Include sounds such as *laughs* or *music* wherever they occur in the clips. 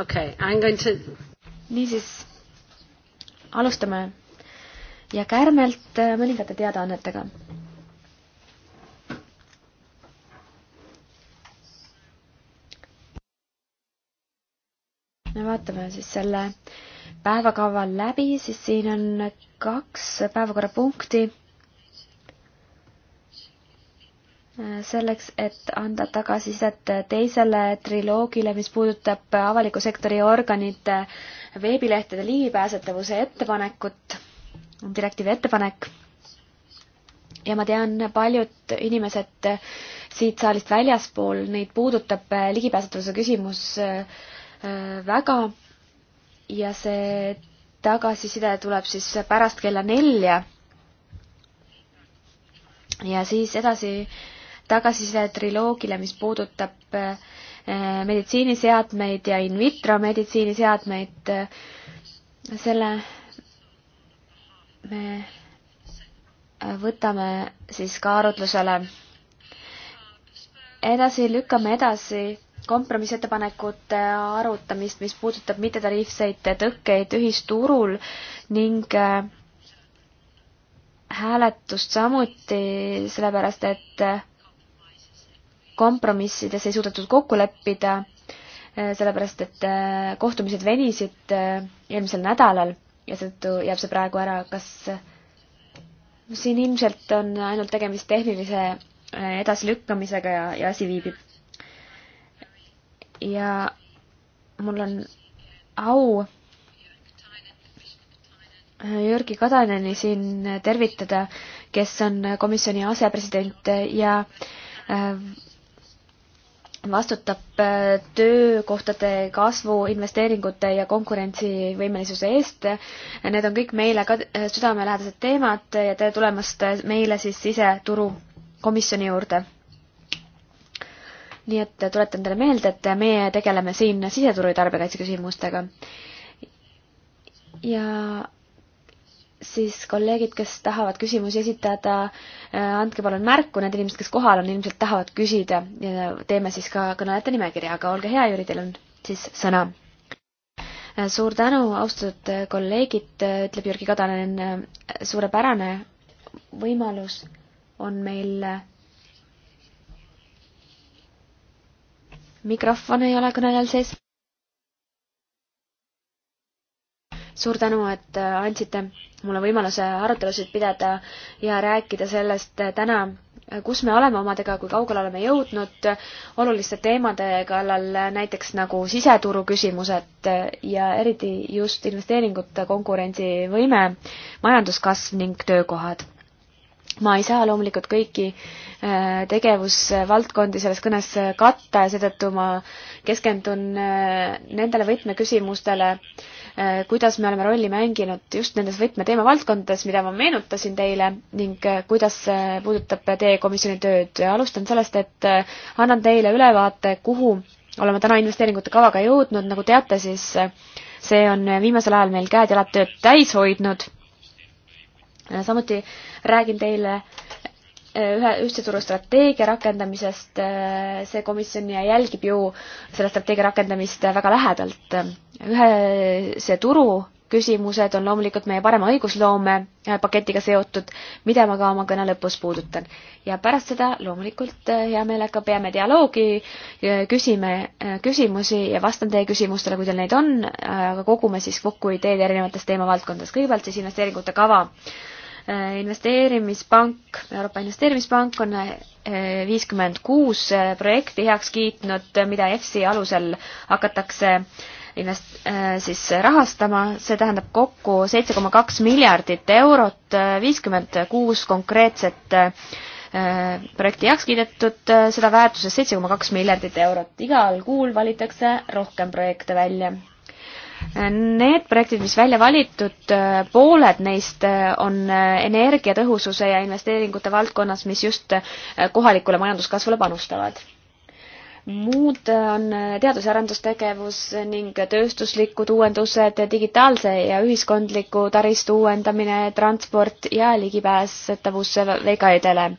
okei okay,, I m going to. niisiis, alustame ja kärmelt äh, mõningate teadaannetega. me vaatame siis selle päevakava läbi, siis siin on kaks päevakorrapunkti selleks, et anda tagasisidet teisele triloogile, mis puudutab avaliku sektori organite veebilehtede ligipääsetavuse ettepanekut, direktiivi ettepanek. ja ma tean, paljud inimesed siit saalist väljaspool, neid puudutab ligipääsetavuse küsimus äh, väga ja see tagasiside tuleb siis pärast kella nelja. ja siis edasi äh, tagasiside triloogile, mis puudutab äh, meditsiiniseadmeid ja in vitro meditsiiniseadmeid. selle me äh, võtame siis ka arutlusele. edasi lükkame edasi kompromissettepanekute arutamist, mis puudutab mittetariifseid tõkkeid ühisturul ning äh, hääletust samuti, sellepärast et kompromissides ei suudetud kokku leppida, eh, sellepärast et eh, kohtumised venisid eh, eelmisel nädalal ja seetõttu jääb see praegu ära, kas siin ilmselt on ainult tegemist tehnilise edasilükkamisega ja, ja asi viibib. ja mul on au Jörgi Kadaneni siin tervitada, kes on komisjoni asepresident ja vastutab äh, töökohtade kasvu, investeeringute ja konkurentsivõimelisuse eest. Need on kõik meile ka äh, südamelähedased teemad ja tere tulemast äh, meile siis siseturu komisjoni juurde. nii et tuletan teile meelde, et meie tegeleme siin siseturu ja tarbijakaitse küsimustega. ja siis kolleegid, kes tahavad küsimusi esitada, äh, andke palun märku, need inimesed, kes kohal on, ilmselt tahavad küsida ja teeme siis ka kõnelejate nimekirja, aga olge hea, Jüri, teil on siis sõna. Äh, suur tänu, austatud kolleegid, äh, ütleb Jürgi Kadanen, suurepärane võimalus on meil mikrofon ei ole kõnelejal sees suur tänu, et äh, andsite mulle võimaluse arutelusid pidada ja rääkida sellest äh, täna, äh, kus me oleme omadega, kui kaugele oleme jõudnud oluliste teemade kallal, näiteks nagu siseturu küsimused ja eriti just investeeringute konkurentsivõime, majanduskasv ning töökohad ma ei saa loomulikult kõiki äh, tegevusvaldkondi selles kõnes äh, katta ja seetõttu ma keskendun äh, nendele võtmeküsimustele, kuidas me oleme rolli mänginud just nendes võtmeteema valdkondades, mida ma meenutasin teile ning kuidas puudutab teie komisjoni tööd. alustan sellest, et annan teile ülevaate, kuhu oleme täna investeeringute kavaga jõudnud, nagu teate, siis see on viimasel ajal meil käed-jalad tööd täis hoidnud samuti räägin teile e, ühe ühtse turu strateegia rakendamisest, e, see komisjon jälgib ju selle strateegia rakendamist väga lähedalt. ühese turu küsimused on loomulikult meie parema õigusloome e, paketiga seotud, mida ma ka oma kõne lõpus puudutan. ja pärast seda loomulikult hea meelega peame dialoogi, küsime küsimusi ja vastan teie küsimustele, kui teil neid on, aga kogume siis kokku ideed erinevates teemavaldkondades. kõigepealt siis investeeringute kava Äh, investeerimispank, Euroopa Investeerimispank on äh, viiskümmend kuus äh, projekti heaks kiitnud, mida EFSI alusel hakatakse invest-, siis rahastama, see tähendab kokku seitse koma kaks miljardit eurot, viiskümmend kuus konkreetset projekti heaks kiidetud, seda väärtuses seitse koma kaks miljardit eurot. igal kuul valitakse rohkem projekte välja Need projektid, mis välja valitud, pooled neist on energiatõhususe ja investeeringute valdkonnas, mis just kohalikule majanduskasvule panustavad muud on teadus- ja arendustegevus ning tööstuslikud uuendused, digitaalse ja ühiskondliku taristu uuendamine, transport ja ligipääsetavus veekaidele.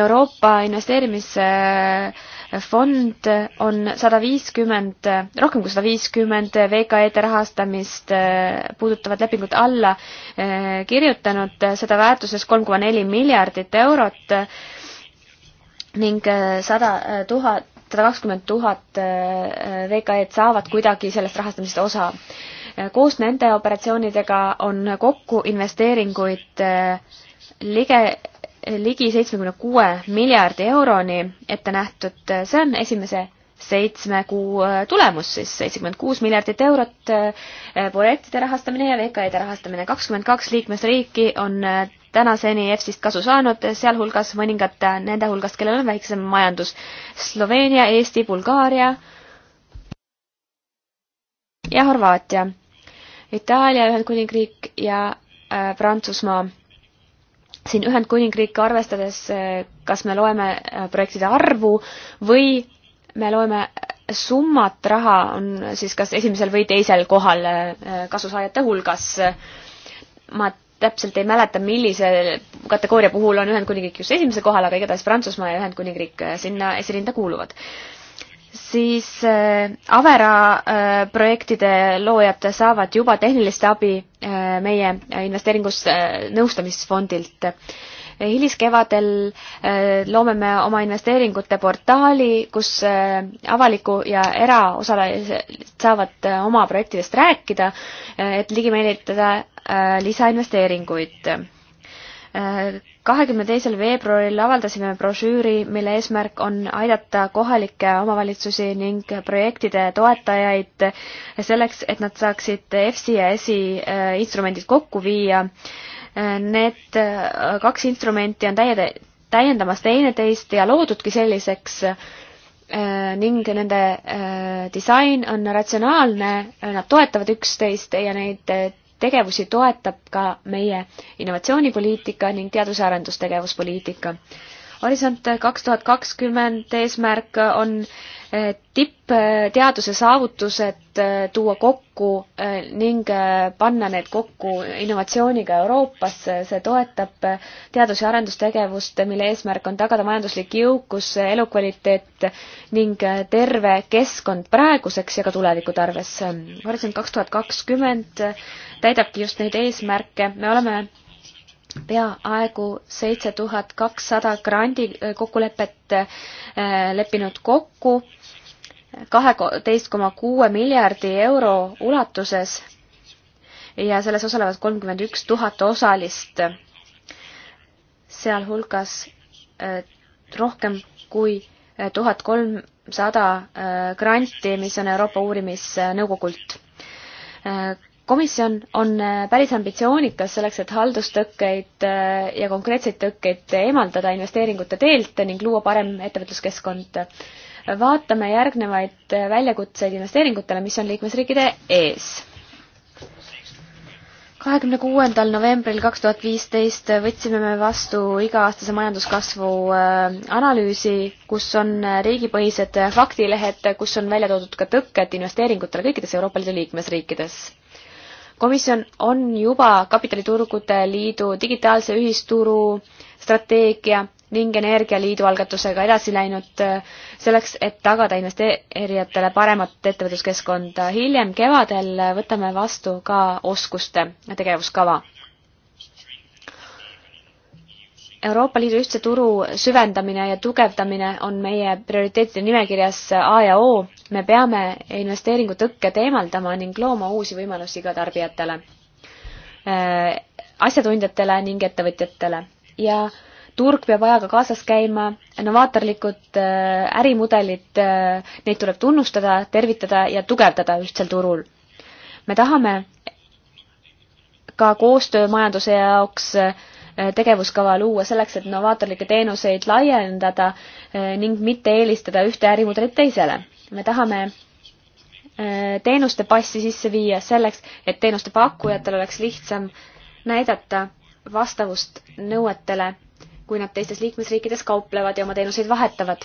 Euroopa investeerimis- fond on sada viiskümmend, rohkem kui sada viiskümmend VKE-de rahastamist eh, puudutavat lepingut alla eh, kirjutanud, eh, seda väärtuses kolm koma neli miljardit eurot ning sada tuhat, sada kakskümmend tuhat VKE-d saavad kuidagi sellest rahastamisest osa. koos nende operatsioonidega on kokku investeeringuid lige ligi seitsmekümne kuue miljardi euroni ette nähtud, see on esimese seitsme kuu äh, tulemus siis, seitsekümmend kuus miljardit eurot äh, projektide rahastamine ja VKE-de rahastamine. kakskümmend kaks liikmesriiki on äh, tänaseni EFSist kasu saanud, sealhulgas mõningad nende hulgast, kellel on väiksem majandus. Sloveenia, Eesti, Bulgaaria ja Horvaatia, Itaalia, Ühendkuningriik ja Prantsusmaa siin Ühendkuningriiki arvestades, kas me loeme äh, projektide arvu või me loeme äh, summat raha on siis kas esimesel või teisel kohal äh, kasusaajate hulgas. ma täpselt ei mäleta, millise kategooria puhul on Ühendkuningriik just esimesel kohal, aga igatahes Prantsusmaa ja Ühendkuningriik sinna esirinda kuuluvad siis äh, Avera äh, projektide loojad saavad juba tehnilist abi äh, meie investeeringus nõustamisfondilt. hiliskevadel loome me oma investeeringute portaali, kus avaliku ja eraosalised saavad oma projektidest rääkida, et ligi meelitada lisainvesteeringuid kahekümne teisel veebruaril avaldasime brošüüri, mille eesmärk on aidata kohalikke omavalitsusi ning projektide toetajaid selleks, et nad saaksid EFSI ja ESI äh, instrumendid kokku viia. Äh, need äh, kaks instrumenti on täie, täiendamas teineteist ja loodudki selliseks ning nende disain on ratsionaalne, nad toetavad üksteist ja neid tegevusi toetab ka meie innovatsioonipoliitika ning teadus- ja arendustegevuspoliitika. Horisont kaks tuhat kakskümmend eesmärk on tippteaduse saavutused äh, tuua kokku äh, ning äh, panna need kokku innovatsiooniga Euroopas, see toetab teadus- ja arendustegevust, mille eesmärk on tagada majanduslik jõukus, elukvaliteet ning terve keskkond praeguseks ja ka tuleviku tarves. Horisont kaks tuhat kakskümmend täidabki just neid eesmärke, me oleme peaaegu seitse tuhat kakssada grandi kokkulepet leppinud kokku kaheteist koma kuue miljardi euro ulatuses ja selles osalevad kolmkümmend üks tuhat osalist, sealhulgas äh, rohkem kui äh, tuhat kolmsada äh, granti, mis on Euroopa Uurimisnõukogult. komisjon on päris ambitsioonikas selleks, et haldustõkkeid ja konkreetseid tõkkeid eemaldada investeeringute teelt ning luua parem ettevõtluskeskkond vaatame järgnevaid väljakutseid investeeringutele, mis on liikmesriikide ees. kahekümne kuuendal novembril kaks tuhat viisteist võtsime me vastu iga-aastase majanduskasvu äh, analüüsi, kus on riigipõhised faktilehed, kus on välja toodud ka tõkked investeeringutele kõikides Euroopa Liidu liikmesriikides komisjon on juba kapitaliturgude liidu digitaalse ühisturu strateegia ning Energialiidu algatusega edasi läinud äh, selleks, et tagada investeerijatele paremat ettevõtluskeskkonda. hiljem kevadel äh, võtame vastu ka oskuste tegevuskava. Euroopa Liidu ühtse turu süvendamine ja tugevdamine on meie prioriteetide nimekirjas äh, A ja O. me peame investeeringutõkked eemaldama ning looma uusi võimalusi ka tarbijatele, asjatundjatele ning ettevõtjatele ja äh, turg peab ajaga kaasas käima, novaatorlikud äh, ärimudelid, äh, neid tuleb tunnustada, tervitada ja tugevdada ühtsel turul. me tahame ka koostöömajanduse jaoks äh, tegevuskava luua selleks, et novaatorlikke teenuseid laiendada ning mitte eelistada ühte ärimudelit teisele. me tahame teenuste passi sisse viia selleks, et teenuste pakkujatel oleks lihtsam näidata vastavust nõuetele kui nad teistes liikmesriikides kauplevad ja oma teenuseid vahetavad.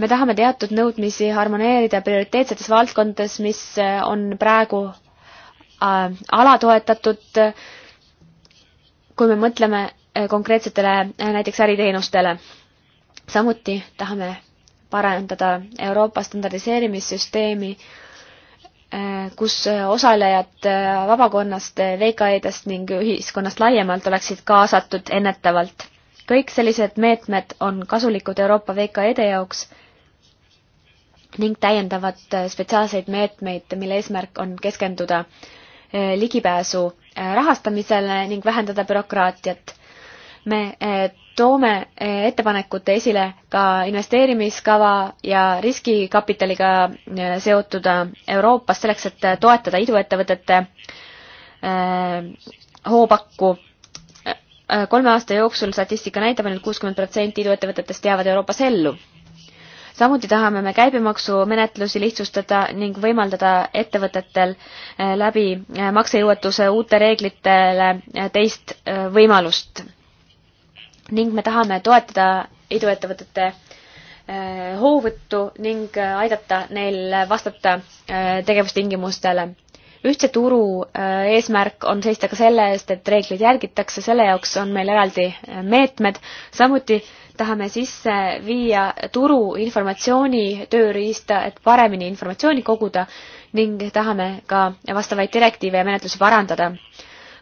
me tahame teatud nõudmisi harmoneerida prioriteetsetes valdkondades, mis äh, on praegu äh, alatoetatud, kui me mõtleme äh, konkreetsetele äh, näiteks äriteenustele. samuti tahame parandada Euroopa standardiseerimissüsteemi äh, kus osalejad äh, vabakonnast, VKE-dest ning ühiskonnast laiemalt oleksid kaasatud ennetavalt kõik sellised meetmed on kasulikud Euroopa VKE-de jaoks ning täiendavad äh, spetsiaalseid meetmeid, mille eesmärk on keskenduda äh, ligipääsu äh, rahastamisele ning vähendada bürokraatiat. me toome ettepanekute esile ka investeerimiskava ja riskikapitaliga seotud Euroopas selleks, et toetada iduettevõtete hoopakku Äh, kolme aasta jooksul statistika näitab ainult kuuskümmend protsenti iduettevõtetest jäävad Euroopas ellu. samuti tahame me käibemaksumenetlusi lihtsustada ning võimaldada ettevõtetel äh, läbi äh, maksejõuetuse uute reeglitele teist võimalust. ning me tahame toetada iduettevõtete hoovõttu ning aidata neil vastata tegevustingimustele ühtse turu äh, eesmärk on seista ka selle eest, et reegleid järgitakse, selle jaoks on meil eraldi äh, meetmed, samuti tahame sisse viia turu informatsiooni tööriista, et paremini informatsiooni koguda ning tahame ka vastavaid direktiive ja menetlusi parandada.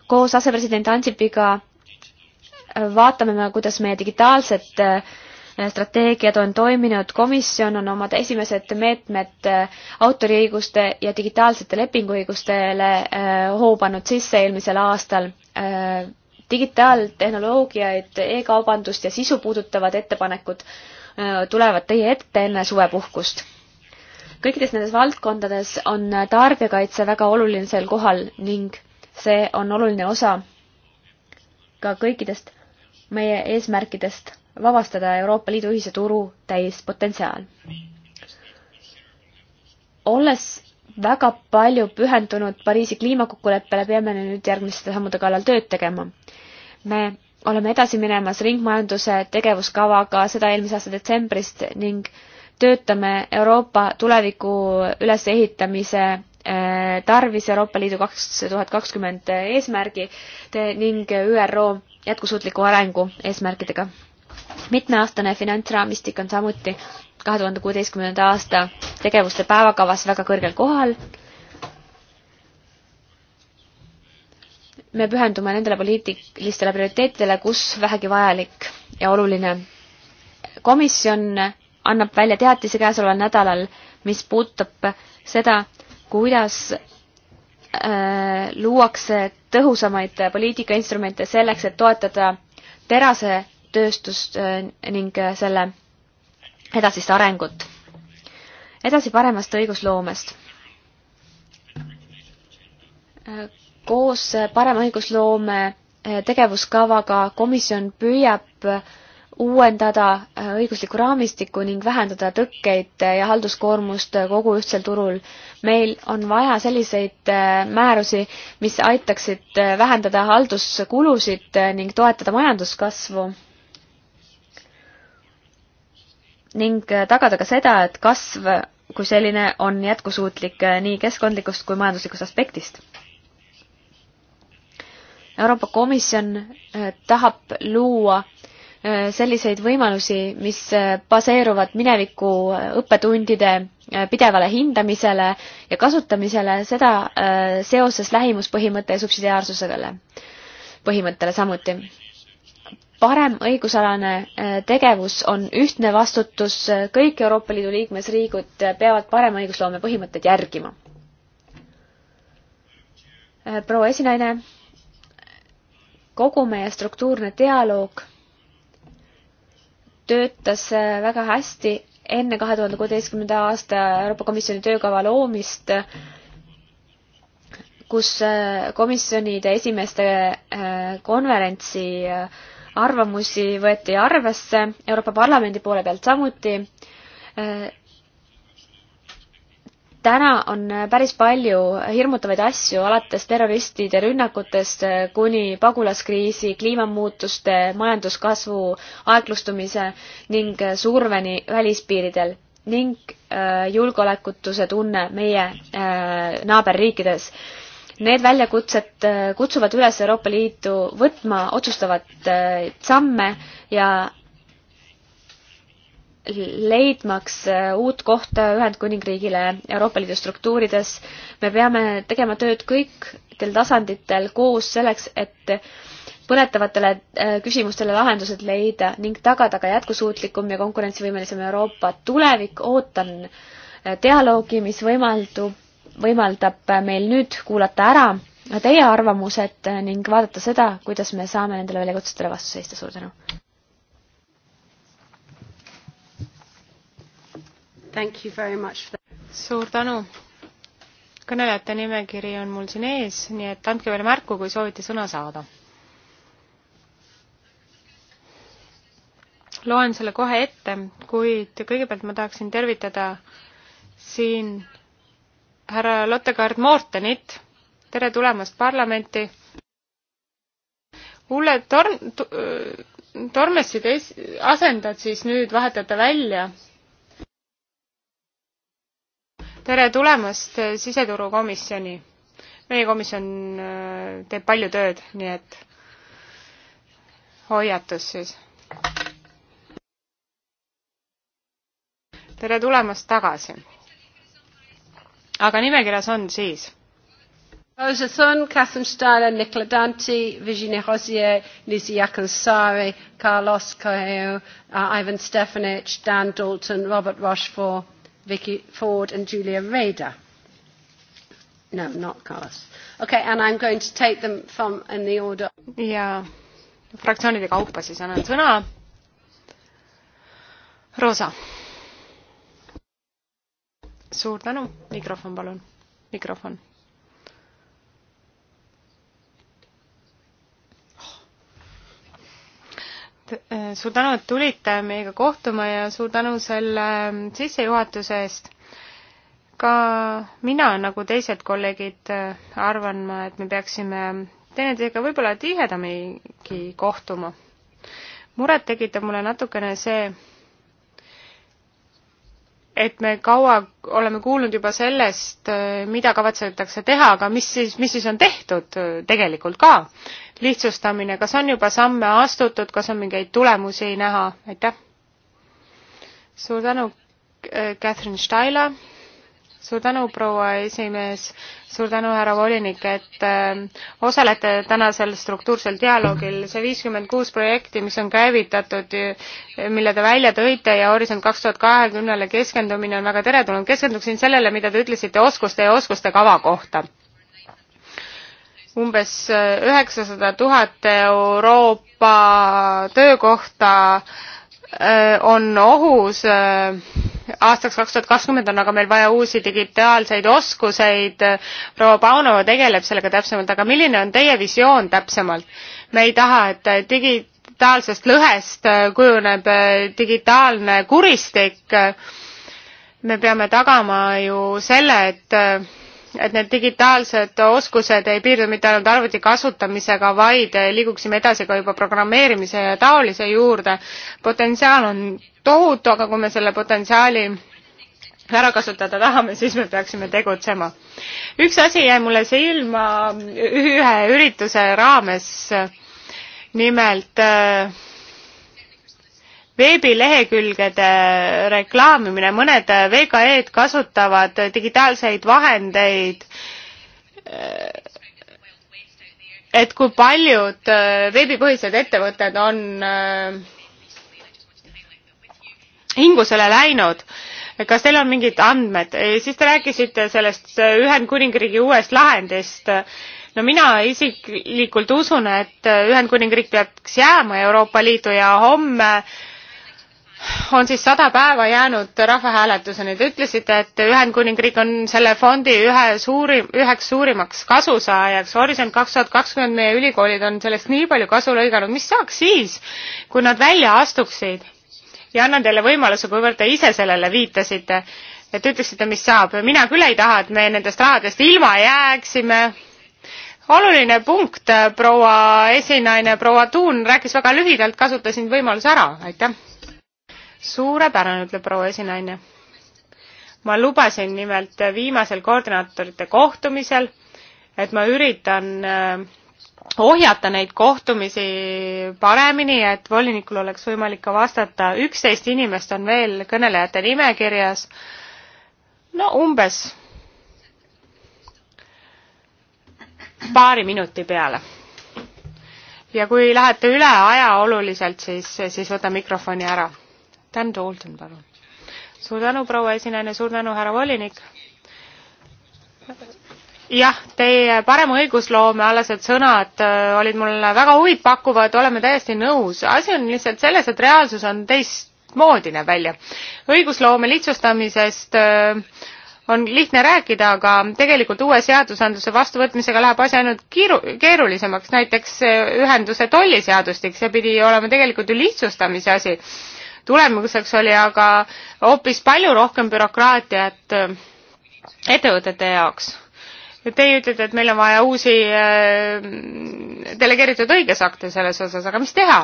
koos asepresident Ansipiga vaatame me, kuidas meie digitaalset äh, strateegiad on toiminud, komisjon on omad esimesed meetmed äh, autoriõiguste ja digitaalsete lepinguõigustele äh, hoo pannud sisse eelmisel aastal. Äh, digitaaltehnoloogiaid e, e-kaubandust ja sisu puudutavad ettepanekud tulevad teie ette enne suvepuhkust kõikides nendes valdkondades on tarbijakaitse väga olulisel kohal ning see on oluline osa ka kõikidest meie eesmärkidest vabastada Euroopa Liidu ühise turu täis potentsiaal. olles väga palju pühendunud Pariisi kliimakokkuleppele, peame nüüd järgmiste sammude kallal tööd tegema. me oleme edasi minemas ringmajanduse tegevuskavaga, seda eelmise aasta detsembrist ning töötame Euroopa tuleviku ülesehitamise eh, tarvis Euroopa Liidu kaks tuhat kakskümmend eesmärgi ning ÜRO jätkusuutliku arengu eesmärkidega mitmeaastane finantsraamistik on samuti kahe tuhande kuueteistkümnenda aasta tegevuste päevakavas väga kõrgel kohal. me pühendume nendele poliitilistele prioriteetidele, kus vähegi vajalik ja oluline. komisjon annab välja teatise käesoleval nädalal, mis puudutab seda, kuidas äh, luuakse tõhusamaid poliitikainstrumente selleks, et toetada terase tööstust eh, ning eh, selle edasist arengut. edasi paremast õigusloomest. Eh, koos parema õigusloome tegevuskavaga komisjon püüab uuendada õiguslikku raamistikku ning vähendada tõkkeid ja halduskoormust kogu ühtsel turul. meil on vaja selliseid määrusi, mis aitaksid vähendada halduskulusid ning toetada majanduskasvu ning äh, tagada ka seda, et kasv kui selline on jätkusuutlik äh, nii keskkondlikust kui majanduslikust aspektist. Euroopa Komisjon äh, tahab luua selliseid võimalusi, mis baseeruvad mineviku õppetundide pidevale hindamisele ja kasutamisele, seda seoses lähimuspõhimõtte ja subsidiaarsusele põhimõttele samuti parem õigusalane äh, tegevus on ühtne vastutus, äh, kõik Euroopa Liidu liikmesriigid äh, peavad parema õigusloome põhimõtteid järgima. proua esinaine, kogu meie struktuurne dialoog töötas väga hästi enne kahe tuhande kuueteistkümnenda aasta Euroopa Komisjoni töökava loomist, kus komisjonide esimeeste konverentsi arvamusi võeti arvesse Euroopa Parlamendi poole pealt samuti. täna on päris palju hirmutavaid asju, alates terroristide rünnakutest kuni pagulaskriisi, kliimamuutuste, majanduskasvu aeglustumise ning surveni välispiiridel ning äh, julgeolekutuse tunne meie äh, naaberriikides Need väljakutsed äh, kutsuvad üles Euroopa Liitu võtma otsustavat äh, samme ja leidmaks äh, uut kohta Ühendkuningriigile Euroopa Liidu struktuurides. me peame tegema tööd kõikidel tasanditel koos selleks, et põletavatele küsimustele lahendused leida ning tagada ka jätkusuutlikum ja konkurentsivõimelisem Euroopa tulevik. ootan dialoogi, mis võimaldub võimaldab meil nüüd kuulata ära teie arvamused ning vaadata seda, kuidas me saame nendele väljakutsetele vastu seista, suur tänu! suur tänu! kõnelejate nimekiri on mul siin ees, nii et andke veel märku, kui soovite sõna saada. loen selle kohe ette, kuid kõigepealt ma tahaksin tervitada siin härra Lottegaard Mortenit. tere tulemast parlamenti. Ulle Torm-, Tormessit es-, asendad siis nüüd, vahetate välja. tere tulemast siseturukomisjoni. meie komisjon äh, teeb palju tööd, nii et hoiatus siis. tere tulemast tagasi aga nimekirjas on siis. Rosathun, Catherine Styler, Nicola Dante, Virginia Hosier, Lizzie Akansari, Carlos Coelho, uh, Ivan Stefanich, Dan Dalton, Robert Rochefort, Vicky Ford and Julia Rader. No, not Carlos. Okay, and I'm going to take them from in the order. ja fraktsioonide kaupa siis annan sõna. Rosa suur tänu, mikrofon palun, mikrofon. Äh, suur tänu, et tulite meiega kohtuma ja suur tänu selle ähm, sissejuhatuse eest. ka mina, nagu teised kolleegid, äh, arvan ma, et me peaksime teineteisega võib-olla tihedamini kohtuma. muret tekitab mulle natukene see, et me kaua oleme kuulnud juba sellest, mida kavatsetakse teha, aga mis siis, mis siis on tehtud äh, tegelikult ka? lihtsustamine, kas on juba samme astutud, kas on mingeid tulemusi näha, aitäh! suur tänu, äh, Catherine Steiler! suur tänu, proua esimees, suur tänu, härra volinik, et äh, osalete tänasel struktuursel dialoogil. see viiskümmend kuus projekti, mis on käivitatud, äh, mille te välja tõite ja Horisont kaks tuhat kahekümnele keskendumine on väga teretulnud. keskenduksin sellele, mida te ütlesite oskuste ja oskuste kava kohta umbes äh, üheksasada tuhat Euroopa töökohta on ohus aastaks kaks tuhat kakskümmend on aga meil vaja uusi digitaalseid oskuseid. proua Paunova tegeleb sellega täpsemalt, aga milline on teie visioon täpsemalt? me ei taha, et digitaalsest lõhest kujuneb digitaalne kuristik. me peame tagama ju selle, et et need digitaalsed oskused ei piirdu mitte ainult arvuti kasutamisega, vaid liiguksime edasi ka juba programmeerimise ja taolise juurde. potentsiaal on tohutu, aga kui me selle potentsiaali ära kasutada tahame, siis me peaksime tegutsema. üks asi jäi mulle silma ühe ürituse raames. nimelt äh, veebilehekülgede reklaamimine, mõned VKE-d kasutavad digitaalseid vahendeid, et kui paljud veebipõhised ettevõtted on äh, hingusele läinud, kas teil on mingid andmed? siis te rääkisite sellest Ühendkuningriigi uuest lahendist. no mina isiklikult usun, et Ühendkuningriik peaks jääma Euroopa Liidu ja homme äh, on siis sada päeva jäänud rahvahääletuseni. Te ütlesite, et Ühendkuningriik on selle fondi ühe suuri, üheks suurimaks kasusaajaks. Horisont kaks tuhat kakskümmend meie ülikoolid on sellest nii palju kasu lõiganud. mis saaks siis, kui nad välja astuksid? ja annan teile võimaluse, kuivõrd te ise sellele viitasite, et ütleksite, mis saab. mina küll ei taha, et me nendest rahadest ilma jääksime oluline punkt, proua esinaine, proua Tuun rääkis väga lühidalt, kasutasin võimaluse ära, aitäh suurepärane, ütleb proua esinaine. ma lubasin nimelt viimasel koordinaatorite kohtumisel, et ma üritan äh, ohjata neid kohtumisi paremini, et volinikul oleks võimalik ka vastata. üksteist inimest on veel kõnelejate nimekirjas. no umbes paari minuti peale. ja kui lähete üle aja oluliselt, siis, siis võta mikrofoni ära Dan Dalton, palun. suur tänu, proua esinaine, suur tänu, härra volinik. jah, teie parema õigusloome alased sõnad äh, olid mulle väga huvitpakkuvad, oleme täiesti nõus. asi on lihtsalt selles, et reaalsus on teistmoodi, näeb välja. õigusloome lihtsustamisest öö, äh, on lihtne rääkida, aga tegelikult uue seadusandluse vastuvõtmisega läheb asi ainult kiiru-, keerulisemaks, näiteks äh, ühenduse tolliseadustik, see pidi olema tegelikult ju lihtsustamise asi tulemuseks oli aga hoopis palju rohkem bürokraatiat äh, ettevõtete jaoks. Teie ütlete, et meil on vaja uusi äh, delegeeritud õigusakte selles osas, aga mis teha?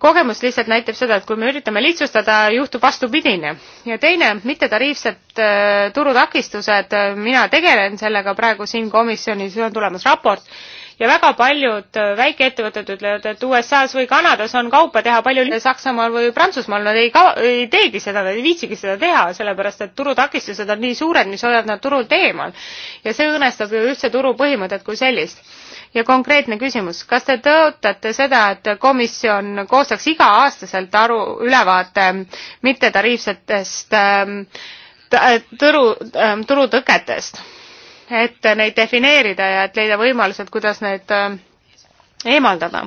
kogemus lihtsalt näitab seda, et kui me üritame lihtsustada, juhtub vastupidine. ja teine, mittetariifsed äh, turutakistused, mina tegelen sellega praegu siin komisjonis, on tulemas raport ja väga paljud äh, väikeettevõtted ütlevad, et USA-s või Kanadas on kaupa teha palju Saksamaal või Prantsusmaal, nad ei ka-, ei teegi seda, nad ei viitsigi seda teha, sellepärast et turutakistused on nii suured, mis hoiavad nad turult eemal. ja see õõnestab ju ühtse turu põhimõtet kui sellist ja konkreetne küsimus, kas te tõotate seda, et komisjon koostaks iga-aastaselt aru, ülevaate mittetariifsetest ähm, äh, turu ähm,, turutõketest? et neid defineerida ja et leida võimalused, kuidas need äh, eemaldada.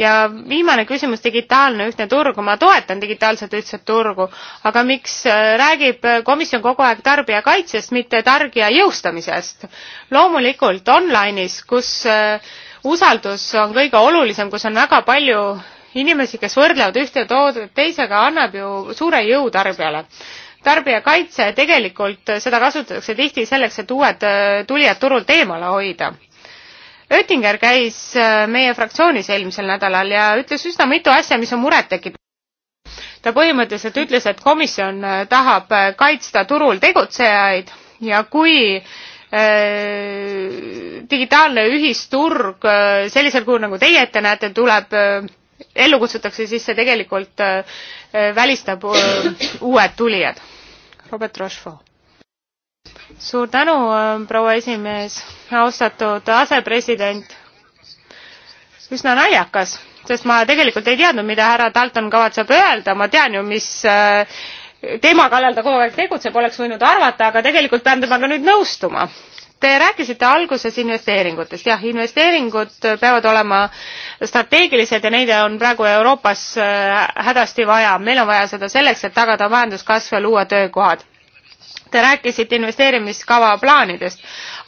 ja viimane küsimus, digitaalne ühtne turg, ma toetan digitaalset ühtset turgu, aga miks äh, räägib komisjon kogu aeg tarbijakaitsest, mitte tarbija jõustamisest? loomulikult online'is, kus äh, usaldus on kõige olulisem, kus on väga palju inimesi, kes võrdlevad ühte toodet teisega, annab ju suure jõu tarbijale tarbijakaitse tegelikult seda kasutatakse tihti selleks, et uued äh, tulijad turult eemale hoida. Oettinger käis äh, meie fraktsioonis eelmisel nädalal ja ütles üsna mitu asja, mis on murettekitav. ta põhimõtteliselt ütles, et komisjon äh, tahab kaitsta turul tegutsejaid ja kui digitaalne ühisturg sellisel kujul, nagu teie ette näete, tuleb ellu kutsutakse, siis see tegelikult äh, välistab äh, uued tulijad. Robert Rochefort. suur tänu, äh, proua esimees, austatud asepresident. üsna naljakas, sest ma tegelikult ei teadnud, mida härra Dalton kavatseb öelda, ma tean ju, mis teema kallal ta kogu aeg tegutseb, oleks võinud arvata, aga tegelikult pean temaga nüüd nõustuma Te rääkisite alguses investeeringutest, jah, investeeringud peavad olema strateegilised ja neid on praegu Euroopas äh, hädasti vaja, meil on vaja seda selleks, et tagada majanduskasv ja luua töökohad. Te rääkisite investeerimiskava plaanidest,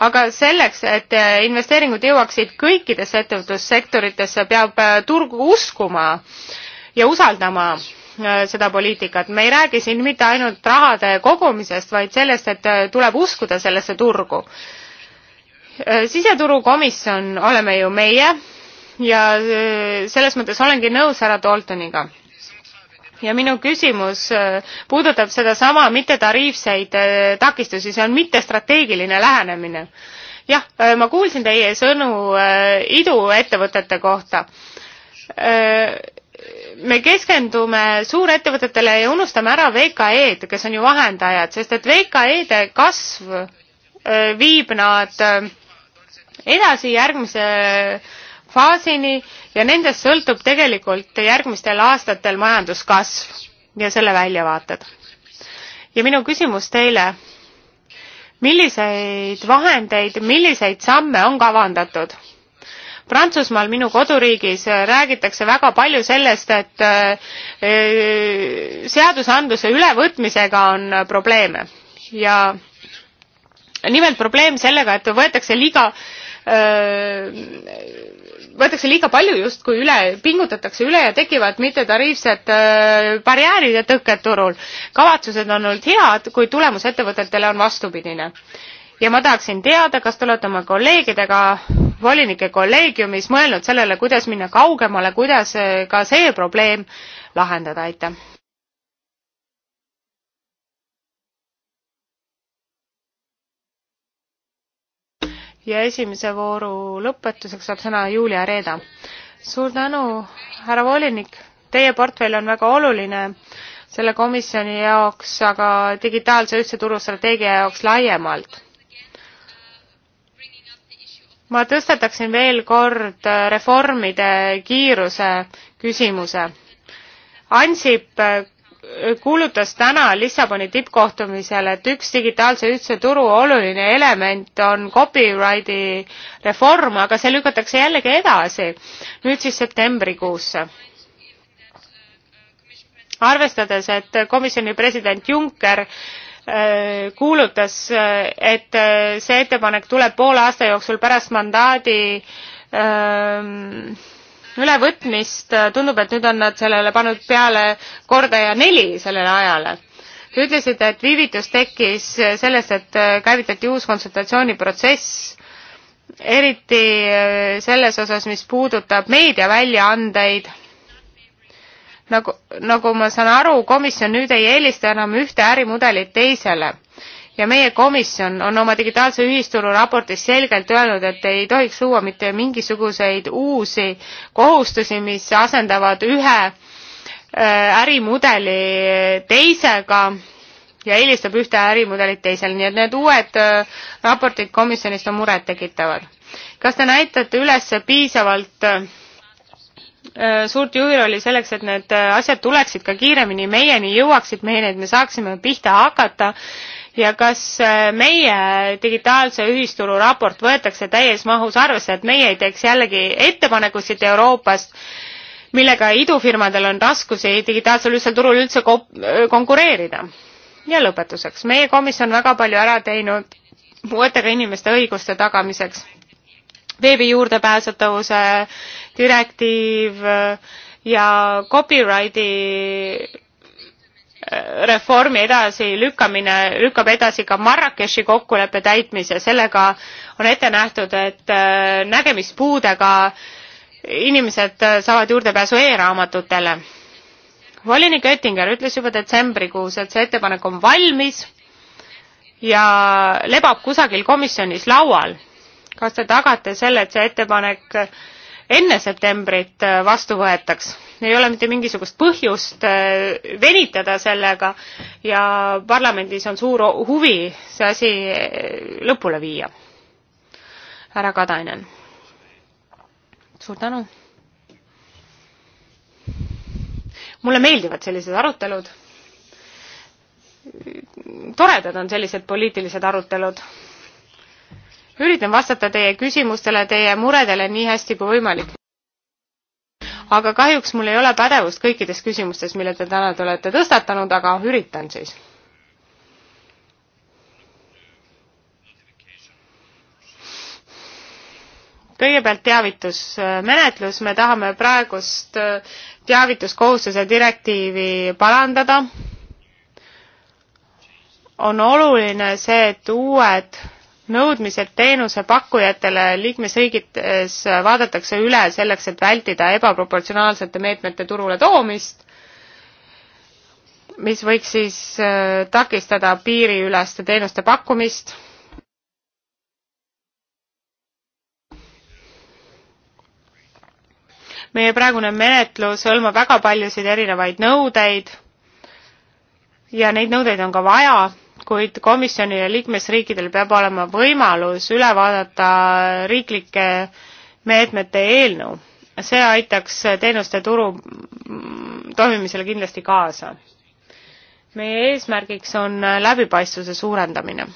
aga selleks, et äh, investeeringud jõuaksid kõikidesse ettevõtlussektoritesse, peab äh, turg uskuma ja usaldama seda poliitikat. me ei räägi siin mitte ainult rahade kogumisest, vaid sellest, et tuleb uskuda sellesse turgu. Äh, siseturukomisjon oleme ju meie ja äh, selles mõttes olengi nõus härra Daltoniga. ja minu küsimus äh, puudutab sedasama mittetariifseid takistusi, see on mittestrateegiline lähenemine. jah, ma kuulsin teie sõnu iduettevõtete kohta me keskendume suurettevõtetele ja unustame ära VKE-d, kes on ju vahendajad, sest et VKE-de kasv viib nad edasi järgmise faasini ja nendest sõltub tegelikult järgmistel aastatel majanduskasv ja selle väljavaated. ja minu küsimus teile, milliseid vahendeid, milliseid samme on kavandatud? Prantsusmaal, minu koduriigis, räägitakse väga palju sellest, et äh, äh, seadusandluse ülevõtmisega on probleeme ja nimelt probleem sellega, et võetakse liiga äh, Äh, võetakse liiga palju justkui üle, pingutatakse üle ja tekivad mittetariifsed äh, barjäärid ja tõkked turul. kavatsused on olnud head, kuid tulemus ettevõtetele on vastupidine. ja ma tahaksin teada, kas te olete oma kolleegidega volinike kolleegiumis mõelnud sellele, kuidas minna kaugemale, kuidas äh, ka see probleem lahendada, aitäh ja esimese vooru lõpetuseks saab sõna Julia Reeda. suur tänu, härra volinik, teie portfell on väga oluline selle komisjoni jaoks, aga digitaalse ühtse turu strateegia jaoks laiemalt ma tõstataksin veel kord reformide kiiruse küsimuse. Ansip kuulutas täna Lissaboni tippkohtumisel, et üks digitaalse ühtse turu oluline element on copyrighti reform, aga see lükatakse jällegi edasi, nüüd siis septembrikuusse. arvestades, et komisjoni president Juncker äh, kuulutas, et äh, see ettepanek tuleb poole aasta jooksul pärast mandaadi öö, ähm, ülevõtmist, tundub, et nüüd on nad sellele pannud peale kordaja neli sellele ajale. Te ütlesite, et viivitus tekkis sellest, et käivitati uus konsultatsiooniprotsess, eriti selles osas, mis puudutab meediaväljaandeid nagu, nagu ma saan aru, komisjon nüüd ei eelista enam ühte ärimudelit teisele ja meie komisjon on oma digitaalse ühisturu raportis selgelt öelnud, et ei tohiks luua mitte mingisuguseid uusi kohustusi, mis asendavad ühe äh, ärimudeli teisega ja eelistab ühte ärimudelit teisele, nii et need uued äh, raportid komisjonist on murettekitavad. kas te näitate üles piisavalt äh, suurt juhirolli selleks, et need asjad tuleksid ka kiiremini meieni, jõuaksid meieni, et me saaksime pihta hakata ja kas äh, meie digitaalse ühisturu raport võetakse täies mahus arvesse, et meie ei teeks jällegi ettepanekusid Euroopast, millega idufirmadel on raskusi digitaalsel ühtsel turul üldse äh, konkureerida. ja lõpetuseks, meie komisjon väga palju ära teinud puuetega inimeste õiguste tagamiseks. veebi juurdepääsetavuse direktiiv äh, ja copyrighti reformi edasilükkamine lükkab edasi ka Marrakechi kokkuleppe täitmise, sellega on ette nähtud, et äh, nägemispuudega inimesed äh, saavad juurdepääsu e-raamatutele. volinik Oettinger ütles juba detsembrikuus, et see ettepanek on valmis ja lebab kusagil komisjonis laual. kas te tagate selle, et see ettepanek enne septembrit äh, vastu võetaks. ei ole mitte mingisugust põhjust äh, venitada sellega ja parlamendis on suur huvi see asi äh, lõpule viia. härra Kadainen. suur tänu. mulle meeldivad sellised arutelud. toredad on sellised poliitilised arutelud üritan vastata teie küsimustele, teie muredele nii hästi kui võimalik. aga kahjuks mul ei ole pädevust kõikides küsimustes, mille te täna te olete tõstatanud, aga üritan siis. kõigepealt teavitusmenetlus, me tahame praegust äh, teavituskohustuse direktiivi parandada. on oluline see, et uued nõudmised teenusepakkujatele liikmesriigites vaadatakse üle selleks, et vältida ebaproportsionaalsete meetmete turule toomist, mis võiks siis äh, takistada piiriüleste teenuste pakkumist meie praegune menetlus hõlmab väga paljusid erinevaid nõudeid ja neid nõudeid on ka vaja kuid komisjonil ja liikmesriikidel peab olema võimalus üle vaadata riiklike meetmete eelnõu. see aitaks teenuste turu toimimisele kindlasti kaasa. meie eesmärgiks on läbipaistvuse suurendamine.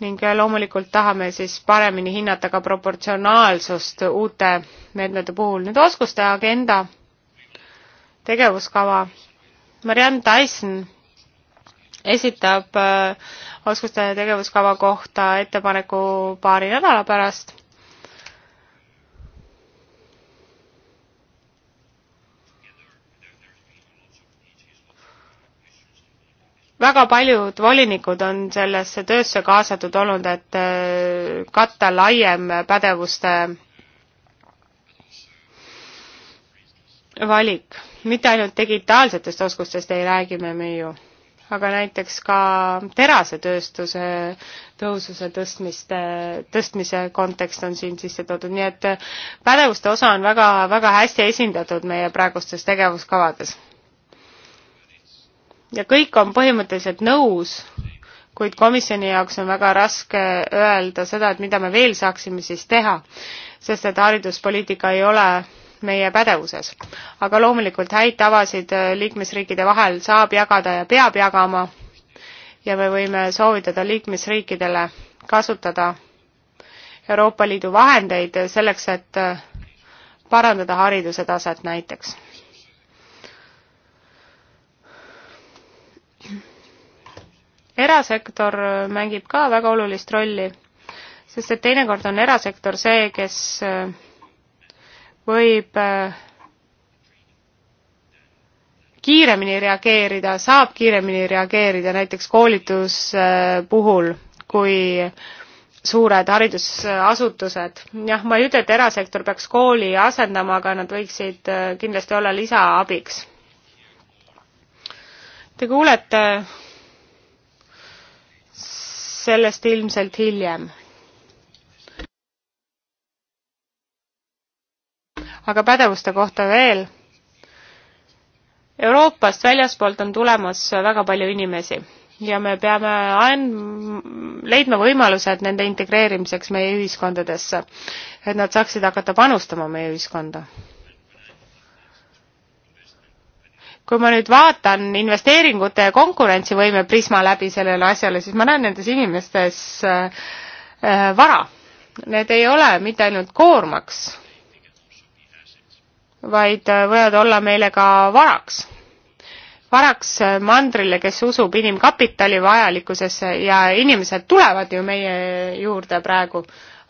ning loomulikult tahame siis paremini hinnata ka proportsionaalsust uute meetmete puhul. nüüd oskuste agenda, tegevuskava. Marianne Tyson esitab äh, oskuste tegevuskava kohta ettepaneku paari nädala pärast väga paljud volinikud on sellesse töösse kaasatud olnud, et äh, katta laiem pädevuste valik. mitte ainult digitaalsetest oskustest ei räägi me ju aga näiteks ka terasetööstuse tõhususe tõstmiste, tõstmise kontekst on siin sisse toodud, nii et pädevuste osa on väga, väga hästi esindatud meie praegustes tegevuskavades. ja kõik on põhimõtteliselt nõus, kuid komisjoni jaoks on väga raske öelda seda, et mida me veel saaksime siis teha, sest et hariduspoliitika ei ole meie pädevuses. aga loomulikult häid tavasid äh, liikmesriikide vahel saab jagada ja peab jagama ja me võime soovitada liikmesriikidele kasutada Euroopa Liidu vahendeid selleks, et äh, parandada hariduse taset näiteks. erasektor äh, mängib ka väga olulist rolli, sest et teinekord on erasektor see, kes võib äh, kiiremini reageerida, saab kiiremini reageerida näiteks koolituse äh, puhul, kui suured haridusasutused. jah, ma ei ütle, et erasektor peaks kooli asendama, aga nad võiksid äh, kindlasti olla lisaabiks. Te kuulete sellest ilmselt hiljem aga pädevuste kohta veel. Euroopast väljaspoolt on tulemas väga palju inimesi ja me peame and-, leidma võimalused nende integreerimiseks meie ühiskondadesse, et nad saaksid hakata panustama meie ühiskonda. kui ma nüüd vaatan investeeringute ja konkurentsivõime prisma läbi sellele asjale, siis ma näen nendes inimestes äh, vara. Need ei ole mitte ainult koormaks vaid äh, võivad olla meile ka varaks. varaks äh, mandrile, kes usub inimkapitali vajalikkusesse ja inimesed tulevad ju meie juurde praegu,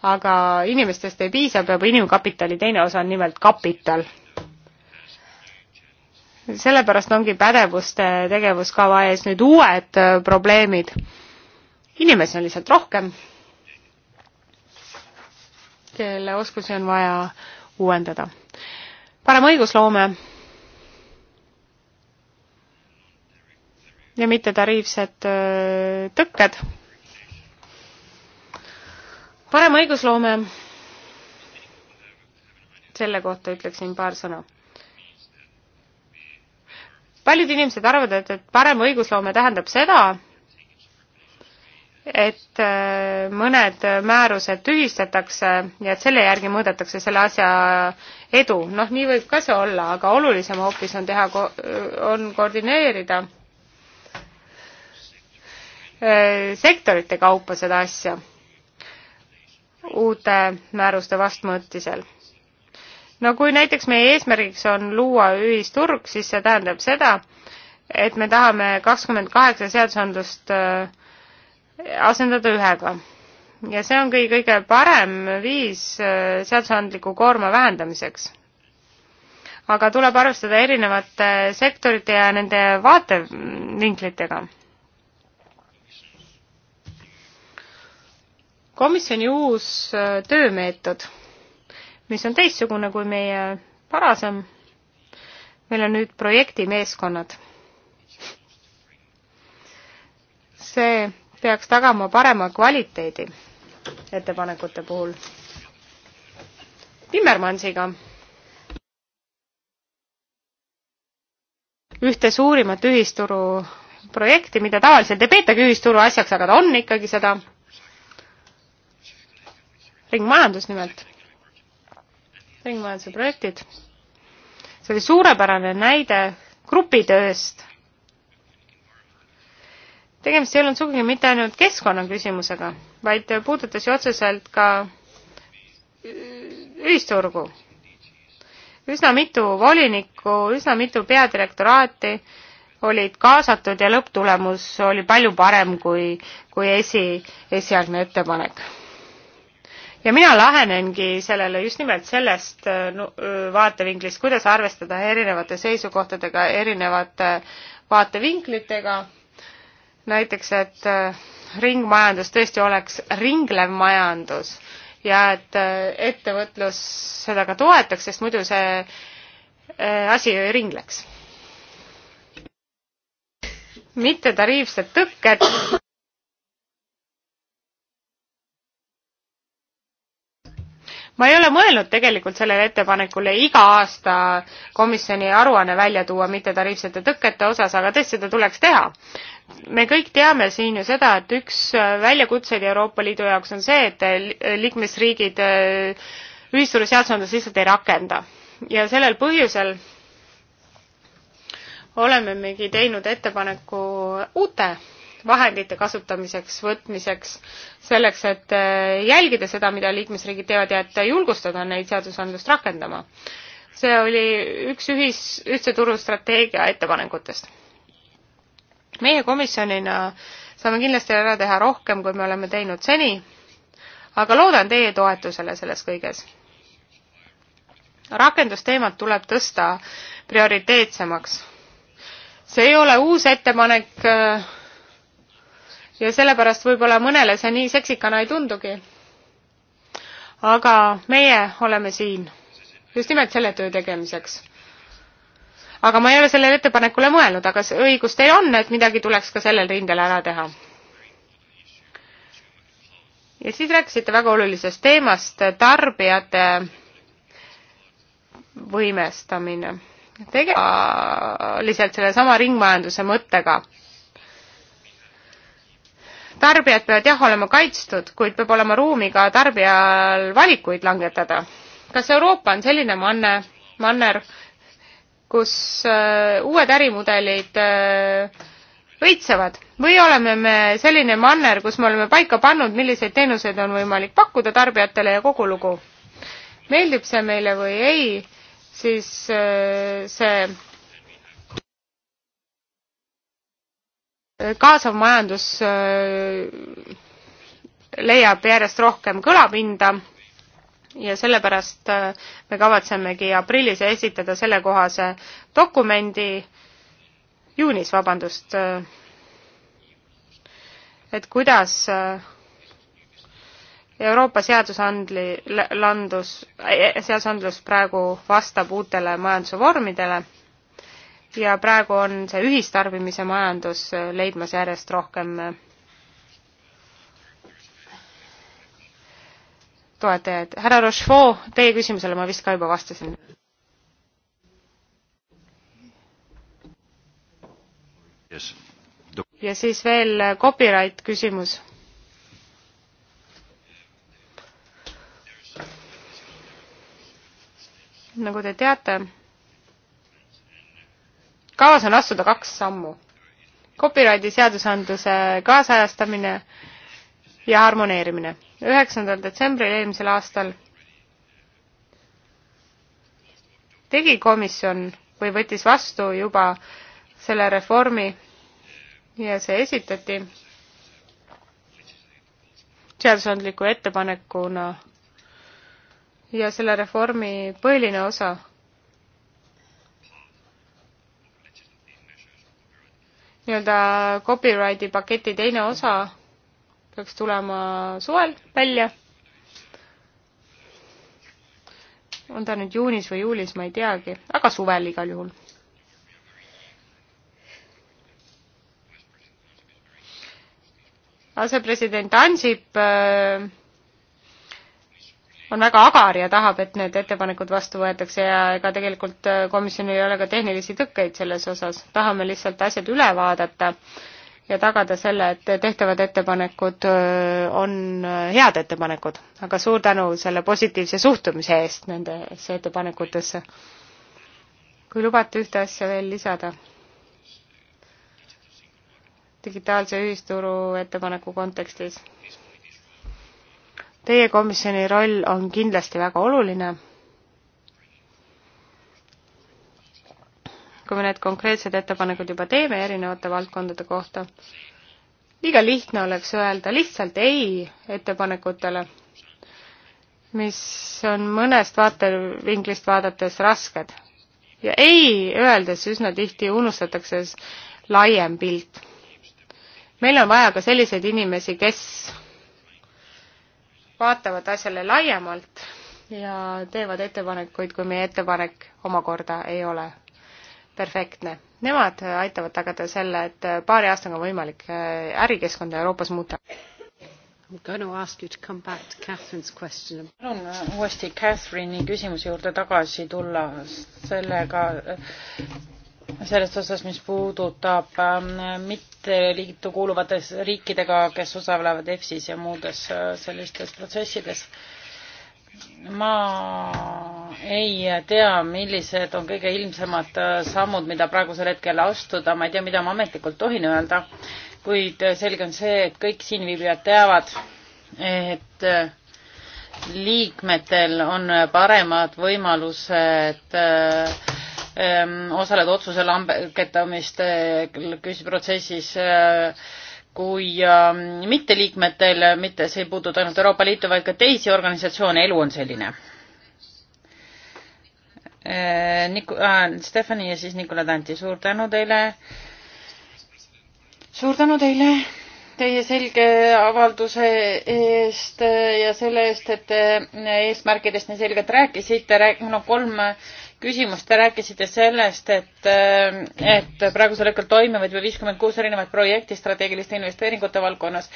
aga inimestest ei piisa, peab inimkapitali teine osa on nimelt kapital sellepärast ongi pädevuste tegevuskava ees nüüd uued äh, probleemid. inimesi on lihtsalt rohkem, kelle oskusi on vaja uuendada parem õigusloome ja mittetariifsed tõkked. parem õigusloome, selle kohta ütleksin paar sõna. paljud inimesed arvavad, et, et parem õigusloome tähendab seda, et äh, mõned määrused tühistatakse ja et selle järgi mõõdetakse selle asja edu. noh, nii võib ka see olla, aga olulisem hoopis on teha, on koordineerida äh, sektorite kaupa seda asja uute määruste vastmõõtmisel. no kui näiteks meie eesmärgiks on luua ühisturg, siis see tähendab seda, et me tahame kakskümmend kaheksa seadusandlust äh, asendada ühega. ja see on kõige, kõige parem viis äh, seadusandliku koorma vähendamiseks. aga tuleb arvestada erinevate sektorite ja nende vaatevinklitega. komisjoni uus äh, töömeetod, mis on teistsugune kui meie varasem, meil on nüüd projektimeeskonnad. see peaks tagama parema kvaliteedi ettepanekute puhul. Timmermansiga. ühte suurimat ühisturu projekti, mida tavaliselt ei peetagi ühisturu asjaks, aga ta on ikkagi seda. ringmajandus nimelt. ringmajanduse projektid. see oli suurepärane näide grupitööst tegemist ei olnud sugugi mitte ainult keskkonnaküsimusega, vaid puudutas ju otseselt ka ühisturgu. üsna mitu volinikku, üsna mitu peadirektoraati olid kaasatud ja lõpptulemus oli palju parem kui, kui esi, esialgne ettepanek. ja mina lähenengi sellele just nimelt sellest äh, no, äh, vaatevinklist, kuidas arvestada erinevate seisukohtadega, erinevate vaatevinklitega näiteks, et äh, ringmajandus tõesti oleks ringlev majandus ja et äh, ettevõtlus seda ka toetaks, sest muidu see äh, asi ju ei ringleks. mittetariifsed tõkked ma ei ole mõelnud tegelikult sellele ettepanekule iga aasta komisjoni aruanne välja tuua mittetariifsete tõkete osas, aga tõesti seda tuleks teha. me kõik teame siin ju seda, et üks väljakutseid Euroopa Liidu jaoks on see, et liikmesriigid äh, ühisturuseadusandlust lihtsalt ei rakenda ja sellel põhjusel olemegi teinud ettepaneku uute vahendite kasutamiseks võtmiseks, selleks et äh, jälgida seda, mida liikmesriigid teevad ja et julgustada neid seadusandlust rakendama. see oli üks ühis, ühtse turu strateegia ettepanekutest. meie komisjonina saame kindlasti ära teha rohkem, kui me oleme teinud seni, aga loodan teie toetusele selles kõiges. rakendusteemad tuleb tõsta prioriteetsemaks see ei ole uus ettepanek äh, ja sellepärast võib-olla mõnele see nii seksikana ei tundugi. aga meie oleme siin just nimelt selle töö tegemiseks. aga ma ei ole sellele ettepanekule mõelnud, aga õigus teil on, et midagi tuleks ka sellel rindel ära teha. ja siis rääkisite väga olulisest teemast, tarbijate võimestamine. tegelikult lihtsalt sellesama ringmajanduse mõttega tarbijad peavad jah olema kaitstud, kuid peab olema ruumi ka tarbijal valikuid langetada. kas Euroopa on selline manne, manner, kus äh, uued ärimudelid äh, õitsevad või oleme me selline manner, kus me oleme paika pannud, milliseid teenuseid on võimalik pakkuda tarbijatele ja kogu lugu? meeldib see meile või ei, siis äh, see kaasav majandus leiab järjest rohkem kõlapinda ja sellepärast me kavatsemegi aprillis esitada sellekohase dokumendi, juunis, vabandust, et kuidas Euroopa seadusandli-, landus, e-, seadusandlus praegu vastab uutele majanduse vormidele ja praegu on see ühistarbimise majandus äh, leidmas järjest rohkem äh, toetajaid. härra Rochefort, teie küsimusele ma vist ka juba vastasin. ja siis veel äh, copyright küsimus nagu te teate, kavas on astuda kaks sammu. Copyrighti seadusandluse kaasajastamine ja harmoneerimine. üheksandal detsembril eelmisel aastal tegi komisjon või võttis vastu juba selle reformi ja see esitati seadusandliku ettepanekuna ja selle reformi põhiline osa nii-öelda copyrighti paketi teine osa peaks tulema suvel välja. on ta nüüd juunis või juulis, ma ei teagi, aga suvel igal juhul. asepresident Ansip äh, on väga agar ja tahab, et need ettepanekud vastu võetakse ja ega tegelikult äh, komisjonil ei ole ka tehnilisi tõkkeid selles osas, tahame lihtsalt asjad üle vaadata ja tagada selle, et tehtavad ettepanekud äh, on äh, head ettepanekud, aga suur tänu selle positiivse suhtumise eest nendesse ettepanekutesse. kui lubate ühte asja veel lisada? digitaalse ühisturu ettepaneku kontekstis Teie komisjoni roll on kindlasti väga oluline. kui me need konkreetsed ettepanekud juba teeme erinevate valdkondade kohta, liiga lihtne oleks öelda lihtsalt ei ettepanekutele, mis on mõnest vaatevinklist vaadates rasked. ja ei öeldes üsna tihti unustatakse laiem pilt. meil on vaja ka selliseid inimesi, kes vaatavad asjale laiemalt ja teevad ettepanekuid, kui meie ettepanek omakorda ei ole perfektne. Nemad aitavad tagada selle, et paari aastaga on võimalik äh, ärikeskkonda Euroopas muuta. I'm going to ask you to come back to Catherine's question. palun äh, uuesti Catherine'i küsimuse juurde tagasi tulla sellega äh, selles osas, mis puudutab ähm, mitte liitu kuuluvates riikidega, kes osalevad EFSis ja muudes äh, sellistes protsessides. ma ei tea, millised on kõige ilmsemad äh, sammud, mida praegusel hetkel astuda, ma ei tea, mida ma ametlikult tohin öelda, kuid äh, selge on see, et kõik siinviibijad teavad, et liikmetel on paremad võimalused äh, Ehm, osaleda otsuse langetamiste protsessis eh, kui ehm, mitteliikmetel, mitte see ei puuduta ainult Euroopa Liitu, vaid ka teisi organisatsioone, elu on selline. Eh, Nik- äh,, ah, Stefani ja siis Nikolai Tanti, suur tänu teile. suur tänu teile teie selge avalduse eest ja selle eest, et eesmärkidest nii selgelt rääkisite, rääk-, mul on kolm äh, küsimus, te rääkisite sellest, et, äh, et praegusel hetkel toimivad juba viiskümmend kuus erinevat projekti strateegiliste investeeringute valdkonnas.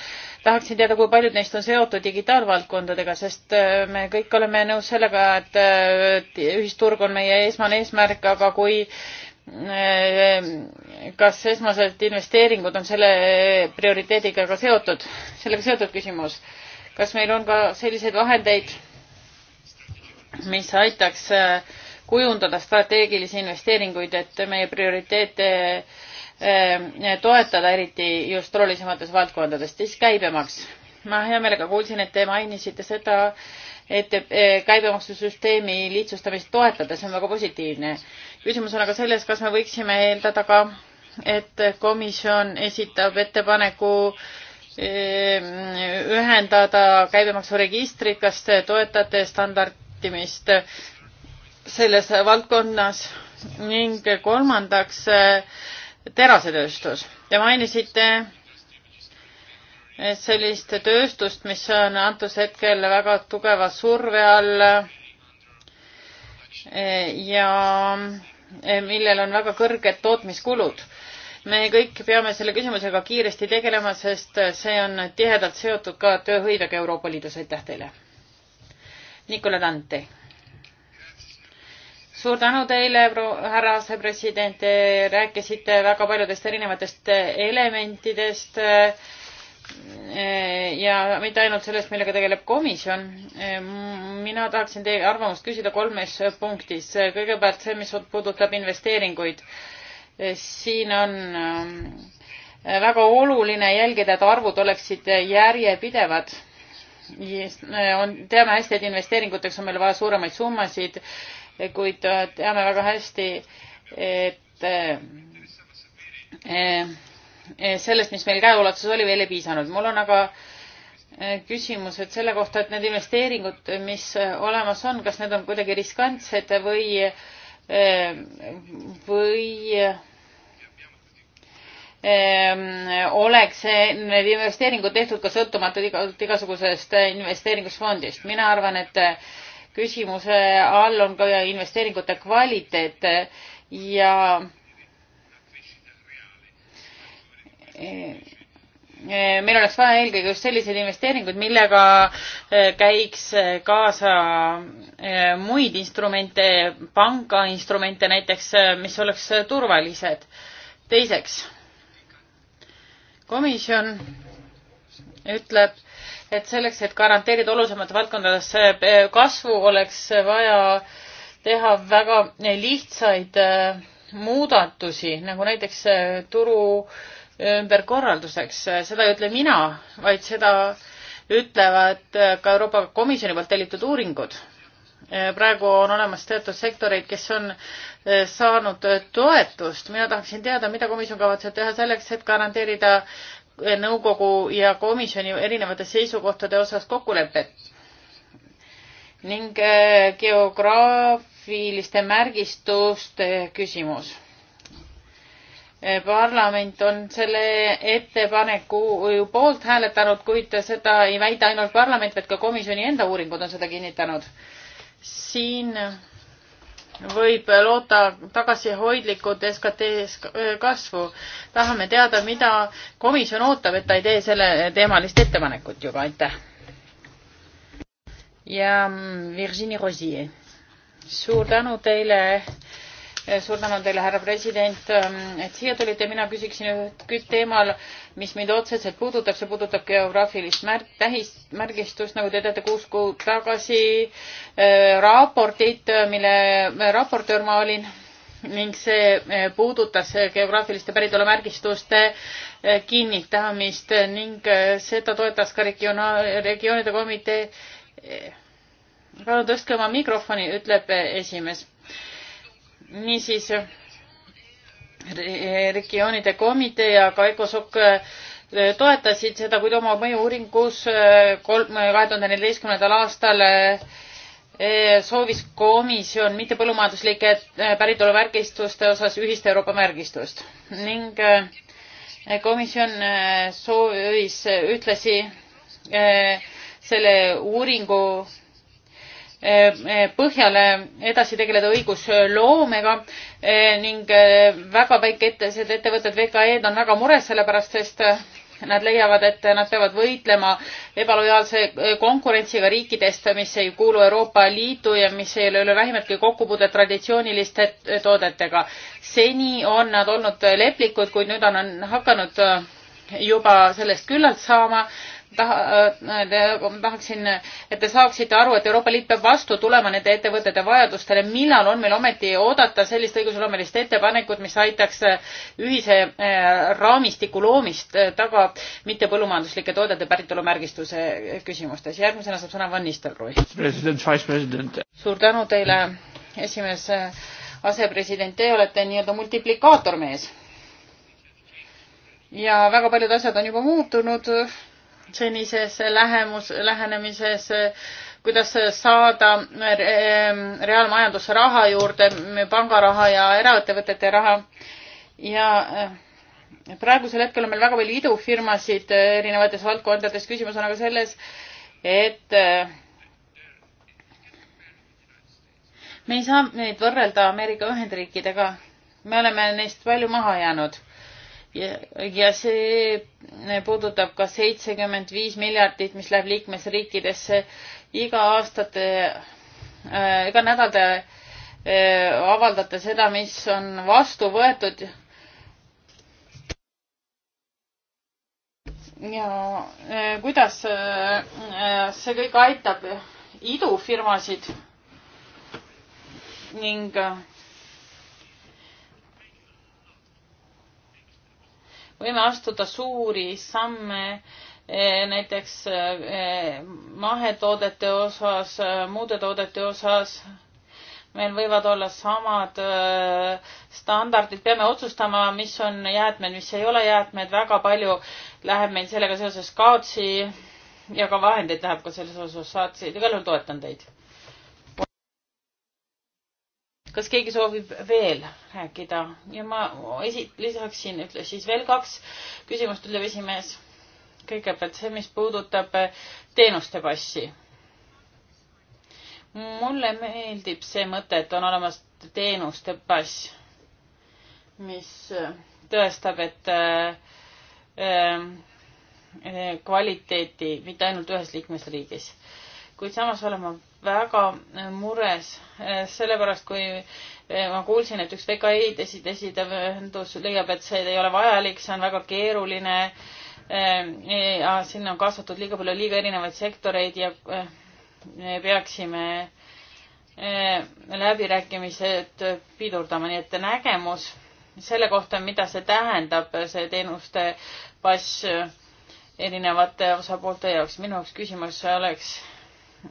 tahaksin teada, kui paljud neist on seotud digitaalvaldkondadega, sest äh, me kõik oleme nõus sellega, et äh, ühisturg on meie esmane eesmärk, aga kui kas esmased investeeringud on selle prioriteediga ka seotud, sellega seotud küsimus. kas meil on ka selliseid vahendeid, mis aitaks äh, kujundada strateegilisi investeeringuid, et meie prioriteete ähm, toetada, eriti just olulisemates valdkondades. siis käibemaks. ma hea meelega kuulsin, et te mainisite seda, et äh, käibemaksusüsteemi lihtsustamist toetada, see on väga positiivne. küsimus on aga selles, kas me võiksime eeldada ka, et komisjon esitab ettepaneku ähm, ühendada käibemaksuregistrid, kas te toetate standardimist selles valdkonnas ning kolmandaks eh, terasetööstus. Te mainisite sellist tööstust, mis on antud hetkel väga tugeva surve all eh, ja eh, millel on väga kõrged tootmiskulud. me kõik peame selle küsimusega kiiresti tegelema, sest see on tihedalt seotud ka tööhõivega Euroopa Liidus. aitäh teile! Nicola Dante suur tänu teile, härra asepresident, te rääkisite väga paljudest erinevatest elementidest eh, ja mitte ainult sellest, millega tegeleb komisjon. Eh, mina tahaksin teie arvamust küsida kolmes punktis. kõigepealt see, mis puudutab investeeringuid. Eh, siin on väga oluline jälgida, et arvud oleksid järjepidevad. on, teame hästi, et investeeringuteks on meil vaja suuremaid summasid kuid äh, teame väga hästi, et äh, äh, sellest, mis meil käeulatuses oli, veel ei piisanud. mul on aga küsimused selle kohta, et need investeeringud, mis olemas on, kas need on kuidagi riskantsed või, või ähm, oleks see, need investeeringud tehtud ka sõltumatult igasugusest investeeringsfondist. mina arvan, et küsimuse all on ka investeeringute kvaliteet ja e, meil oleks vaja eelkõige just selliseid investeeringuid, millega e, käiks kaasa e, muid instrumente, pangainstrumente näiteks, mis oleks turvalised. teiseks, komisjon ütleb, et selleks, et garanteerida olulisemate valdkondades eh, kasvu, oleks vaja teha väga lihtsaid eh, muudatusi, nagu näiteks eh, turu ümberkorralduseks. seda ei ütle mina, vaid seda ütlevad ka Euroopa Komisjoni poolt tellitud uuringud. praegu on olemas teatud sektoreid, kes on saanud toetust. mina tahaksin teada, mida komisjon kavatseb teha selleks, et garanteerida nõukogu ja komisjoni erinevate seisukohtade osas kokkulepet ning äh, geograafiliste märgistuste küsimus. Äh, parlament on selle ettepaneku poolt hääletanud, kuid seda ei väida ainult parlament, vaid ka komisjoni enda uuringud on seda kinnitanud. siin võib loota tagasihoidlikud SKT kasvu. tahame teada, mida komisjon ootab, et ta ei tee selle teemalist ettepanekut juba, aitäh. ja mm, Virginie Rosier, suur tänu teile suur tänu teile, härra president, ähm, et siia tulite. mina küsiksin üht teemal, mis mind otseselt puudutab, see puudutab geograafilist märk, tähis, märgistust, nagu te teate, kuus kuud tagasi äh, raportit, mille äh, raportöör ma olin ning see äh, puudutas äh, geograafiliste päritolumärgistuste kinnitamist ning seda toetas ka regionaal, regioonide komitee. palun tõstke oma mikrofoni, ütleb esimees niisiis regioonide komitee ja ka ECOSOC äh, toetasid seda, kuid oma mõju-uuringus äh, äh, kahe tuhande neljateistkümnendal aastal soovis komisjon mittepõllumajanduslike päritolumärgistuste osas ühist Euroopa märgistust ning komisjon soovis ühtlasi selle uuringu Eh, eh, põhjale edasi tegeleda õigusloomega eh, ning väga väikeettevõtted, ettevõtted, VKE-d on väga mures selle pärast, sest nad leiavad, et nad peavad võitlema ebalojaalse konkurentsiga riikidest, mis ei kuulu Euroopa Liitu ja mis ei ole üle vähimatki kokkupuudet traditsiooniliste toodetega. seni on nad olnud leplikud, kuid nüüd on, on hakanud juba sellest küllalt saama taha, äh, äh, tahaksin, et te saaksite aru, et Euroopa Liit peab vastu tulema nende ettevõtete vajadustele. millal on meil ometi oodata sellist õigusloomelist ettepanekut, mis aitaks äh, ühise raamistiku loomist taga mittepõllumajanduslike toodete päritolumärgistuse küsimustes? järgmisena saab sõna Van Nistelrooy. suur tänu teile, esimees asepresident, te olete nii-öelda multiplikaatormees. ja väga paljud asjad on juba muutunud senises lähemus, lähenemises, kuidas saada reaalmajanduse raha juurde, pangaraha ja eraettevõtete raha ja eh, praegusel hetkel on meil väga palju idufirmasid eh, erinevates valdkondades, küsimus on aga selles, et eh, me ei saa neid võrrelda Ameerika Ühendriikidega, me oleme neist palju maha jäänud ja see puudutab ka seitsekümmend viis miljardit, mis läheb liikmesriikidesse iga aastate äh,, iga nädal te äh, avaldate seda, mis on vastu võetud. ja äh, kuidas äh, see kõik aitab idufirmasid ning äh, võime astuda suuri samme eh, näiteks eh, mahetoodete osas, eh, muude toodete osas. meil võivad olla samad standardid, peame otsustama, mis on jäätmed, mis ei ole jäätmed, väga palju läheb meil sellega seoses kaotsi ja ka vahendeid läheb ka selles osas saatsi, igal juhul toetan teid kas keegi soovib veel rääkida ja ma esi-, lisaksin, ütle siis veel kaks küsimust, ütleb esimees. kõigepealt see, mis puudutab eh, teenuste passi. mulle meeldib see mõte, et on olemas teenuste pass, mis eh, tõestab, et äh, äh, kvaliteeti mitte ainult ühes liikmesriigis, kuid samas olen ma väga mures sellepärast, kui eh, ma kuulsin, et üks VKI-d esitav ühendus eh, leiab, et see ei ole vajalik, see on väga keeruline eh, ja sinna on kaasatud liiga palju liiga erinevaid sektoreid ja me peaksime läbirääkimised pidurdama, nii et nägemus selle kohta, mida see tähendab, see teenuste pass erinevate osapoolte jaoks. minu jaoks küsimus oleks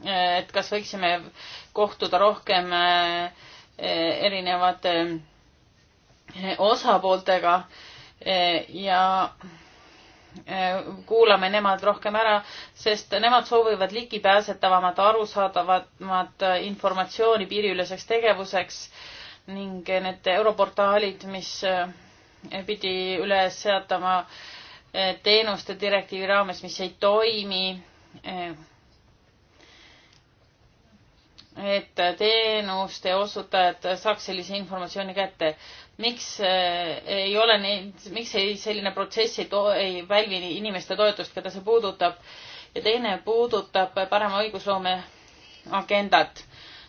et kas võiksime kohtuda rohkem eh, erinevate eh, osapooltega eh, ja kuulame nemad rohkem ära, sest nemad soovivad ligipääsetavamat, arusaadavamat informatsiooni piiriüleseks tegevuseks ning need europortaalid, mis pidi üles seatama teenuste direktiivi raames, mis ei toimi, et teenuste osutajad saaks sellise informatsiooni kätte. miks eh, ei ole nii, miks ei, selline protsess ei too, ei välvi inimeste toetust, keda see puudutab? ja teine puudutab parema õigusloome agendat.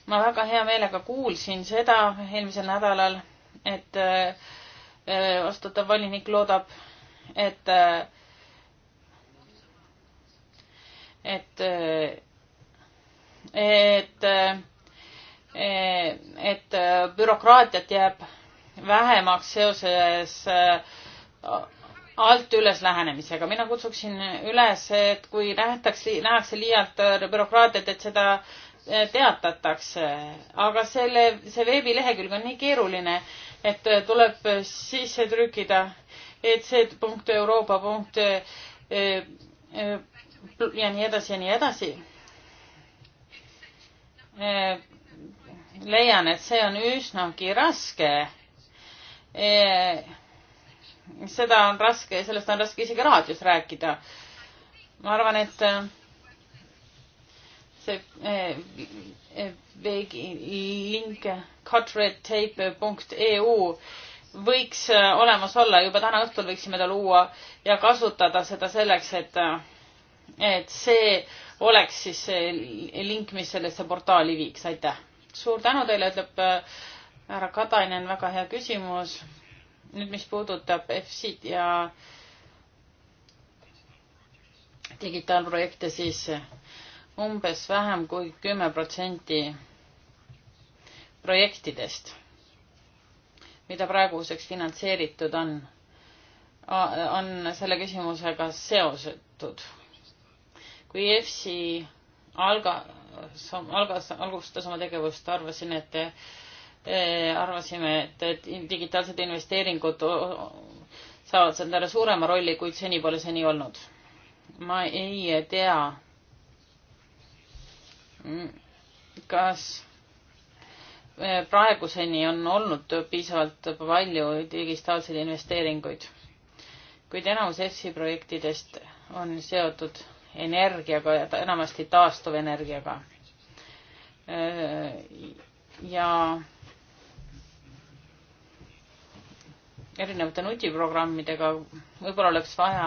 ma väga hea meelega kuulsin seda eelmisel nädalal, et eh, vastutav volinik loodab, et eh, et et, et bürokraatiat jääb vähemaks seoses alt üles lähenemisega. mina kutsuksin üles, et kui nähtakse, nähakse liialt bürokraatiat, et seda teatatakse, aga selle, see veebilehekülg on nii keeruline, et tuleb sisse trükkida ec.euroopa. ja nii edasi ja nii edasi leian, et see on üsnagi raske. E, seda on raske, sellest on raske isegi raadios rääkida. ma arvan, et e, see e, veegilink cutredtape.eu võiks olemas olla, juba täna õhtul võiksime ta luua ja kasutada seda selleks, et, et see oleks siis see link, mis sellesse portaali viiks, aitäh. suur tänu teile, ütleb äh, härra Katainen, väga hea küsimus. nüüd, mis puudutab EFSid ja digitaalprojekte, siis umbes vähem kui kümme protsenti projektidest, mida praeguseks finantseeritud on, on selle küsimusega seosetud kui EFSI alga-, algas, algustas oma tegevust, arvasin, et arvasime, et, et digitaalsed investeeringud saavad endale suurema rolli, kuid seni pole see nii olnud. ma ei tea, mm, kas e, praeguseni on olnud piisavalt palju digitaalseid investeeringuid, kuid enamus EFSI projektidest on seotud energiaga ja enamasti taastuvenergiaga. ja erinevate nutiprogrammidega võib-olla oleks vaja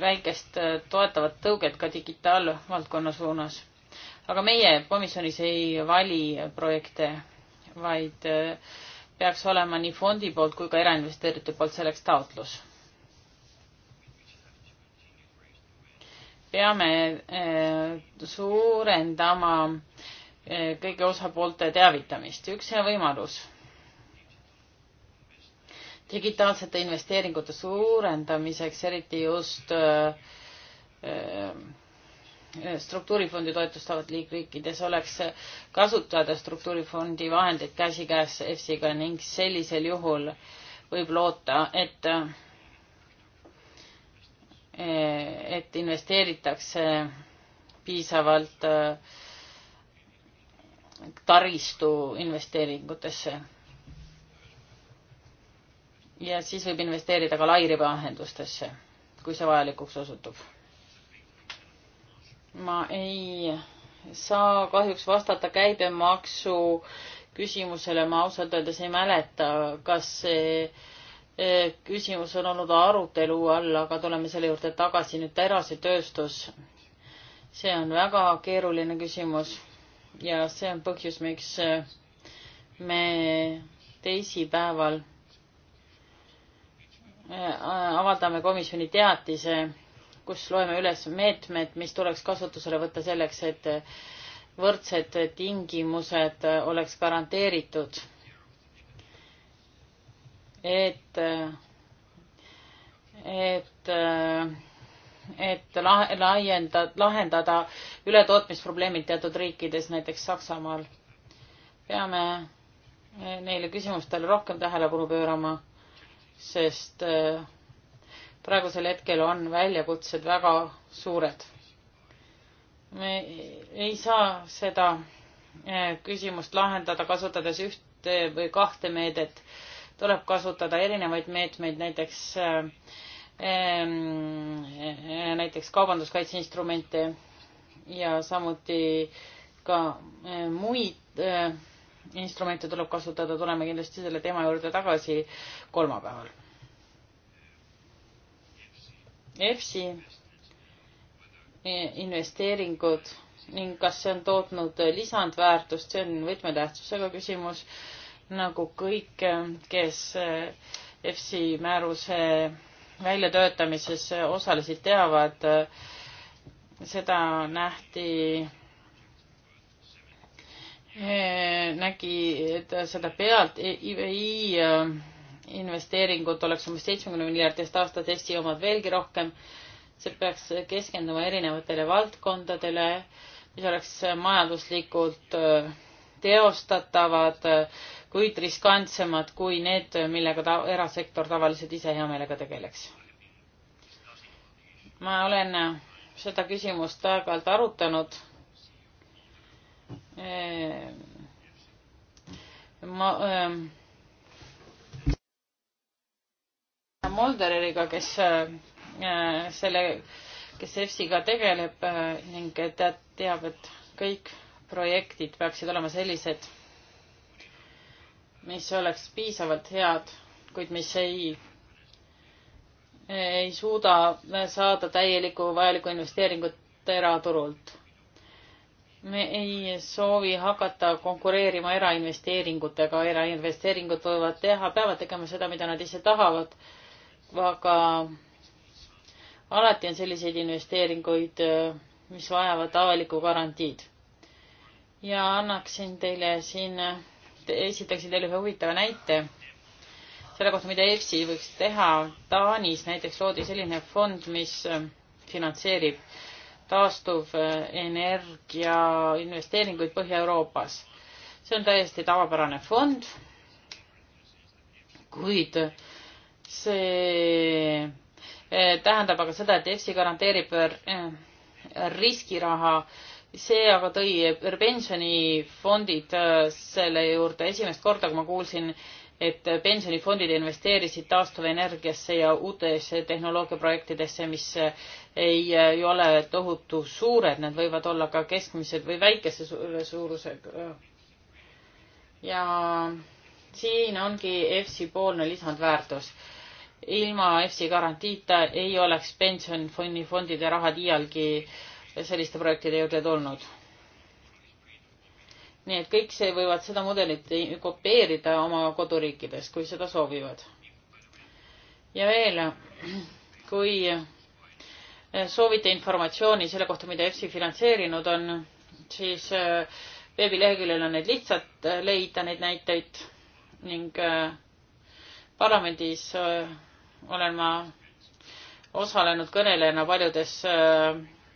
väikest toetavat tõuget ka digitaalvaldkonna suunas. aga meie komisjonis ei vali projekte, vaid peaks olema nii fondi poolt kui ka erainvesteerijate poolt selleks taotlus peame eh, suurendama eh, kõigi osapoolte teavitamist. üks hea võimalus digitaalsete investeeringute suurendamiseks, eriti just eh, struktuurifondi toetustavad liikriikides oleks kasutada struktuurifondi vahendeid käsikäes EFSiga ning sellisel juhul võib loota, et Eh, et investeeritakse piisavalt eh, taristu investeeringutesse. ja siis võib investeerida ka lairibaühendustesse, kui see vajalikuks osutub. ma ei saa kahjuks vastata käibemaksu küsimusele, ma ausalt öeldes ei mäleta, kas see küsimus on olnud arutelu all, aga tuleme selle juurde tagasi nüüd terasetööstus. see on väga keeruline küsimus ja see on põhjus, miks eh, me teisipäeval eh, avaldame komisjoni teatise, kus loeme üles meetmed, mis tuleks kasutusele võtta selleks, et võrdsed tingimused oleks garanteeritud et, et, et laiendada, lahendada ületootmisprobleemid teatud riikides, näiteks Saksamaal. peame neile küsimustele rohkem tähelepanu pöörama, sest praegusel hetkel on väljakutsed väga suured. me ei saa seda eh, küsimust lahendada, kasutades ühte või kahte meedet tuleb kasutada erinevaid meetmeid, näiteks äh, ähm, äh, näiteks kaubanduskaitseinstrumente ja samuti ka äh, muid instrumente tuleb kasutada, tuleme kindlasti selle teema juurde tagasi kolmapäeval. EFSI investeeringud ning kas see on tootnud lisandväärtust, see on võtmetähtsusega küsimus nagu kõik, kes EFSI eh, määruse väljatöötamises osalesid, teavad, eh, seda nähti, eh, nägi seda pealt, e- e IBI investeeringud oleks umbes seitsmekümne miljardist aastas, Eesti omad veelgi rohkem. see peaks keskenduma erinevatele valdkondadele, mis oleks majanduslikult teostatavad kuid riskantsemad kui need, millega ta, erasektor tavaliselt ise hea meelega tegeleks. ma olen seda küsimust aeg-ajalt arutanud. ma ähm, Molderiga, kes äh, selle, kes EFSiga tegeleb äh, ning teab, teab, et kõik projektid peaksid olema sellised mis oleks piisavalt head, kuid mis ei, ei suuda saada täielikku vajalikku investeeringut eraturult. me ei soovi hakata konkureerima erainvesteeringutega, erainvesteeringud võivad teha, peavad tegema seda, mida nad ise tahavad, aga alati on selliseid investeeringuid, mis vajavad avalikku garantiid. ja annaksin teile siin esitaksin teile ühe huvitava näite selle kohta, mida EFSI võiks teha. Taanis näiteks loodi selline fond, mis äh, finantseerib taastuvenergia investeeringuid Põhja-Euroopas. see on täiesti tavapärane fond, kuid see äh, tähendab aga seda, et EFSI garanteerib äh, riskiraha äh, see aga tõi pensionifondid äh, selle juurde esimest korda, kui ma kuulsin, et pensionifondid investeerisid taastuvenergiasse ja uutesse tehnoloogiaprojektidesse, mis äh, ei äh, ju ole tohutu suured, need võivad olla ka keskmised või väikese suurusega. ja siin ongi EFSI poolne lisandväärtus. ilma EFSI garantiita ei oleks pensionifondide rahad iialgi äh, selliste projektide juurde tulnud. nii et kõik see võivad seda mudelit kopeerida oma koduriikides, kui seda soovivad. ja veel, kui soovite informatsiooni selle kohta, mida EFSI finantseerinud on, siis äh, veebileheküljel on need lihtsalt äh, leida, neid näiteid ning äh, parlamendis olen ma osalenud kõnelejana paljudes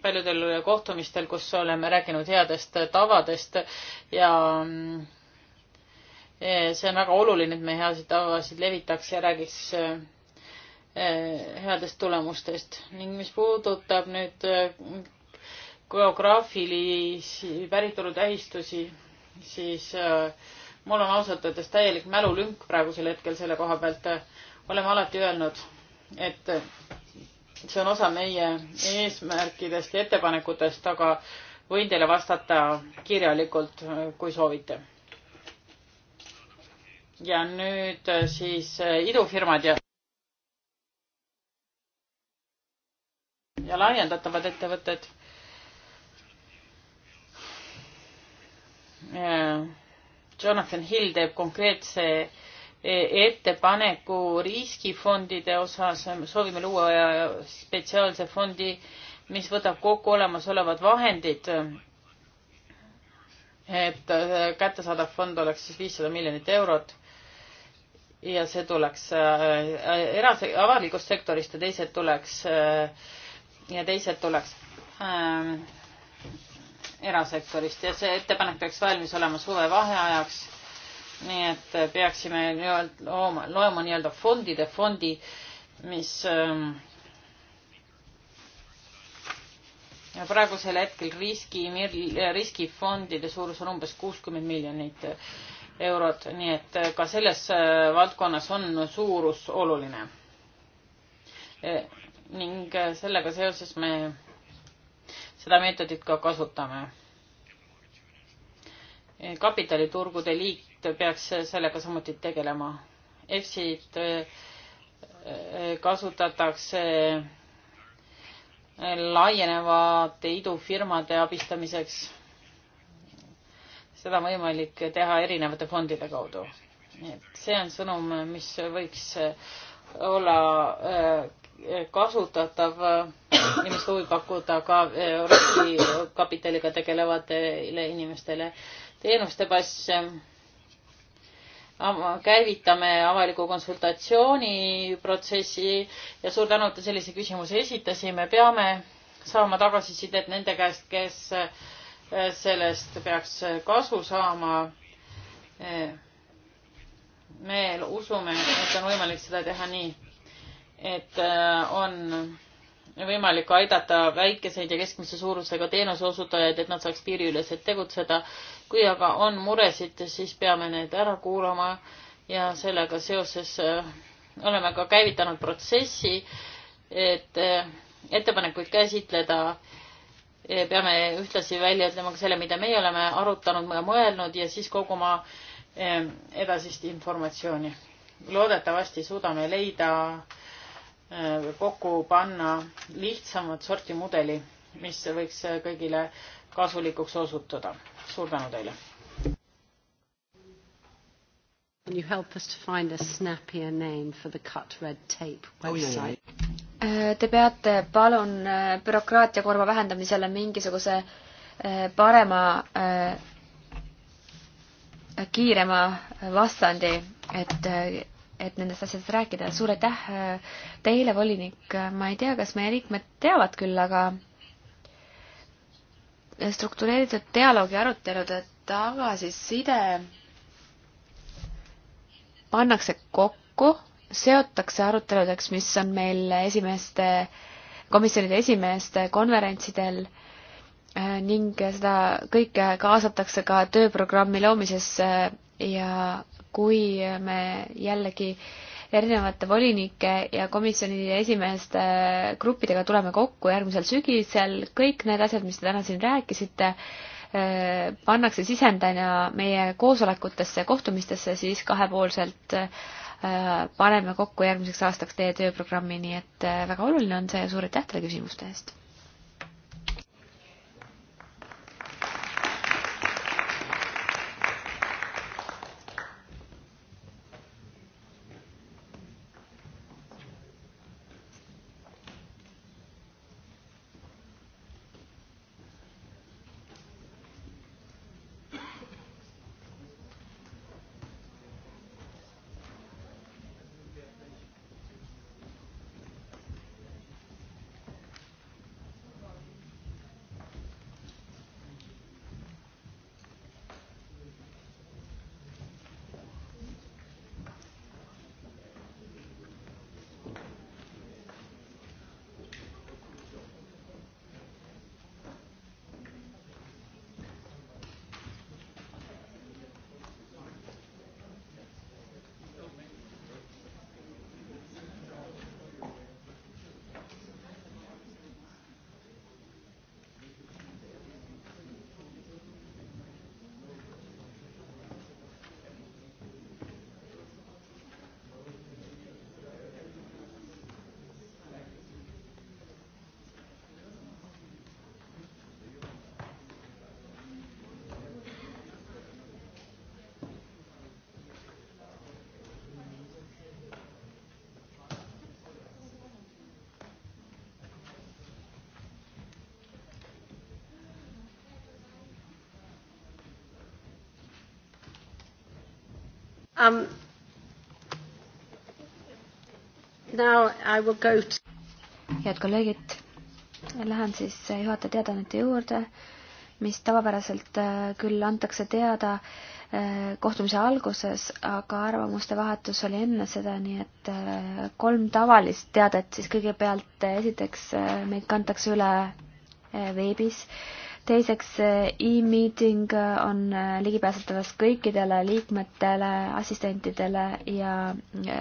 paljudel kohtumistel, kus oleme rääkinud headest tavadest ja mm, eh, see on väga oluline, et me heasid tavasid levitaks ja räägiks eh, headest tulemustest ning mis puudutab nüüd eh, geograafilisi päritolu tähistusi, siis mul on ausalt öeldes täielik mälulünk praegusel hetkel selle koha pealt. oleme alati öelnud, et see on osa meie eesmärkidest ja ettepanekutest, aga võin teile vastata kirjalikult, kui soovite. ja nüüd äh, siis äh, idufirmad ja ja laiendatavad ettevõtted. Äh, Jonathan Hill teeb konkreetse ettepaneku riskifondide osas, soovime luua spetsiaalse fondi, mis võtab kokku olemasolevad vahendid. et kättesaadav fond oleks siis viissada miljonit eurot ja see tuleks äh, era-, avalikust sektorist ja teised tuleks äh, ja teised tuleks ähm, erasektorist ja see ettepanek peaks valmis olema suvevaheajaks nii et äh, peaksime nii-öelda looma, looma nii-öelda fondide fondi, mis ähm, praegusel hetkel riski, riskifondide suurus on umbes kuuskümmend miljonit äh, eurot, nii et äh, ka selles valdkonnas on suurus oluline e,. ning sellega seoses me seda meetodit ka kasutame e,. kapitaliturgude liik-, Liit peaks sellega samuti tegelema. EFSit äh, äh, kasutatakse äh, laienevate idufirmade abistamiseks. seda on võimalik teha erinevate fondide kaudu. et see on sõnum, mis võiks olla kasutatav ja mis huvi pakkuda ka riskikapitaliga tegelevatele inimestele teenuste pass käivitame avaliku konsultatsiooni protsessi ja suur tänu, et te sellise küsimuse esitasime, peame saama tagasisidet nende käest, kes eh, sellest peaks kasu saama. Eh, me usume, et on võimalik seda teha nii, et eh, on võimalik aidata väikeseid ja keskmise suurusega teenuseosutajaid, et nad saaks piiriüleselt tegutseda kui aga on muresid, siis peame need ära kuulama ja sellega seoses äh, oleme ka käivitanud protsessi, et äh, ettepanekuid käsitleda. Äh, peame ühtlasi välja ütlema ka selle, mida meie oleme arutanud ja mõelnud ja siis koguma edasist informatsiooni. loodetavasti suudame leida, kokku panna lihtsamat sorti mudeli, mis võiks kõigile kasulikuks osutuda. suur tänu teile. Can you help us to find a snappier name for the cut red tape oh, website? Äh, te peate palun äh, bürokraatiakoorma vähendamisele mingisuguse äh, parema, kiirema vastandi, et et nendest asjadest rääkida. suur aitäh teile, volinik. ma ei tea, kas meie liikmed teavad küll, aga struktureeritud dialoogi arutelude tagasiside pannakse kokku, seotakse aruteludeks, mis on meil esimeste, komisjonide esimeeste konverentsidel äh, ning seda kõike kaasatakse ka tööprogrammi loomisesse ja kui me jällegi äh, erinevate volinike ja komisjoni esimeeste gruppidega tuleme kokku järgmisel sügisel, kõik need asjad, mis te täna siin rääkisite, eh, pannakse sisendina meie koosolekutesse, kohtumistesse, siis kahepoolselt eh, paneme kokku järgmiseks aastaks teie tööprogrammi, nii et eh, väga oluline on see ja suur aitäh teile küsimuste eest! Um, now I will go to... head kolleegid, lähen siis juhataja teadaannete juurde, mis tavapäraselt äh, küll antakse teada äh, kohtumise alguses, aga arvamuste vahetus oli enne seda, nii et äh, kolm tavalist teadet siis kõigepealt, esiteks meid kantakse üle veebis äh, teiseks e, e-meeting on ligipääsetavas kõikidele liikmetele, assistentidele ja e,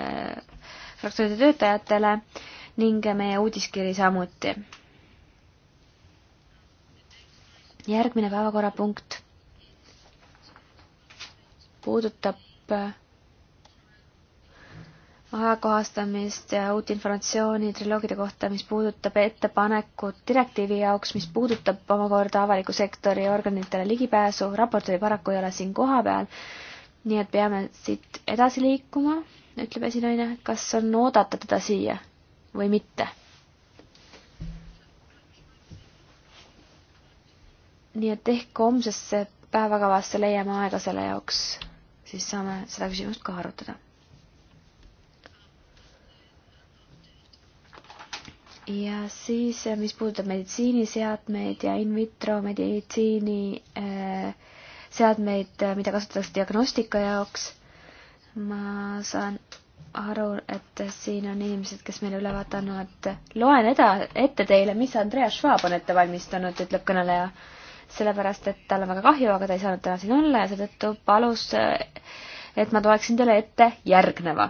fraktsioonide töötajatele ning meie uudiskiri samuti. järgmine päevakorrapunkt puudutab ajakohastamist ja uut informatsiooni triloogide kohta, mis puudutab ettepanekut direktiivi jaoks, mis puudutab omakorda avaliku sektori organitele ligipääsu, raportööri paraku ei ole siin kohapeal, nii et peame siit edasi liikuma, ütleb esinaine, kas on oodata teda siia või mitte? nii et ehk homsesse päevakavasse leiame aega selle jaoks, siis saame seda küsimust ka arutada ja siis, eh, mis puudutab meditsiiniseadmeid ja in vitro meditsiini eh, seadmeid, eh, mida kasutatakse diagnostika jaoks, ma saan aru, et siin on inimesed, kes meile ülevaate annavad. loen eda-, ette teile, mis Andrea Schwab on ette valmistanud, ütleb kõneleja. sellepärast, et tal on väga kahju, aga ta ei saanud täna siin olla ja seetõttu palus, et ma toeksin teile ette järgneva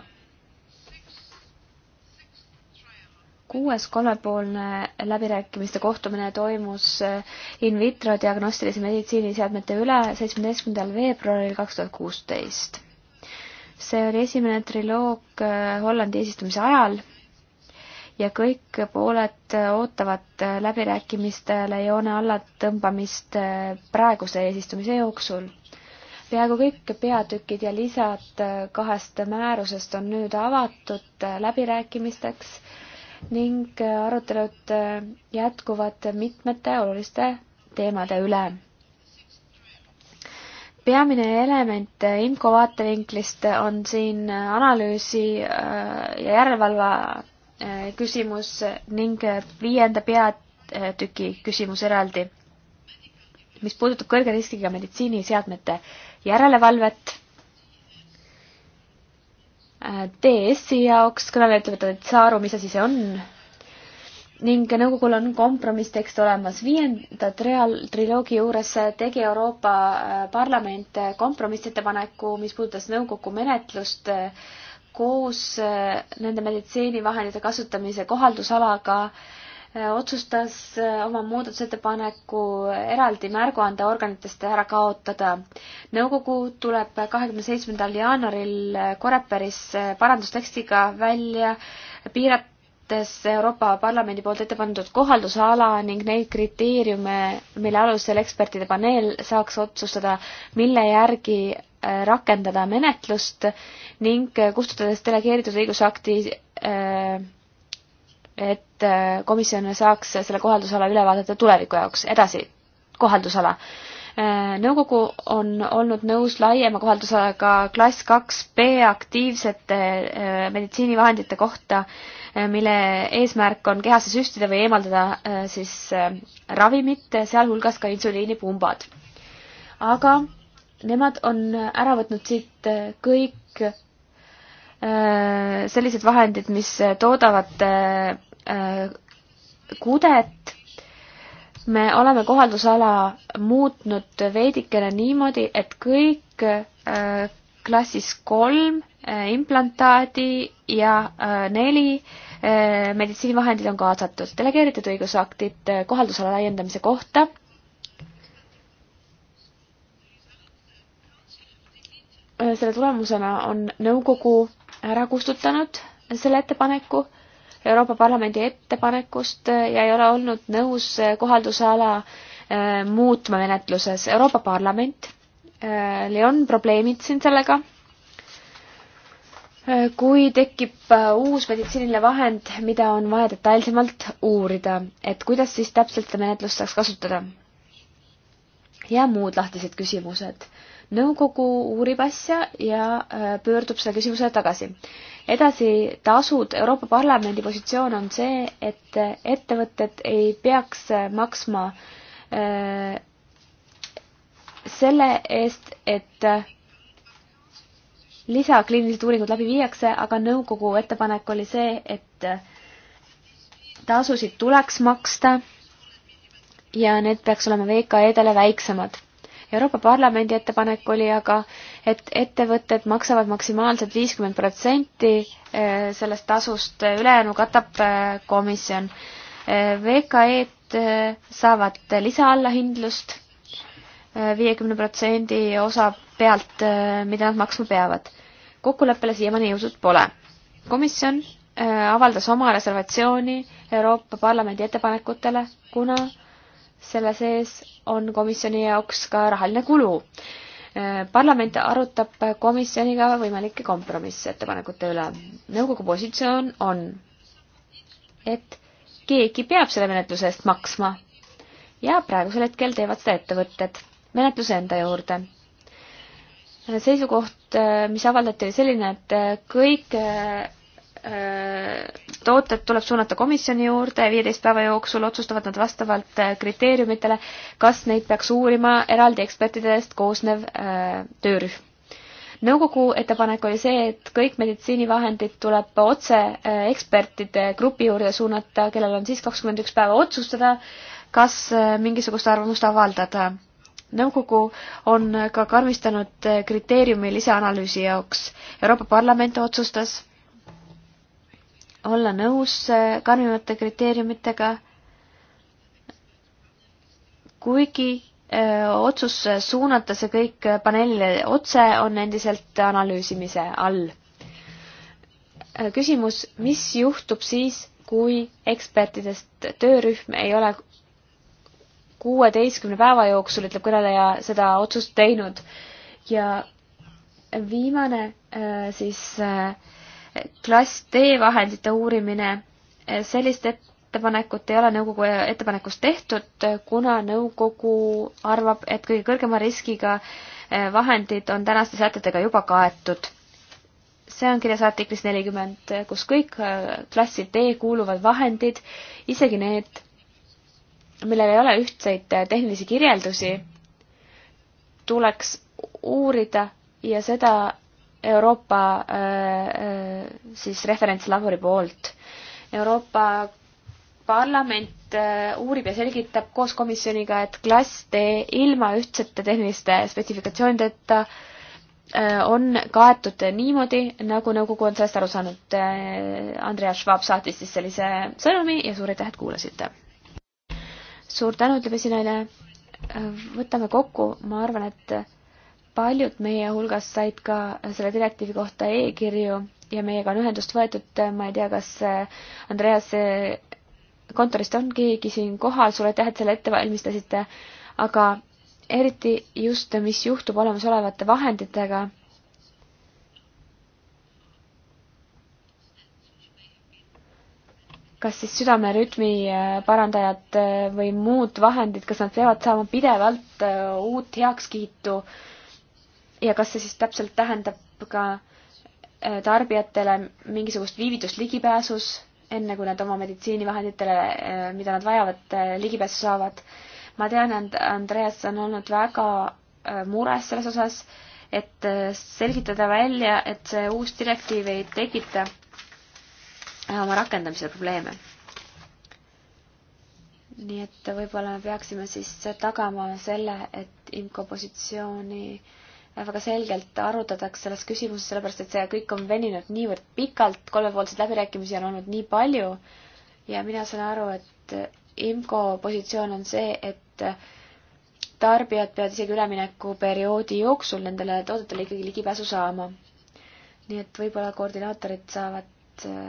kuues kolmepoolne läbirääkimiste kohtumine toimus eh, in vitro diagnostilise meditsiiniseadmete üle seitsmeteistkümnendal veebruaril kaks tuhat kuusteist. see oli esimene triloog eh, Hollandi eesistumise ajal ja kõik pooled ootavad eh, läbirääkimistele joone alla tõmbamist praeguse eesistumise jooksul peaaegu kõik peatükid ja lisad kahest määrusest on nüüd avatud läbirääkimisteks ning arutelud jätkuvad mitmete oluliste teemade üle. peamine element IMCO vaatevinklist on siin analüüsi äh, ja järelevalve äh, küsimus ning viienda peatüki küsimus eraldi, mis puudutab kõrge riskiga meditsiiniseadmete järelevalvet TS-i jaoks, kõnelejatöötajad ei saa aru, mis asi see on. ning nõukogul on kompromisstekst olemas. viienda trial-, triloogi juures tegi Euroopa äh, Parlament kompromissettepaneku, mis puudutas nõukogu menetlust äh, koos äh, nende meditsiinivahendite kasutamise kohaldusalaga äh, Äh, otsustas äh, oma muudatusettepaneku eraldi märguande organitest ära kaotada. nõukogu tuleb kahekümne seitsmendal jaanuaril äh, Koreperis parandustekstiga välja piirates Euroopa Parlamendi poolt ette pandud kohaldusala ning neid kriteeriume, mille alusel ekspertide paneel saaks otsustada, mille järgi rakendada menetlust ning kustutades delegeeritud õigusakti äh, et äh, komisjon saaks selle kohaldusala üle vaadata tuleviku jaoks. edasi, kohaldusala. Äh, nõukogu on olnud nõus laiema kohaldusalaga klass kaks B aktiivsete äh, meditsiinivahendite kohta, mille eesmärk on kehasse süstida või eemaldada siis ravimit, sealhulgas ka insuliinipumbad. aga nemad on ära võtnud siit kõik Äh, sellised vahendid, mis toodavad äh, äh, kudet. me oleme kohaldusala muutnud veidikene niimoodi, et kõik klassis kolm implantaadi ja neli meditsiinivahendid on kaasatud. delegeeritud õigusaktid kohaldusala laiendamise kohta selle tulemusena on nõukogu ära kustutanud selle ettepaneku Euroopa Parlamendi ettepanekust äh, ja ei ole olnud nõus äh, kohaldusala äh, muutma menetluses. Euroopa Parlament, on probleemid siin sellega. kui tekib uus meditsiiniline vahend, mida on vaja detailsemalt uurida, et kuidas siis täpselt seda menetlust saaks kasutada? ja muud lahtised küsimused nõukogu uurib asja ja äh, pöördub selle küsimusele tagasi. edasi, tasud, Euroopa Parlamendi positsioon on see, et äh, ettevõtted ei peaks äh, maksma selle eest, et lisakliinilised uuringud läbi viiakse, aga nõukogu ettepanek oli see, et tasusid tuleks maksta ja need peaks olema VKE-dele väiksemad Euroopa Parlamendi ettepanek oli aga, et ettevõtted maksavad maksimaalselt viiskümmend protsenti eh, sellest tasust, eh, ülejäänu katab eh, komisjon. VKE-d saavad lisaallahindlust viiekümne protsendi osa pealt, mida nad maksma peavad. kokkuleppele siiamaani jõudnud pole. komisjon avaldas oma reservatsiooni Euroopa Parlamendi ettepanekutele, kuna selle sees on komisjoni jaoks ka rahaline kulu. parlament arutab komisjoniga võimalike kompromissettepanekute üle. nõukogu positsioon on, et keegi peab selle menetluse eest maksma ja praegusel hetkel teevad seda ettevõtted menetluse enda juurde. seisukoht, mis avaldati, oli selline, et kõik Äh, tooted tuleb suunata komisjoni juurde viieteist päeva jooksul, otsustavad nad vastavalt äh, kriteeriumitele, kas neid peaks uurima eraldi ekspertidest koosnev äh, töörühm. nõukogu ettepanek oli see, et kõik meditsiinivahendid tuleb otse ekspertide grupi juurde suunata, kellel on siis kakskümmend üks päeva otsustada, kas mingisugust arvamust avaldada nõukogu on ka karmistanud kriteeriumi lisaanalüüsi jaoks. Euroopa Parlament otsustas olla nõus äh, karmimate kriteeriumitega, kuigi öö, äh, otsus äh, suunata see kõik paneelile otse on endiselt analüüsimise all. küsimus, mis juhtub siis, kui ekspertidest töörühm ei ole kuueteistkümne päeva jooksul, ütleb kõneleja, seda otsust teinud ja viimane öö, siis öö, klass D vahendite uurimine, eh, sellist ettepanekut ei ole nõukogu eh, ettepanekus tehtud, eh, kuna nõukogu arvab, et kõige kõrgema riskiga vahendid on tänaste sätetega juba kaetud. see on kirjas artiklis nelikümmend, kus kõik klassi D kuuluvad vahendid, isegi need, millel ei ole ühtseid tehnilisi kirjeldusi, tuleks uurida ja seda Euroopa äh, äh, siis referentslabori poolt. Euroopa parlament äh, uurib ja selgitab koos komisjoniga, et klass D ilma ühtsete tehniliste spetsifikatsioonideta on kaetud niimoodi, nagu nõukogu on sellest aru saanud. Andreas Schwab saatis siis sellise sõnumi ja suur aitäh, et kuulasite. suur tänu, ütleb esinaine. võtame kokku, ma arvan, et paljud meie hulgas said ka selle direktiivi kohta e-kirju ja meiega on ühendust võetud, ma ei tea, kas eh, Andreas kontorist on keegi siin kohal, suur aitäh, et selle ette valmistasite, aga eriti just, mis juhtub olemasolevate vahenditega kas siis südamerütmi eh, parandajad eh, või muud vahendid, kas nad peavad saama pidevalt uut heakskiitu äh, ja kas see siis täpselt tähendab ka äh, tarbijatele mingisugust viivitust ligipääsus, enne kui nad oma meditsiinivahenditele, äh, mida nad vajavad, äh, ligipääsu saavad. ma tean, et Andreas on olnud väga mures selles osas, et selgitada välja, et see uus direktiiv ei tekita oma rakendamisel probleeme. nii et võib-olla me peaksime siis tagama selle, et imko positsiooni äh, väga selgelt arutatakse selles küsimuses, sellepärast et see kõik on veninud niivõrd pikalt, kolmepoolseid läbirääkimisi on olnud nii palju ja mina saan aru, et IMCO positsioon on see, et tarbijad peavad isegi üleminekuperioodi jooksul nendele toodetele ikkagi ligipääsu saama. nii et võib-olla koordinaatorid saavad äh,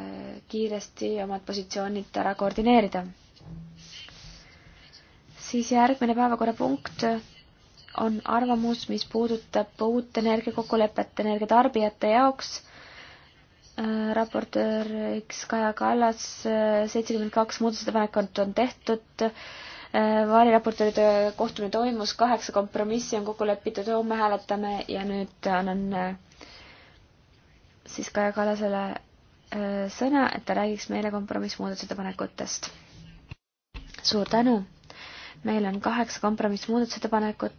kiiresti omad positsioonid ära koordineerida. siis järgmine päevakorrapunkt on arvamus, mis puudutab uut energiakokkulepet energiatarbijate jaoks äh, raportööriks Kaja Kallas, äh, seitsekümmend kaks muudatusettepanekut on tehtud, äh, variraportööride kohtumine toimus, kaheksa kompromissi on kokku lepitud, homme hääletame ja nüüd annan siis Kaja Kallasele sõna, et ta räägiks meile kompromissmuudatusettepanekutest. suur tänu! meil on kaheksa kompromissmuudatusettepanekut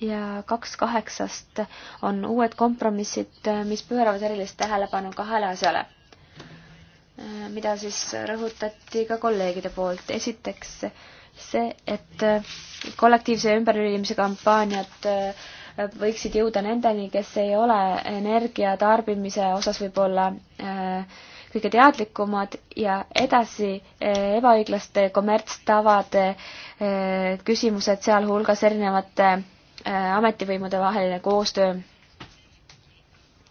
ja kaks kaheksast on uued kompromissid, mis pööravad erilist tähelepanu kahele asjale, mida siis rõhutati ka kolleegide poolt. esiteks see, et kollektiivse ümberlülimise kampaaniad võiksid jõuda nendeni, kes ei ole energia tarbimise osas võib-olla äh, kõige teadlikumad ja edasi eh, ebaõiglaste kommertstavade eh, küsimused, sealhulgas erinevate eh, ametivõimude vaheline koostöö.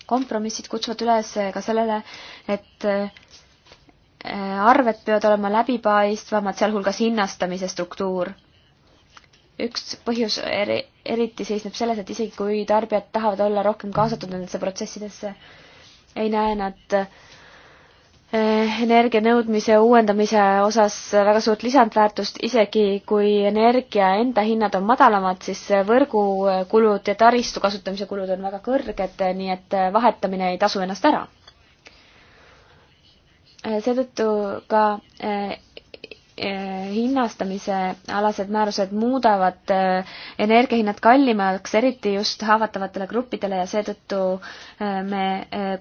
kompromissid kutsuvad üles ka sellele, et arved peavad olema läbipaistvamad, sealhulgas hinnastamise struktuur. üks põhjus eri, eriti seisneb selles, et isegi kui tarbijad tahavad olla rohkem kaasatud nendesse protsessidesse, ei näe nad äh, Eh, energianõudmise uuendamise osas väga suurt lisandväärtust, isegi kui energia enda hinnad on madalamad, siis võrgukulud ja taristu kasutamise kulud on väga kõrged, nii et vahetamine ei tasu ennast ära. Eh, seetõttu ka eh, Eh, hinnastamise alased määrused muudavad eh, energiahinnad kallimaks, eriti just haavatavatele gruppidele ja seetõttu eh, me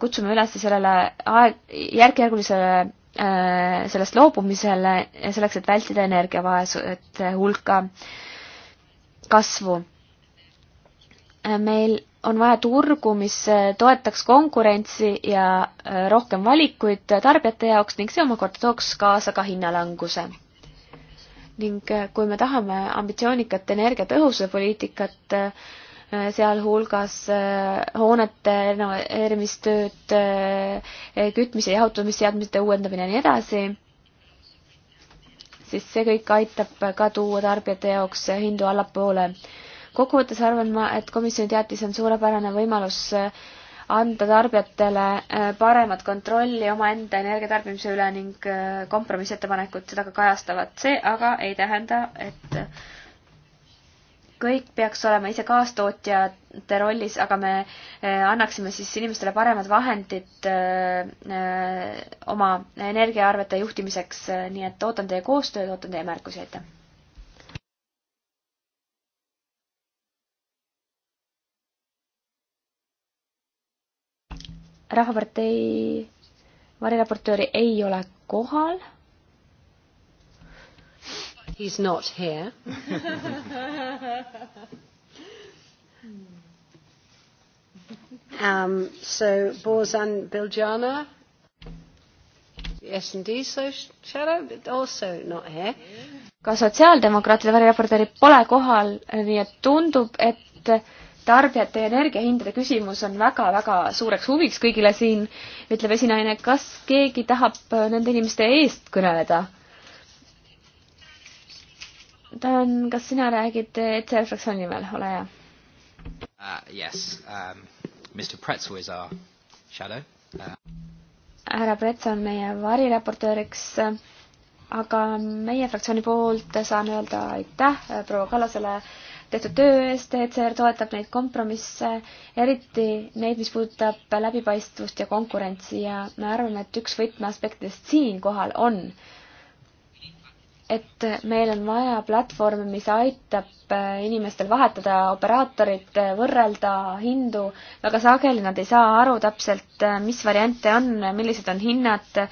kutsume üles sellele aeg, järk-järgulisele sellest loobumisele, selleks et vältida energiavaesuse hulka kasvu. meil on vaja turgu, mis toetaks konkurentsi ja rohkem valikuid tarbijate jaoks ning see omakorda tooks kaasa ka hinnalanguse ning äh, kui me tahame ambitsioonikat energiatõhususe poliitikat, äh, sealhulgas äh, hoonete renoveerimistööd, kütmise, jahutamisseadmete uuendamine ja nii edasi, siis see kõik aitab ka tuua tarbijate jaoks hindu allapoole. kokkuvõttes arvan ma, et komisjoni teatis on suurepärane võimalus anda tarbijatele äh, paremat kontrolli omaenda energiatarbimise üle ning äh, kompromissettepanekud seda ka kajastavad. see aga ei tähenda, et kõik peaks olema ise kaastootjate rollis, aga me äh, annaksime siis inimestele paremad vahendid oma energiaarvete juhtimiseks, nii et ootan teie koostööd, ootan teie märkusi, aitäh! Rahvapartei variraportööri ei ole kohal. He is not here Um, so Borzan Biljana, S&D shadow, also not here. ka sotsiaaldemokraatide varireporteri pole kohal, nii et tundub, et tarbijate energiahindade küsimus on väga-väga suureks huviks kõigile siin, ütleb esinaine, kas keegi tahab äh, nende inimeste eest kõneleda? Dan, kas sina räägid ETR fraktsiooni nimel, ole hea uh,. Yes um,, Mr Pretzel is our shadow uh.... härra Pretzel on meie variraportööriks, aga meie fraktsiooni poolt saan öelda aitäh äh, proua Kallasele uh, tehtud töö eest, ECR toetab neid kompromisse, eriti neid, mis puudutab läbipaistvust ja konkurentsi ja me arvame, et üks võtmeaspektidest siinkohal on, et meil on vaja platvorme, mis aitab äh, inimestel vahetada operaatorit, äh, võrrelda hindu, väga sageli nad ei saa aru täpselt, äh, mis variante on, millised on hinnad,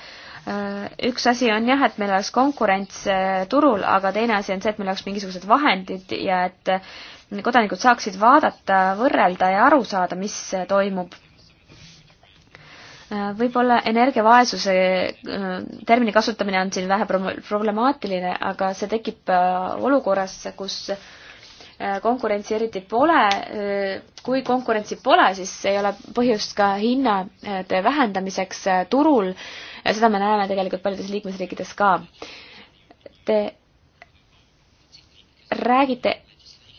Äh, üks asi on jah, et meil oleks konkurents äh, turul, aga teine asi on see, et meil oleks mingisugused vahendid ja et äh, kodanikud saaksid vaadata, võrrelda ja aru saada, mis toimub. võib-olla energiavaesuse termini kasutamine on siin vähe problemaatiline, aga see tekib olukorras, kus konkurentsi eriti pole. kui konkurentsi pole, siis ei ole põhjust ka hinnade vähendamiseks turul seda me näeme tegelikult paljudes liikmesriikides ka. Te räägite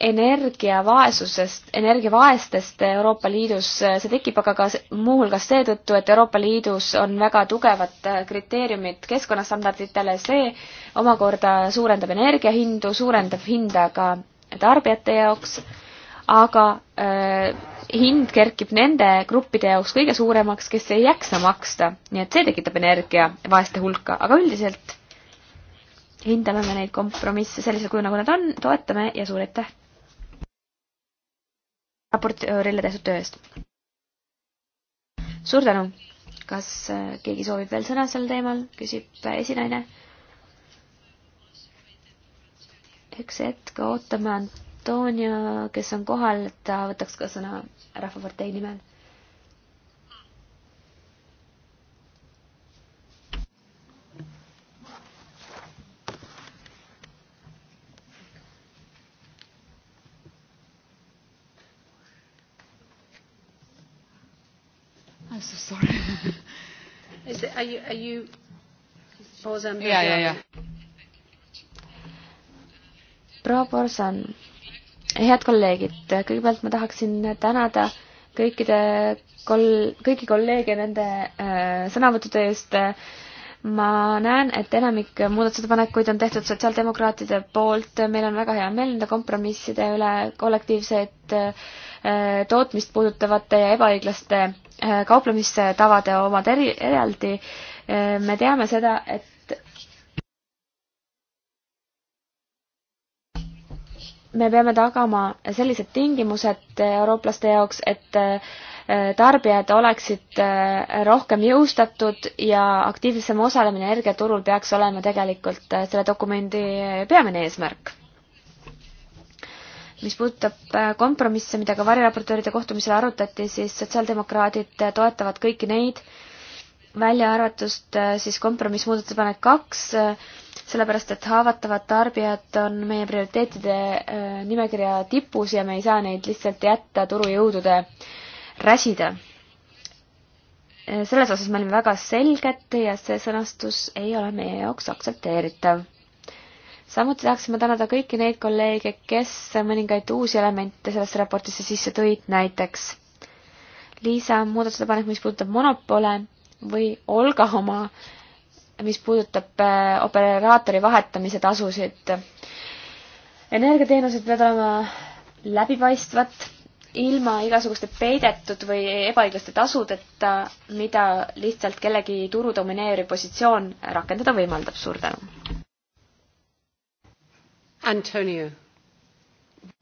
energiavaesusest, energiavaestest Euroopa Liidus, see tekib aga ka muuhulgas seetõttu, et Euroopa Liidus on väga tugevad äh, kriteeriumid keskkonnastandarditele, see omakorda suurendab energiahindu, suurendab hinda ka tarbijate jaoks aga äh, hind kerkib nende gruppide jaoks kõige suuremaks, kes ei jaksa maksta, nii et see tekitab energia vaeste hulka, aga üldiselt hindame me neid kompromisse sellisel kujul, nagu nad on, toetame ja suur aitäh raportöörile tehtud töö eest. suur tänu. kas äh, keegi soovib veel sõna sel teemal, küsib äh, esinaine. üks hetk, ootame Antonia, kes on kohal, et ta võtaks ka sõna Rahvapartei nimel. I am so sorry. Is it, are you, are you Borzan? Yeah, yeah, yeah. Pro Borzan head kolleegid, kõigepealt ma tahaksin tänada kõikide kol-, kõiki kolleege nende äh, sõnavõttude eest äh, ma näen, et enamik muudatusettepanekuid on tehtud sotsiaaldemokraatide poolt, meil on väga hea meel nende kompromisside üle, kollektiivset äh, tootmist puudutavate ja ebaõiglaste äh, kauplemistavade omad eri, eraldi. Äh, me teame seda, et me peame tagama sellised tingimused eurooplaste jaoks, et äh, tarbijad oleksid äh, rohkem jõustatud ja aktiivsem osalemine energiaturul peaks olema tegelikult äh, selle dokumendi peamine eesmärk. mis puudutab kompromisse, mida ka variraportööride kohtumisel arutati, siis sotsiaaldemokraadid toetavad kõiki neid, välja arvatust siis kompromiss muudatusepanek kaks, sellepärast et haavatavad tarbijad on meie prioriteetide äh, nimekirja tipus ja me ei saa neid lihtsalt jätta turujõudude räsida. Äh, selles osas me olime väga selged ja see sõnastus ei ole meie jaoks aktsepteeritav samuti tahaksime tänada kõiki neid kolleege, kes mõningaid uusi elemente sellesse raportisse sisse tõid, näiteks Liisa muudatusettepanek, mis puudutab monopole või Olga oma mis puudutab äh, operaatori vahetamise tasusid. energiateenused peavad olema läbipaistvad, ilma igasuguste peidetud või ebaõiglaste tasudeta, mida lihtsalt kellegi turu domineeriv positsioon rakendada võimaldab. suur tänu. Antonio.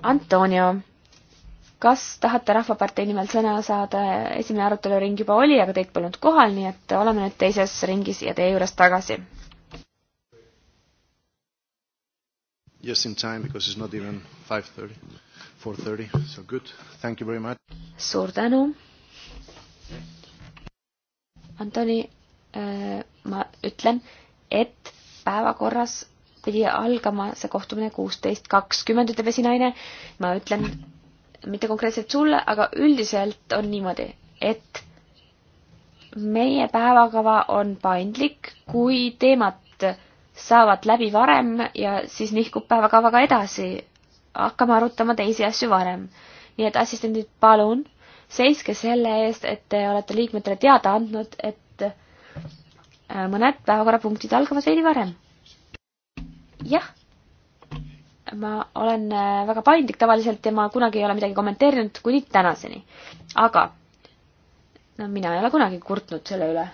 Antonio kas tahate Rahvapartei nimel sõna saada, esimene aruteluring juba oli, aga teid polnud kohal, nii et oleme nüüd teises ringis ja teie juures tagasi. Just in time because it's not even five thirty, four thirty, so good, thank you very much. suur tänu. Antoni, äh, ma ütlen, et päevakorras pidi algama see kohtumine kuusteist kakskümmend, ütleb esinaine. ma ütlen mitte konkreetselt sulle, aga üldiselt on niimoodi, et meie päevakava on paindlik, kui teemad saavad läbi varem ja siis nihkub päevakavaga edasi. hakkame arutama teisi asju varem. nii et assistendid, palun seiske selle eest, et te olete liikmetele teada andnud, et äh, mõned päevakorrapunktid algavad veidi varem. jah ma olen äh, väga paindlik tavaliselt ja ma kunagi ei ole midagi kommenteerinud kuni tänaseni. aga no mina ei ole kunagi kurtnud selle üle.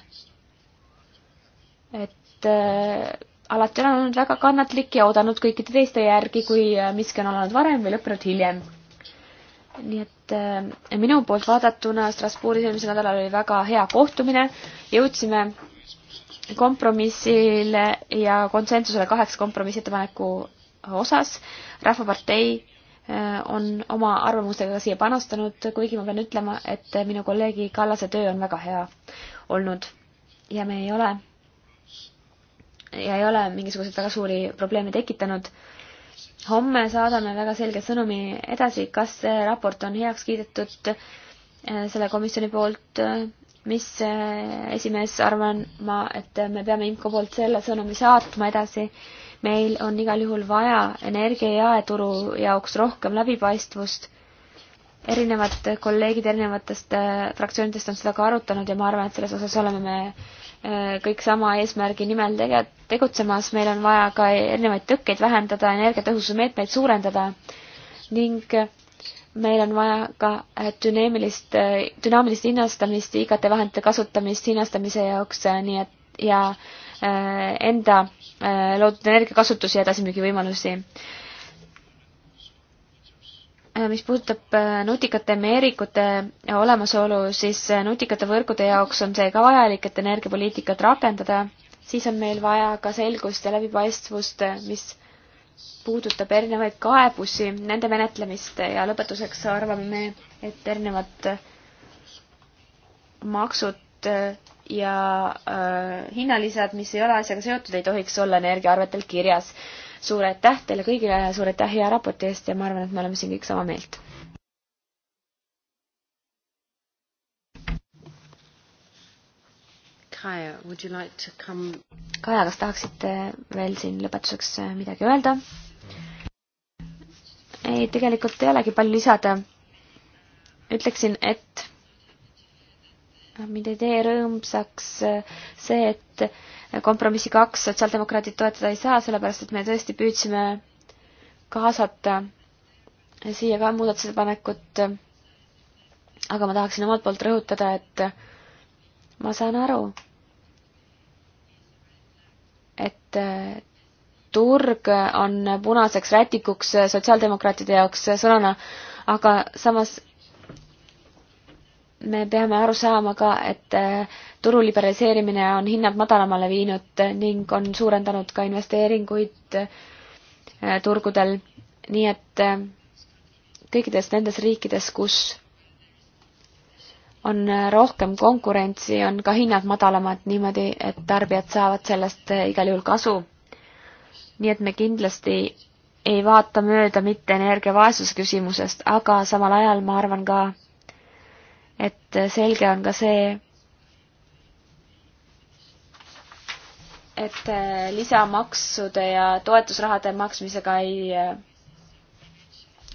et äh, alati olen olnud väga kannatlik ja oodanud kõikide teiste järgi, kui äh, miski on alanud varem või lõppenud hiljem. nii et äh, minu poolt vaadatuna Strasbourgis eelmisel nädalal oli väga hea kohtumine, jõudsime kompromissile ja konsensusele kaheks kompromissettepaneku osas. rahvapartei äh, on oma arvamusega siia panustanud, kuigi ma pean ütlema, et äh, minu kolleegi Kallase töö on väga hea olnud ja me ei ole ja ei ole mingisuguseid väga suuri probleeme tekitanud. homme saadame väga selge sõnumi edasi, kas see raport on heaks kiidetud äh, selle komisjoni poolt, mis esimees, arvan ma, et me peame IMCO poolt selle sõnumi saatma edasi meil on igal juhul vaja energia jaeturu jaoks rohkem läbipaistvust. erinevad kolleegid erinevatest äh, fraktsioonidest on seda ka arutanud ja ma arvan, et selles osas oleme me äh, kõik sama eesmärgi nimel tege-, tegutsemas, meil on vaja ka erinevaid tõkkeid vähendada, energiatõhususe meetmeid suurendada ning äh, meil on vaja ka dünaamilist, dünaamilist hinnastamist, IKT vahendite kasutamist hinnastamise jaoks, nii et ja Äh, enda äh, loodud energiakasutusi ja edasimüügivõimalusi. Äh, mis puudutab nutikate meerikute olemasolu, siis nutikate võrgude jaoks on see ka vajalik, et energiapoliitikat rakendada, siis on meil vaja ka selgust ja läbipaistvust, mis puudutab erinevaid kaebusi, nende menetlemist ja lõpetuseks arvame me, et erinevad maksud ja äh, hinnalisad, mis ei ole asjaga seotud, ei tohiks olla energiaarvetel kirjas. suur aitäh teile kõigile ja suur aitäh hea raporti eest ja ma arvan, et me oleme siin kõik sama meelt. Kaja, would you like to come? Kaja, kas tahaksite veel siin lõpetuseks äh, midagi öelda? ei, tegelikult ei olegi palju lisada. ütleksin, et mind ei tee rõõmsaks äh, see, et äh, kompromissi kaks sotsiaaldemokraadid toetada ei saa, sellepärast et me tõesti püüdsime kaasata siia ka muudatusettepanekut. aga ma tahaksin omalt poolt rõhutada, et äh, ma saan aru, et turg on punaseks rätikuks sotsiaaldemokraatide jaoks sõnana, aga samas me peame aru saama ka, et äh, turu liberaliseerimine on hinnad madalamale viinud ning on suurendanud ka investeeringuid äh, turgudel. nii et äh, kõikides nendes riikides, kus on rohkem konkurentsi, on ka hinnad madalamad niimoodi, et tarbijad saavad sellest igal juhul kasu. nii et me kindlasti ei vaata mööda mitte energiavaesuse küsimusest, aga samal ajal ma arvan ka, et selge on ka see, et äh, lisamaksude ja toetusrahade maksmisega ei äh,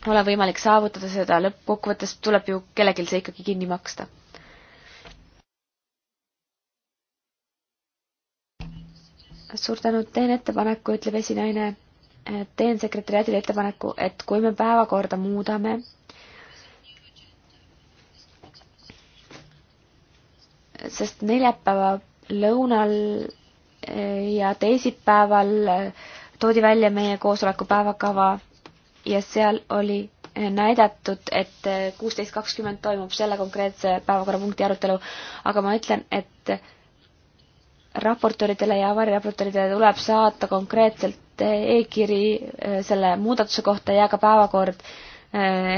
ole võimalik saavutada seda, lõppkokkuvõttes tuleb ju kellelgi see ikkagi kinni maksta. suur tänu, teen ettepaneku, ütleb esinaine. teen sekretäriaadile ettepaneku, et kui me päevakorda muudame, sest neljapäeva lõunal eh, ja teisipäeval eh, toodi välja meie koosoleku päevakava ja seal oli eh, näidatud, et kuusteist kakskümmend toimub selle konkreetse päevakorrapunkti arutelu, aga ma ütlen, et raportööridele ja avariraportööridele tuleb saata konkreetselt e-kiri selle muudatuse kohta ja ka päevakord,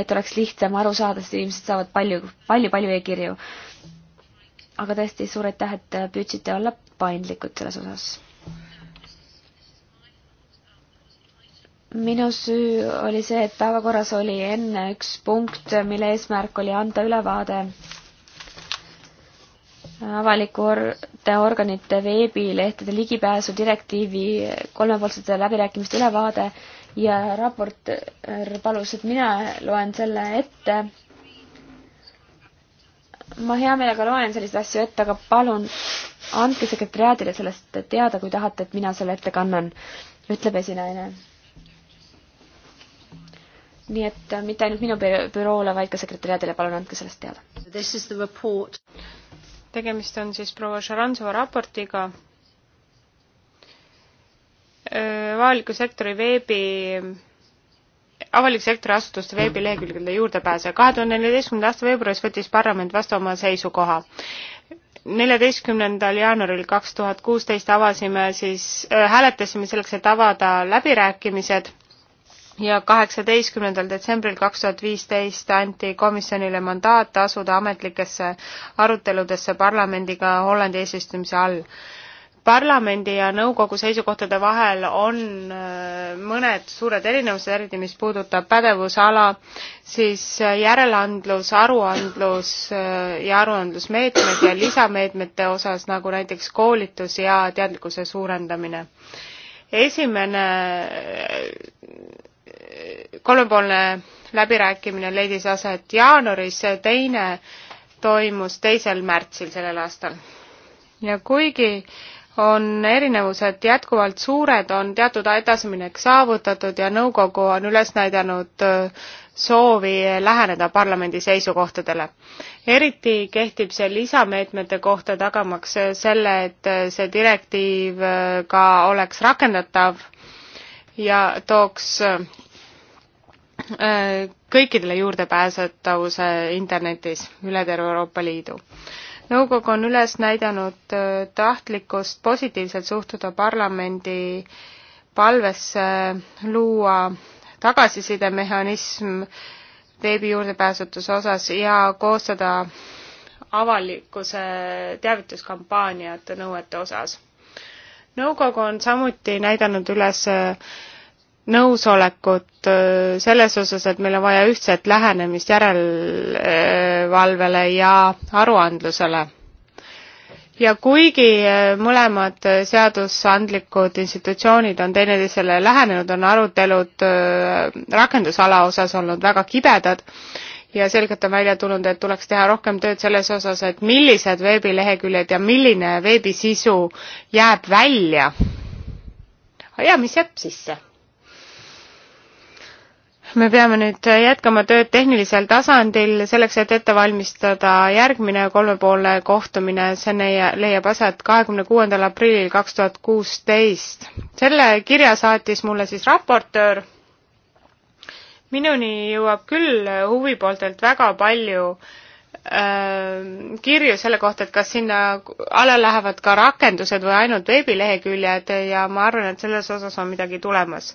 et oleks lihtsam aru saada, sest inimesed saavad palju, palju, palju e-kirju aga tõesti suur aitäh, et püüdsite olla paindlikud selles osas. minu süü oli see, et päevakorras oli enne üks punkt, mille eesmärk oli anda ülevaade avaliku or-, organite veebilehtede ligipääsu direktiivi kolmepoolsete läbirääkimiste ülevaade ja raportöör er, palus, et mina loen selle ette ma hea meelega loen selliseid asju ette, aga palun andke sekretäriaadile sellest teada, kui tahate, et mina selle ette kannan, ütleb esinaine. nii et äh, mitte ainult minu büroole, vaid ka sekretäriaadile, palun andke sellest teada. tegemist on siis proua Šaransova raportiga äh, avaliku sektori veebi avaliku sektori asutuste veebilehekülgedele juurdepääse. kahe tuhande neljateistkümnenda aasta veebruaris võttis parlament vastu oma seisukoha. neljateistkümnendal jaanuaril kaks tuhat kuusteist avasime siis äh,, hääletasime selleks, et avada läbirääkimised ja kaheksateistkümnendal detsembril kaks tuhat viisteist anti komisjonile mandaat asuda ametlikesse aruteludesse parlamendiga Hollandi eesistumise all parlamendi ja nõukogu seisukohtade vahel on äh, mõned suured erinevused, eriti mis puudutab pädevusala, siis äh, järeleandlus, aruandlus äh, ja aruandlusmeetmed ja lisameetmete osas, nagu näiteks koolitus ja teadlikkuse suurendamine. esimene kolmepoolne läbirääkimine leidis aset jaanuaris, teine toimus teisel märtsil sellel aastal. ja kuigi on erinevused jätkuvalt suured, on teatud edasiminek saavutatud ja nõukogu on üles näidanud äh, soovi läheneda parlamendi seisukohtadele. eriti kehtib see lisameetmete kohta, tagamaks selle, et see direktiiv äh, ka oleks rakendatav ja tooks äh, kõikidele juurdepääsetavuse internetis üle terve Euroopa Liidu nõukogu on üles näidanud äh, tahtlikkust positiivselt suhtuda parlamendi palvesse luua tagasisidemehhanism veebi juurdepääsutuse osas ja koostada avalikkuse teavituskampaaniad nõuete osas. nõukogu on samuti näidanud üles äh, nõusolekut äh, selles osas, et meil on vaja ühtset lähenemist järelevalvele ja aruandlusele. ja kuigi äh, mõlemad seadusandlikud institutsioonid on teineteisele lähenenud, on arutelud äh, rakendusala osas olnud väga kibedad ja selgelt on välja tulnud, et tuleks teha rohkem tööd selles osas, et millised veebileheküljed ja milline veebisisu jääb välja. ja mis jääb sisse me peame nüüd jätkama tööd tehnilisel tasandil selleks, et ette valmistada järgmine kolmepoolne kohtumine, see leiab aset kahekümne kuuendal aprillil kaks tuhat kuusteist. selle kirja saatis mulle siis raportöör. minuni jõuab küll huvipooltelt väga palju äh, kirju selle kohta, et kas sinna alla lähevad ka rakendused või ainult veebileheküljed ja ma arvan, et selles osas on midagi tulemas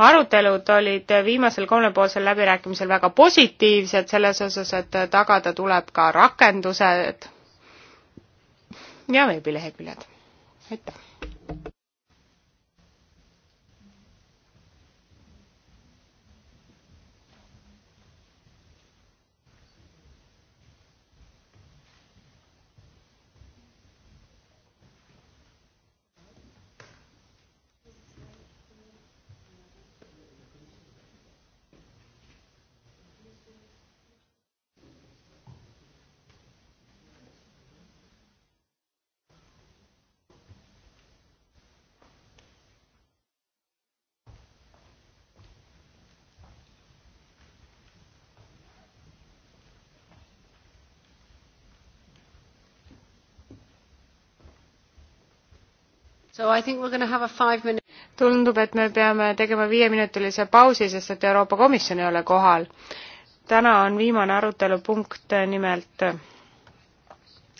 arutelud olid viimasel kolmepoolsel läbirääkimisel väga positiivsed selles osas, et tagada tuleb ka rakendused ja veebileheküljed. aitäh! tundub, et me peame tegema viieminutilise pausi, sest et Euroopa Komisjon ei ole kohal. täna on viimane arutelupunkt, eh, nimelt eh,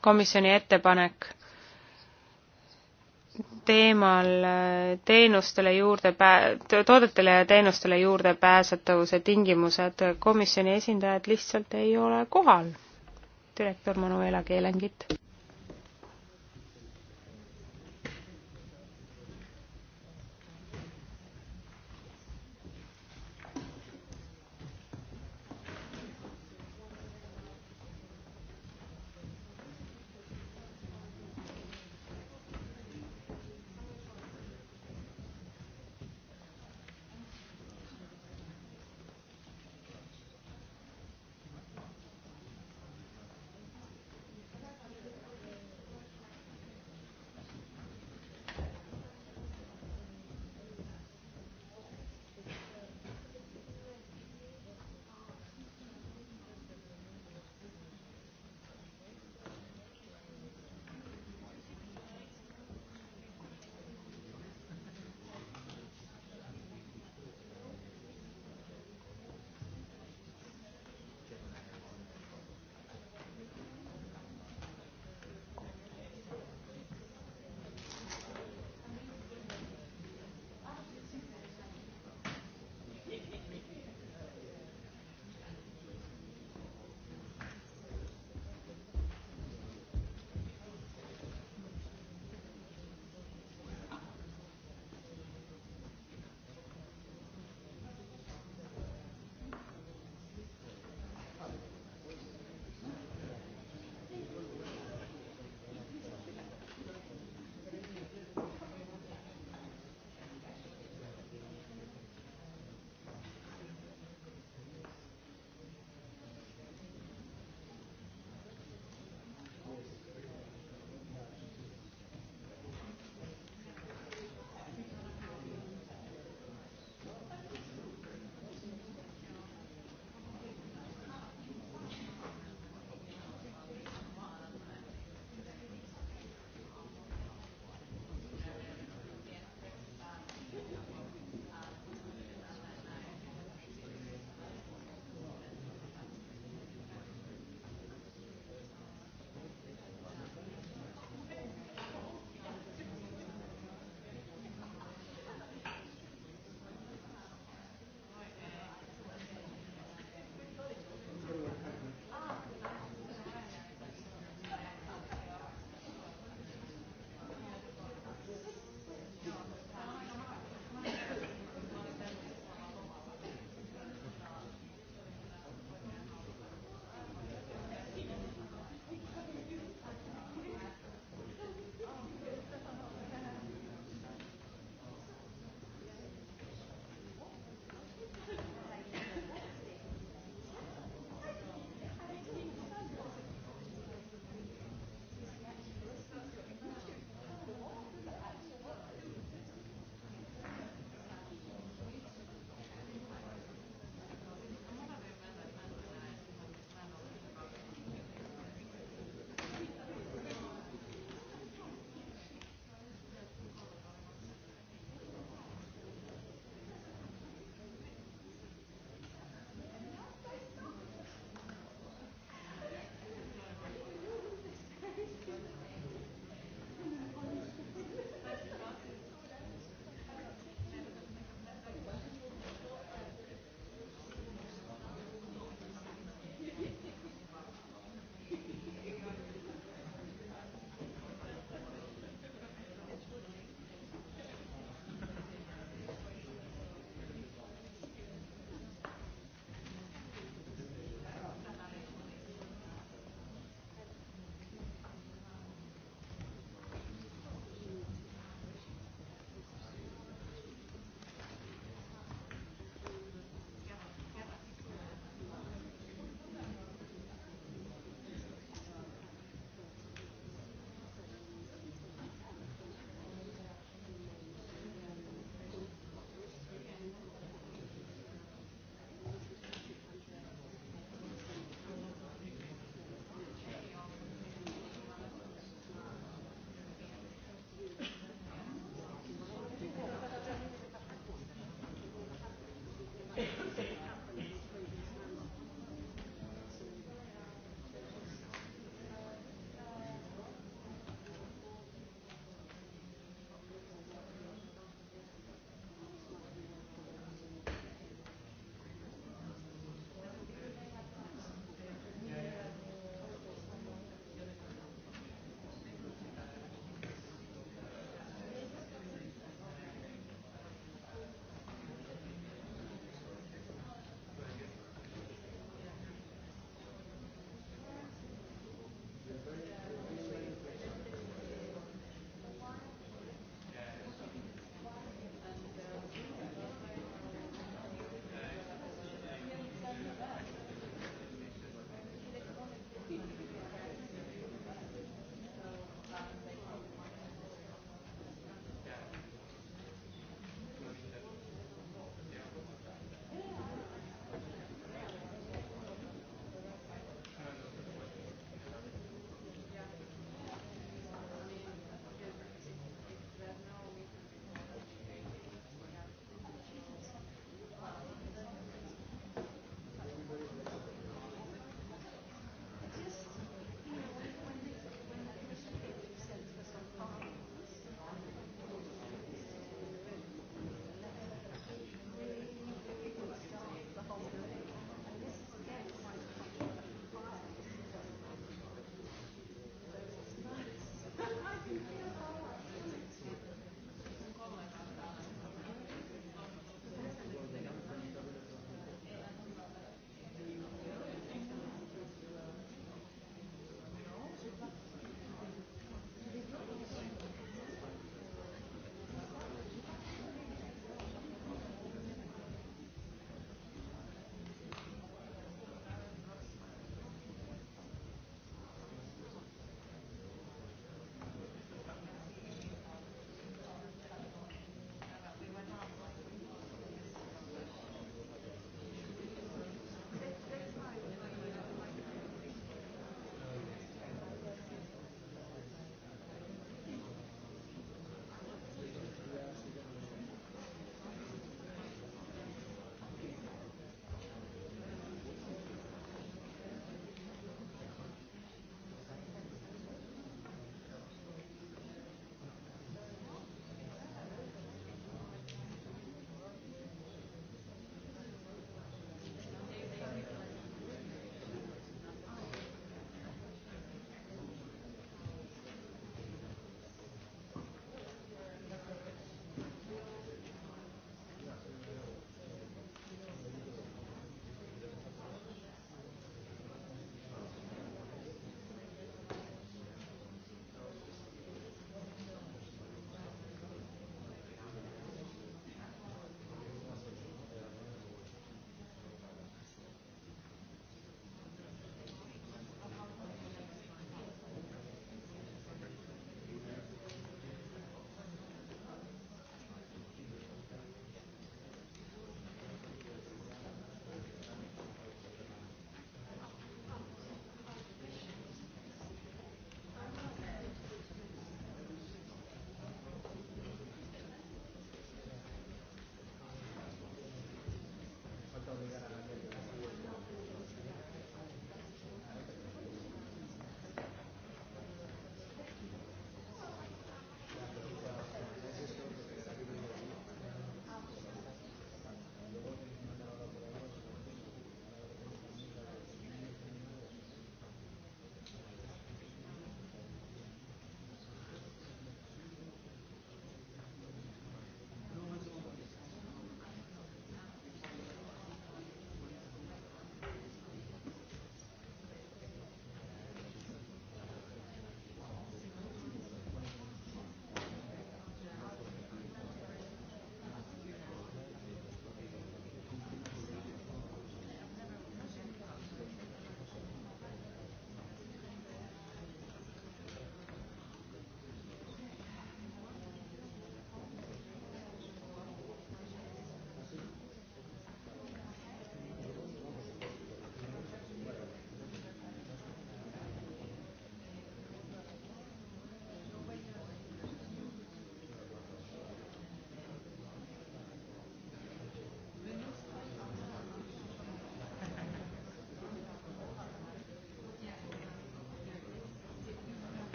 komisjoni ettepanek teemal eh, teenustele juurdepää-, toodetele ja teenustele juurdepääsetavuse tingimused. komisjoni esindajad lihtsalt ei ole kohal. direktor Manu Ela Keelengit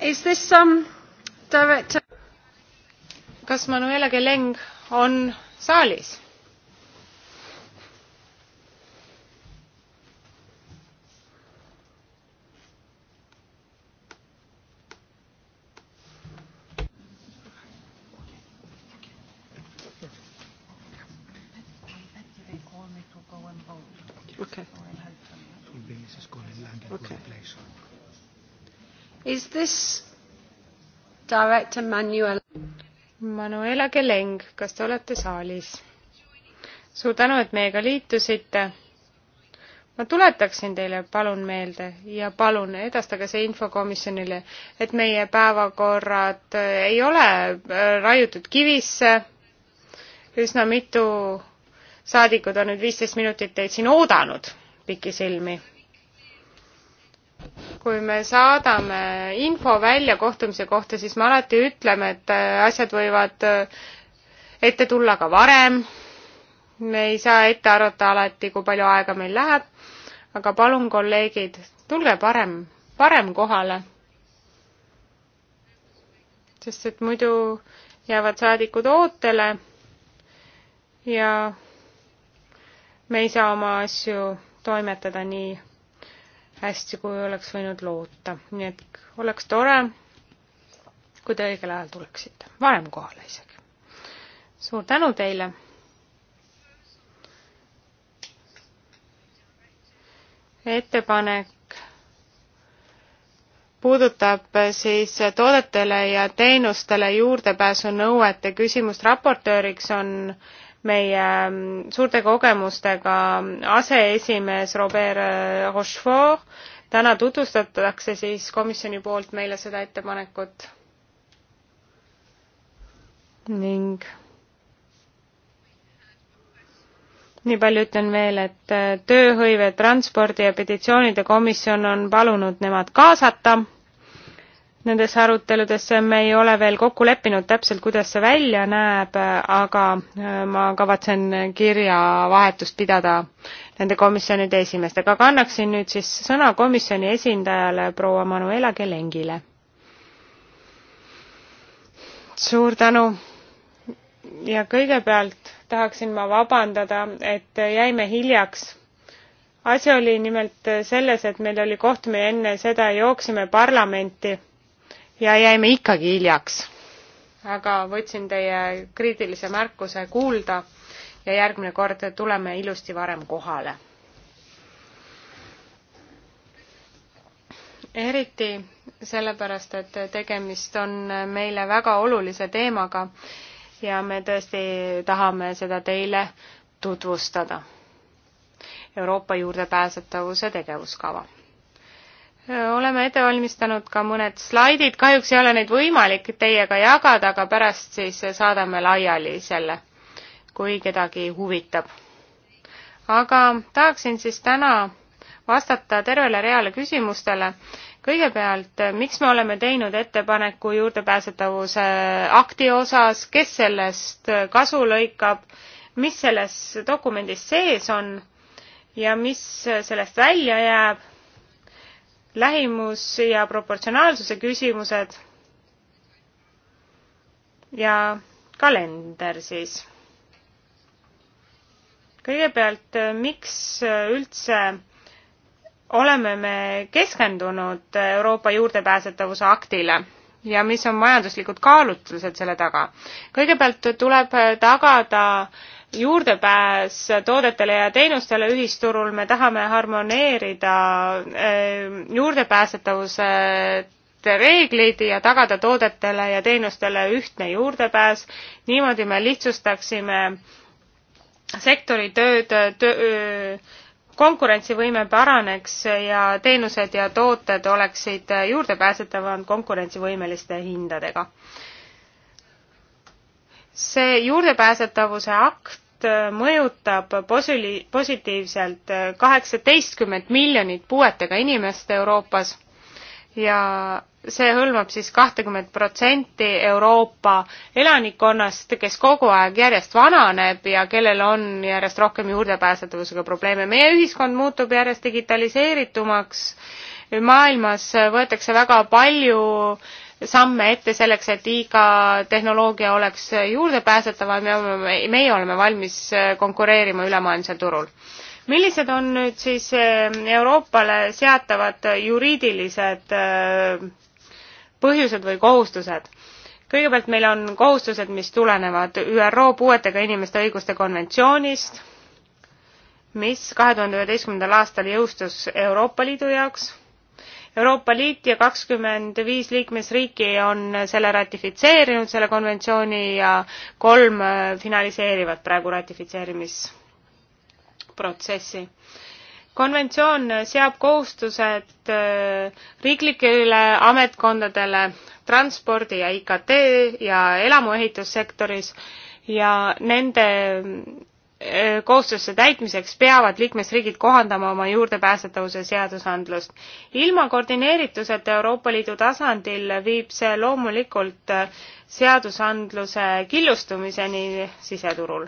Is this some director? kas Manuela Geleng on saalis? this director Manuel? Manuela Geleng, kas te olete saalis? suur tänu, et meiega liitusite. ma tuletaksin teile palun meelde ja palun edastage see infokomisjonile, et meie päevakorrad eh, ei ole eh, raiutud kivisse. üsna mitu saadikud on nüüd viisteist minutit teid siin oodanud pikisilmi kui me saadame info välja kohtumise kohta, siis me alati ütleme, et äh, asjad võivad äh, ette tulla ka varem. me ei saa ette arvata alati, kui palju aega meil läheb. aga palun, kolleegid, tulge parem, parem kohale. sest et muidu jäävad saadikud ootele ja me ei saa oma asju toimetada nii hästi, kui oleks võinud loota. nii et oleks tore, kui te õigel ajal tuleksite, varem kohale isegi. suur tänu teile. ettepanek puudutab siis toodetele ja teenustele juurdepääsu nõuete küsimust. raportööriks on meie ähm, suurte kogemustega aseesimees Robert äh, Rochefort. täna tutvustatakse siis komisjoni poolt meile seda ettepanekut. ning nii palju ütlen veel, et äh, tööhõive, transpordi ja petitsioonide komisjon on palunud nemad kaasata nendes aruteludes, me ei ole veel kokku leppinud täpselt, kuidas see välja näeb, aga äh, ma kavatsen kirjavahetust pidada nende komisjonide esimeestega, aga annaksin nüüd siis sõna komisjoni esindajale proua Manuela Kelengile. suur tänu ja kõigepealt tahaksin ma vabandada, et jäime hiljaks asi oli nimelt selles, et meil oli kohtumine enne seda, jooksime parlamenti ja jäime ikkagi hiljaks. aga võtsin teie kriitilise märkuse kuulda ja järgmine kord tuleme ilusti varem kohale. eriti sellepärast, et tegemist on meile väga olulise teemaga ja me tõesti tahame seda teile tutvustada. Euroopa juurdepääsetavuse tegevuskava oleme ette valmistanud ka mõned slaidid, kahjuks ei ole neid võimalik teiega jagada, aga pärast siis saadame laiali selle, kui kedagi huvitab. aga tahaksin siis täna vastata tervele reale küsimustele. kõigepealt, miks me oleme teinud ettepaneku juurdepääsetavuse akti osas, kes sellest kasu lõikab, mis selles dokumendis sees on ja mis sellest välja jääb lähimus ja proportsionaalsuse küsimused ja kalender siis. kõigepealt, miks üldse oleme me keskendunud Euroopa juurdepääsetavuse aktile ja mis on majanduslikud kaalutlused selle taga? kõigepealt tuleb tagada äh, juurdepääs toodetele ja teenustele ühisturul, me tahame harmoneerida äh, juurdepääsetavuse reeglid ja tagada toodetele ja teenustele ühtne juurdepääs. niimoodi me lihtsustaksime sektori tööd töö, äh, konkurentsivõime paraneks ja teenused ja tooted oleksid juurdepääsetavad konkurentsivõimeliste hindadega. see juurdepääsetavuse akt just äh, mõjutab posili-, positiivselt äh, kaheksateistkümmet miljonit puuetega inimest Euroopas ja see hõlmab siis kahtekümmet protsenti Euroopa elanikkonnast, kes kogu aeg järjest vananeb ja kellel on järjest rohkem juurdepääsetavusega probleeme. meie ühiskond muutub järjest digitaliseeritumaks, maailmas võetakse väga palju äh, samme ette selleks, et iga tehnoloogia oleks juurdepääsetavam ja meie oleme valmis äh, konkureerima ülemaailmsel turul. millised on nüüd siis äh, Euroopale seatavad juriidilised äh, põhjused või kohustused? kõigepealt meil on kohustused, mis tulenevad ÜRO puuetega inimeste õiguste konventsioonist, mis kahe tuhande üheteistkümnendal aastal jõustus Euroopa Liidu jaoks Euroopa Liit ja kakskümmend viis liikmesriiki on selle ratifitseerinud, selle konventsiooni ja kolm finaliseerivad praegu ratifitseerimisprotsessi. konventsioon seab kohustused äh, riiklikele ametkondadele transpordi ja IKT ja elamuehitussektoris ja nende kohustuste täitmiseks peavad liikmesriigid kohandama oma juurdepääsetavuse seadusandlust. ilma koordineerituseta Euroopa Liidu tasandil viib see loomulikult seadusandluse killustumiseni siseturul.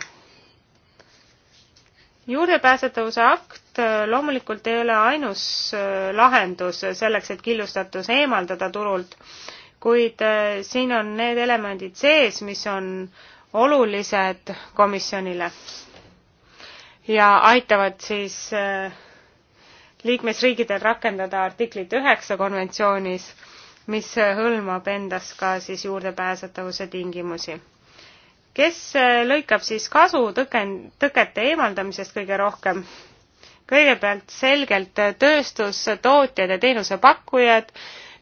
juurdepääsetavuse akt loomulikult ei ole ainus lahendus selleks, et killustatus eemaldada turult, kuid siin on need elemendid sees, mis on olulised komisjonile ja aitavad siis äh, liikmesriigidel rakendada artiklit üheksa konventsioonis, mis hõlmab endas ka siis juurdepääsetavuse tingimusi. kes äh, lõikab siis kasu tõken-, tõkete eemaldamisest kõige rohkem? kõigepealt selgelt tööstus, tootjad ja teenusepakkujad,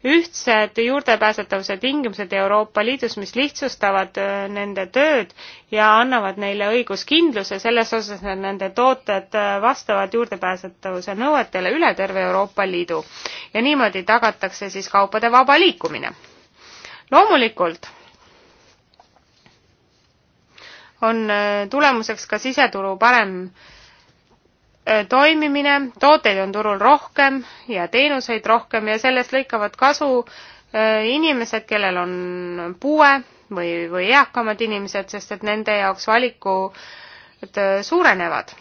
ühtsed juurdepääsetavuse tingimused Euroopa Liidus, mis lihtsustavad äh, nende tööd ja annavad neile õiguskindluse selles osas, et nende tooted äh, vastavad juurdepääsetavuse nõuetele üle terve Euroopa Liidu. ja niimoodi tagatakse siis kaupade vaba liikumine. loomulikult on äh, tulemuseks ka siseturu parem toimimine, tooteid on turul rohkem ja teenuseid rohkem ja sellest lõikavad kasu inimesed, kellel on puue või, või eakamad inimesed, sest et nende jaoks valikud suurenevad.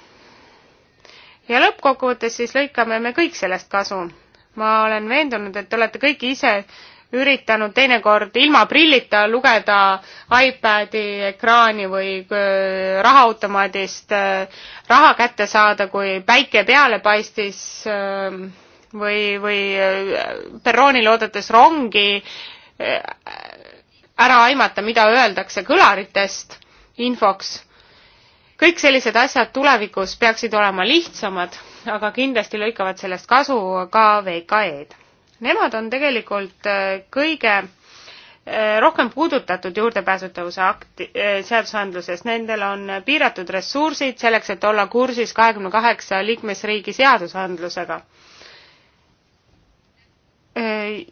ja lõppkokkuvõttes siis lõikame me kõik sellest kasu. ma olen veendunud, et te olete kõik ise üritanud teinekord ilma prillita lugeda iPadi ekraani või äh, rahaautomaadist äh, raha kätte saada, kui päike peale paistis äh, või, või perroonil oodates rongi ära aimata, mida öeldakse kõlaritest infoks. kõik sellised asjad tulevikus peaksid olema lihtsamad, aga kindlasti lõikavad sellest kasu ka VKE-d Nemad on tegelikult äh, kõige äh, rohkem puudutatud juurdepääsutavuse akti, äh, seadusandluses, nendel on piiratud ressursid selleks, et olla kursis kahekümne kaheksa liikmesriigi seadusandlusega.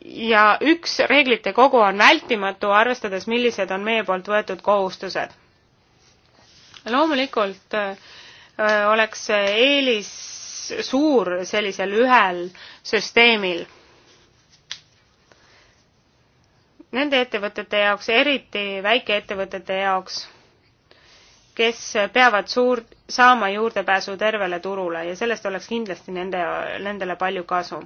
ja üks reeglite kogu on vältimatu, arvestades, millised on meie poolt võetud kohustused. loomulikult oleks eelis suur sellisel ühel süsteemil nende ettevõtete jaoks, eriti väikeettevõtete jaoks, kes peavad suur, saama juurdepääsu tervele turule ja sellest oleks kindlasti nende, nendele palju kasu.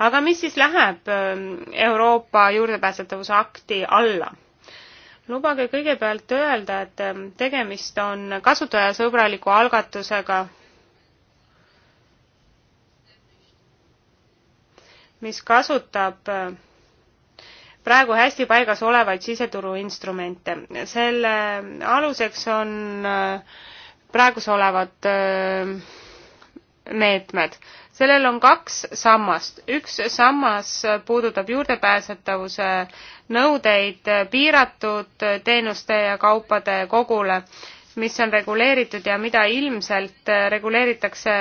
aga mis siis läheb ähm, Euroopa juurdepääsetavuse akti alla? lubage kõigepealt öelda, et ähm, tegemist on kasutajasõbraliku algatusega, mis kasutab äh, praegu hästi paigas olevaid siseturu instrumente. selle aluseks on äh, praegus olevad äh, meetmed. sellel on kaks sammast. üks sammas puudutab juurdepääsetavuse nõudeid piiratud teenuste ja kaupade kogule, mis on reguleeritud ja mida ilmselt reguleeritakse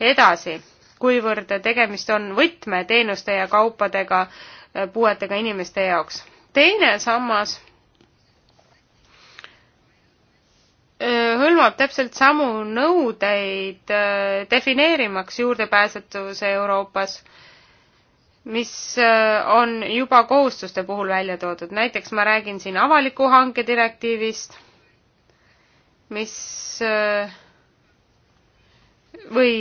edasi, kuivõrd tegemist on võtmeteenuste ja kaupadega Äh, puuetega inimeste jaoks. teine sammas äh, hõlmab täpselt samu nõudeid äh, defineerimaks juurdepääsetuse Euroopas, mis on juba kohustuste puhul välja toodud. näiteks ma räägin siin avaliku hanke direktiivist, mis või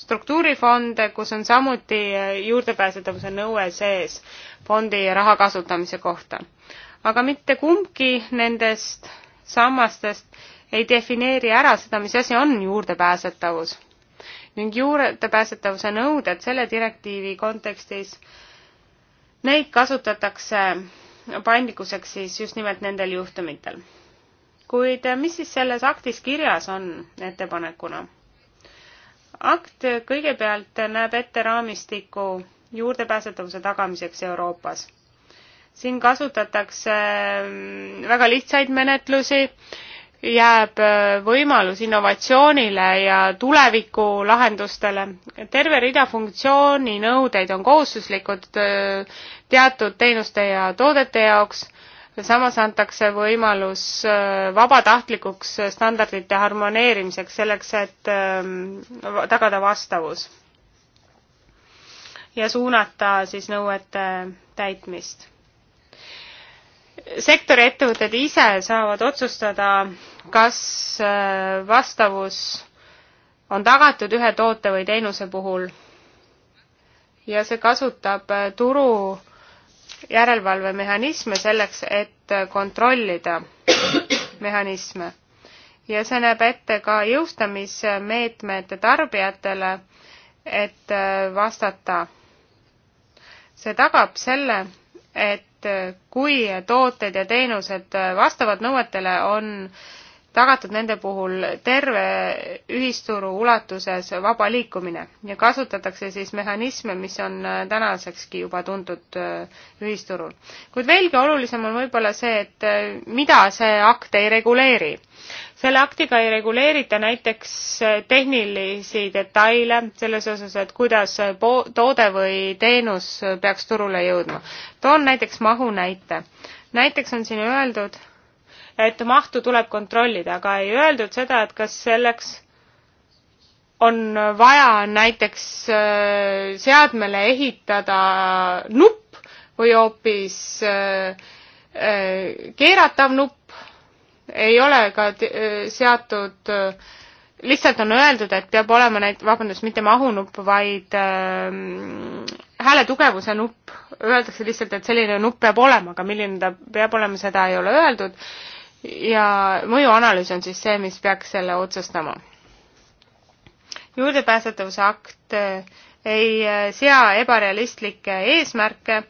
struktuurifonde, kus on samuti eh, juurdepääsetavuse nõue sees fondi raha kasutamise kohta. aga mitte kumbki nendest sammastest ei defineeri ära seda, mis asi on juurdepääsetavus. ning juurdepääsetavuse nõuded selle direktiivi kontekstis, neid kasutatakse paindlikkuseks siis just nimelt nendel juhtumitel. kuid eh, mis siis selles aktis kirjas on ettepanekuna? akt kõigepealt näeb ette raamistiku juurdepääsetavuse tagamiseks Euroopas. siin kasutatakse mm, väga lihtsaid menetlusi, jääb äh, võimalus innovatsioonile ja tulevikulahendustele. terve rida funktsiooninõudeid on kohustuslikud äh, teatud teenuste ja toodete jaoks samas antakse võimalus äh, vabatahtlikuks standardite harmoneerimiseks selleks, et ähm, tagada vastavus ja suunata siis nõuete täitmist. sektori ettevõtted ise saavad otsustada, kas äh, vastavus on tagatud ühe toote või teenuse puhul ja see kasutab äh, turu järelevalvemehhanisme selleks, et kontrollida mehhanisme. ja see näeb ette ka jõustamismeetmed tarbijatele, et vastata. see tagab selle, et kui tooted ja teenused vastavad nõuetele, on äh, tagatud nende puhul terve ühisturu ulatuses vaba liikumine ja kasutatakse siis mehhanisme, mis on äh, tänasekski juba tuntud äh, ühisturul. kuid veelgi olulisem on võib-olla see, et äh, mida see akt ei reguleeri. selle aktiga ei reguleerita näiteks tehnilisi detaile selles osas, et kuidas toode või teenus peaks turule jõudma. toon näiteks mahu näite. näiteks on siin öeldud, et mahtu tuleb kontrollida, aga ei öeldud seda, et kas selleks on vaja näiteks äh, seadmele ehitada nupp või hoopis äh, äh, keeratav nupp, ei ole ka seatud, lihtsalt on öeldud, et peab olema näit-, vabandust, mitte mahunupp, vaid hääletugevuse nupp öeldakse lihtsalt, et selline nupp peab olema, aga milline ta peab olema, seda ei ole öeldud ja mõjuanalüüs on siis see, mis peaks selle otsustama. juurdepääsetavuse akt eh, ei eh, sea ebarealistlikke eesmärke,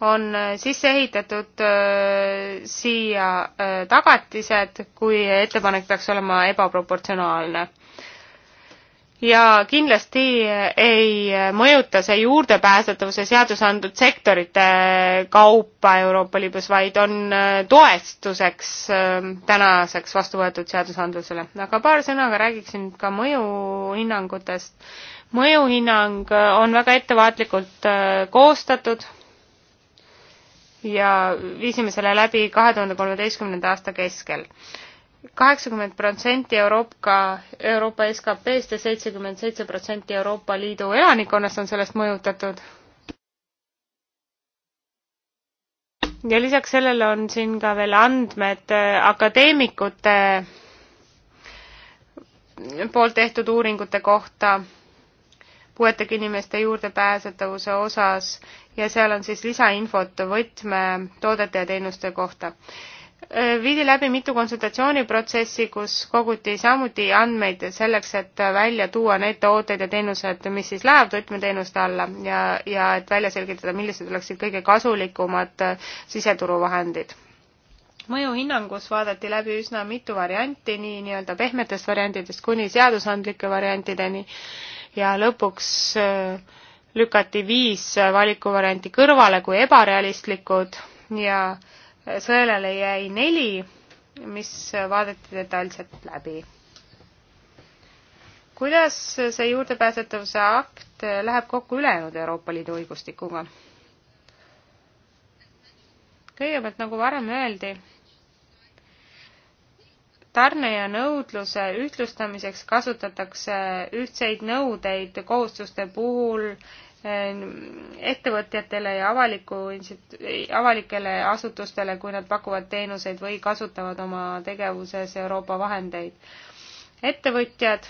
on eh, sisse ehitatud siia tagatised, kui ettepanek peaks olema ebaproportsionaalne ja kindlasti ei mõjuta see juurdepääsetavuse seadus antud sektorite kaupa Euroopa Liidus, vaid on äh, toestuseks ähm, tänaseks vastu võetud seadusandlusele. aga paar sõna ka räägiksin ka mõjuhinnangutest. mõjuhinnang äh, on väga ettevaatlikult äh, koostatud ja viisime selle läbi kahe tuhande kolmeteistkümnenda aasta keskel kaheksakümmend protsenti Euroopa, Euroopa SKP-st ja seitsekümmend seitse protsenti Euroopa Liidu elanikkonnast on sellest mõjutatud. ja lisaks sellele on siin ka veel andmed äh, akadeemikute poolt tehtud uuringute kohta puuetega inimeste juurdepääsetavuse osas ja seal on siis lisainfot võtmetoodete ja teenuste kohta. Äh, viidi läbi mitu konsultatsiooniprotsessi, kus koguti samuti andmeid selleks, et välja tuua need tooted ja teenused, mis siis lähevad võtmeteenuste alla ja, ja et välja selgitada, millised oleksid kõige kasulikumad äh, siseturuvahendid. mõjuhinnangus vaadati läbi üsna mitu varianti, nii nii-öelda pehmetest variantidest kuni seadusandlike variantideni ja lõpuks äh, lükati viis valikuvarianti kõrvale kui ebarealistlikud ja äh, sõelale jäi neli, mis vaadati detailselt läbi. kuidas see juurdepääsetavuse akt läheb kokku ülejäänud Euroopa Liidu õigustikuga? kõigepealt, nagu varem öeldi, tarne ja nõudluse ühtlustamiseks kasutatakse ühtseid nõudeid kohustuste puhul Ehm, ettevõtjatele ja avaliku institu-, avalikele asutustele, kui nad pakuvad teenuseid või kasutavad oma tegevuses Euroopa vahendeid. ettevõtjad,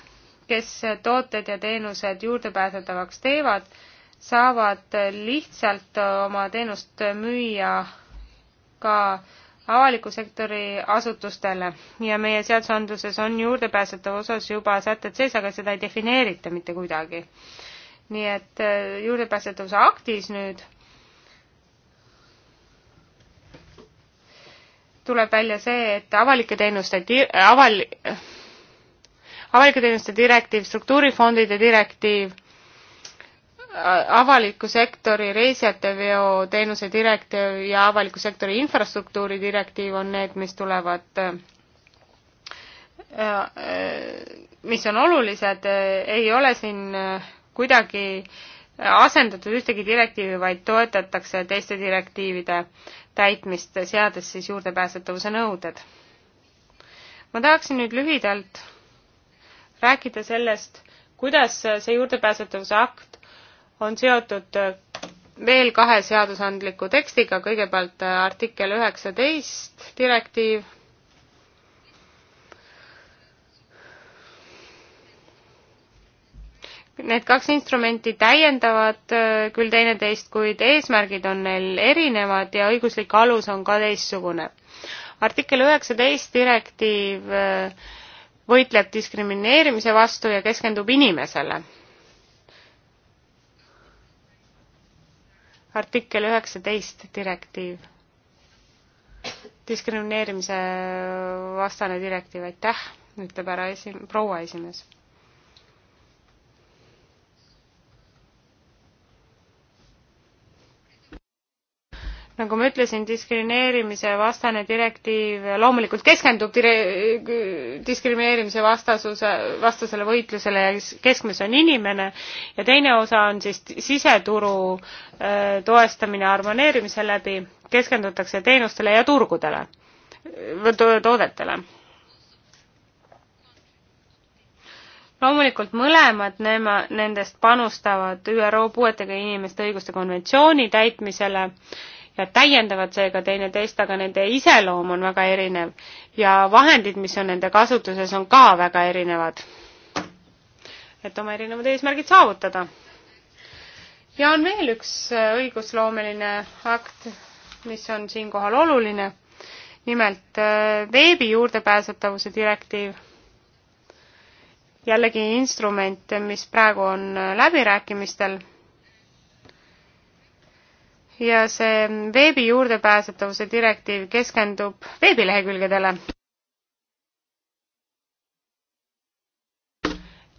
kes tooted ja teenused juurdepääsetavaks teevad, saavad lihtsalt oma teenust müüa ka avaliku sektori asutustele ja meie seadusandluses on juurdepääsetava osas juba sätted sees, aga seda ei defineerita mitte kuidagi nii et äh, juurdepääsetavuse aktis nüüd tuleb välja see, et avalike teenuste di-, aval-, avalike teenuste direktiiv, struktuurifondide direktiiv, avaliku sektori reisijateveo teenuse direktiiv ja avaliku sektori infrastruktuuri direktiiv on need, mis tulevad, äh, äh, mis on olulised, ei ole siin äh, kuidagi asendatud ühtegi direktiivi, vaid toetatakse teiste direktiivide täitmist, seades siis juurdepääsetavuse nõuded. ma tahaksin nüüd lühidalt rääkida sellest, kuidas see juurdepääsetavuse akt on seotud veel kahe seadusandliku tekstiga, kõigepealt artikkel üheksateist direktiiv Need kaks instrumenti täiendavad äh, küll teineteist, kuid eesmärgid on neil erinevad ja õiguslik alus on ka teistsugune. artikkel üheksateist direktiiv äh, võitleb diskrimineerimise vastu ja keskendub inimesele. artikkel üheksateist direktiiv, diskrimineerimise vastane direktiiv, aitäh, ütleb härra esi-, proua esimees nagu ma ütlesin, diskrimineerimise vastane direktiiv loomulikult keskendub dire-, diskrimineerimise vastasuse, vastasele võitlusele ja keskmes on inimene ja teine osa on siis siseturu äh, toestamine harmoneerimise läbi, keskendutakse teenustele ja turgudele või toodetele loomulikult mõlemad nema, nendest panustavad ÜRO puuetega inimeste õiguste konventsiooni täitmisele Nad täiendavad seega teineteist, aga nende iseloom on väga erinev ja vahendid, mis on nende kasutuses, on ka väga erinevad, et oma erinevad eesmärgid saavutada. ja on veel üks äh, õigusloomeline akt, mis on siinkohal oluline, nimelt äh, veebi juurdepääsetavuse direktiiv jällegi instrument, mis praegu on äh, läbirääkimistel ja see veebi juurdepääsetavuse direktiiv keskendub veebilehekülgedele.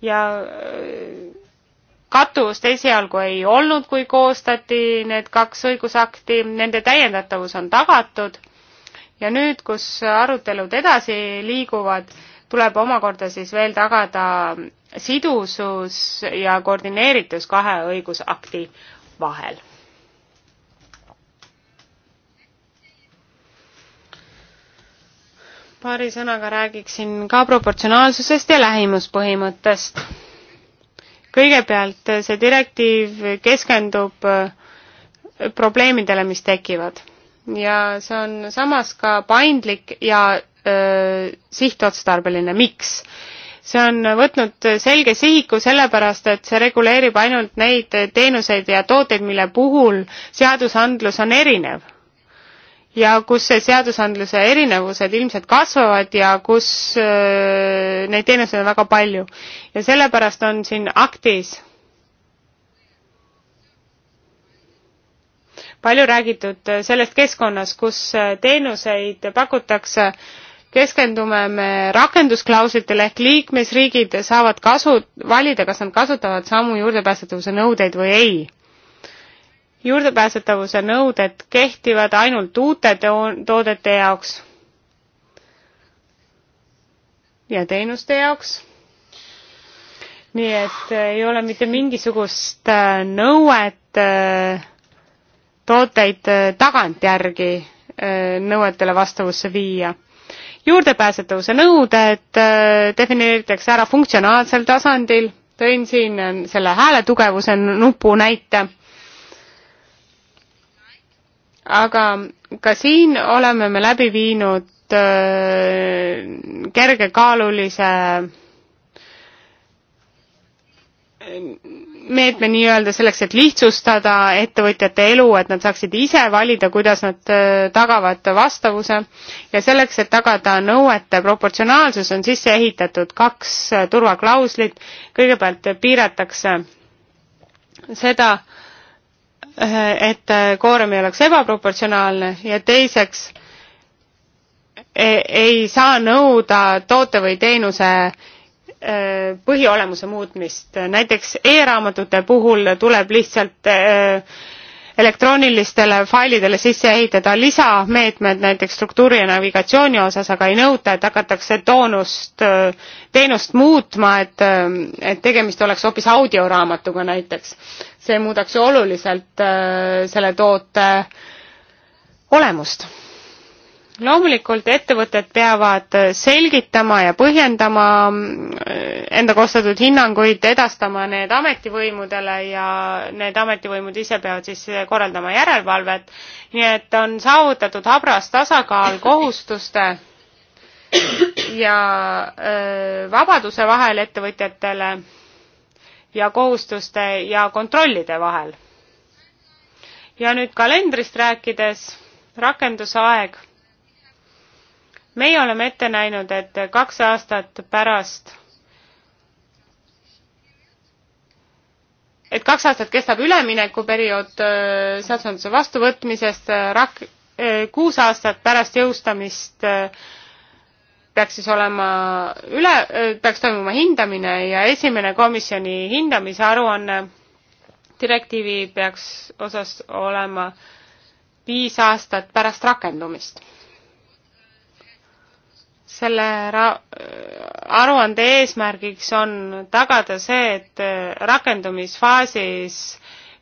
ja äh, katust esialgu ei olnud, kui koostati need kaks õigusakti, nende täiendatavus on tagatud ja nüüd, kus arutelud edasi liiguvad, tuleb omakorda siis veel tagada sidusus ja koordineeritus kahe õigusakti vahel paari sõnaga räägiksin ka proportsionaalsusest ja lähimuspõhimõttest. kõigepealt see direktiiv keskendub äh, probleemidele, mis tekivad ja see on samas ka paindlik ja öö, äh, sihtotstarbeline, miks? see on võtnud selge sihiku sellepärast, et see reguleerib ainult neid teenuseid ja tooteid, mille puhul seadusandlus on erinev ja kus see seadusandluse erinevused ilmselt kasvavad ja kus äh, neid teenuseid on väga palju. ja sellepärast on siin aktis palju räägitud sellest keskkonnas, kus teenuseid pakutakse, keskendume me rakendusklauslitele ehk liikmesriigid saavad kasu, valida, kas nad kasutavad samu juurdepääsetavuse nõudeid või ei juurdepääsetavuse nõuded kehtivad ainult uute toodete jaoks ja teenuste jaoks. nii et äh, ei ole mitte mingisugust äh, nõuet äh, tooteid tagantjärgi nõuetele vastavusse viia. juurdepääsetavuse nõuded defineeritakse ära funktsionaalsel tasandil, tõin siin selle hääletugevuse nupu näite aga ka siin oleme me läbi viinud äh, kergekaalulise meetme nii-öelda selleks, et lihtsustada ettevõtjate elu, et nad saaksid ise valida, kuidas nad äh, tagavad vastavuse ja selleks, et tagada nõuete proportsionaalsus, on sisse ehitatud kaks äh, turvaklauslit. kõigepealt piiratakse seda, Eh, et eh, koorem ei oleks ebaproportsionaalne ja teiseks e, ei saa nõuda toote või teenuse eh, põhiolemuse muutmist. näiteks e-raamatute puhul tuleb lihtsalt elektroonilistele failidele sisse ehitada lisameetmed näiteks struktuuri ja navigatsiooni osas, aga ei nõuta, et hakatakse toonust, teenust muutma, et, et tegemist oleks hoopis audioraamatuga näiteks see muudaks ju oluliselt äh, selle toote olemust loomulikult ettevõtted peavad selgitama ja põhjendama äh, enda koostatud hinnanguid, edastama need ametivõimudele ja need ametivõimud ise peavad siis korraldama järelevalvet. nii et on saavutatud habras tasakaal kohustuste ja äh, vabaduse vahel ettevõtjatele ja kohustuste ja kontrollide vahel. ja nüüd kalendrist rääkides, rakendusaeg. meie oleme ette näinud, et kaks aastat pärast et kaks aastat kestab üleminekuperiood äh, seadusandluse vastuvõtmisest, äh, rak-, äh, kuus aastat pärast jõustamist peaks siis olema üle, peaks toimuma hindamine ja esimene komisjoni hindamise aruanne direktiivi peaks osas olema viis aastat pärast rakendumist. selle ra-, aruande eesmärgiks on tagada see, et rakendumisfaasis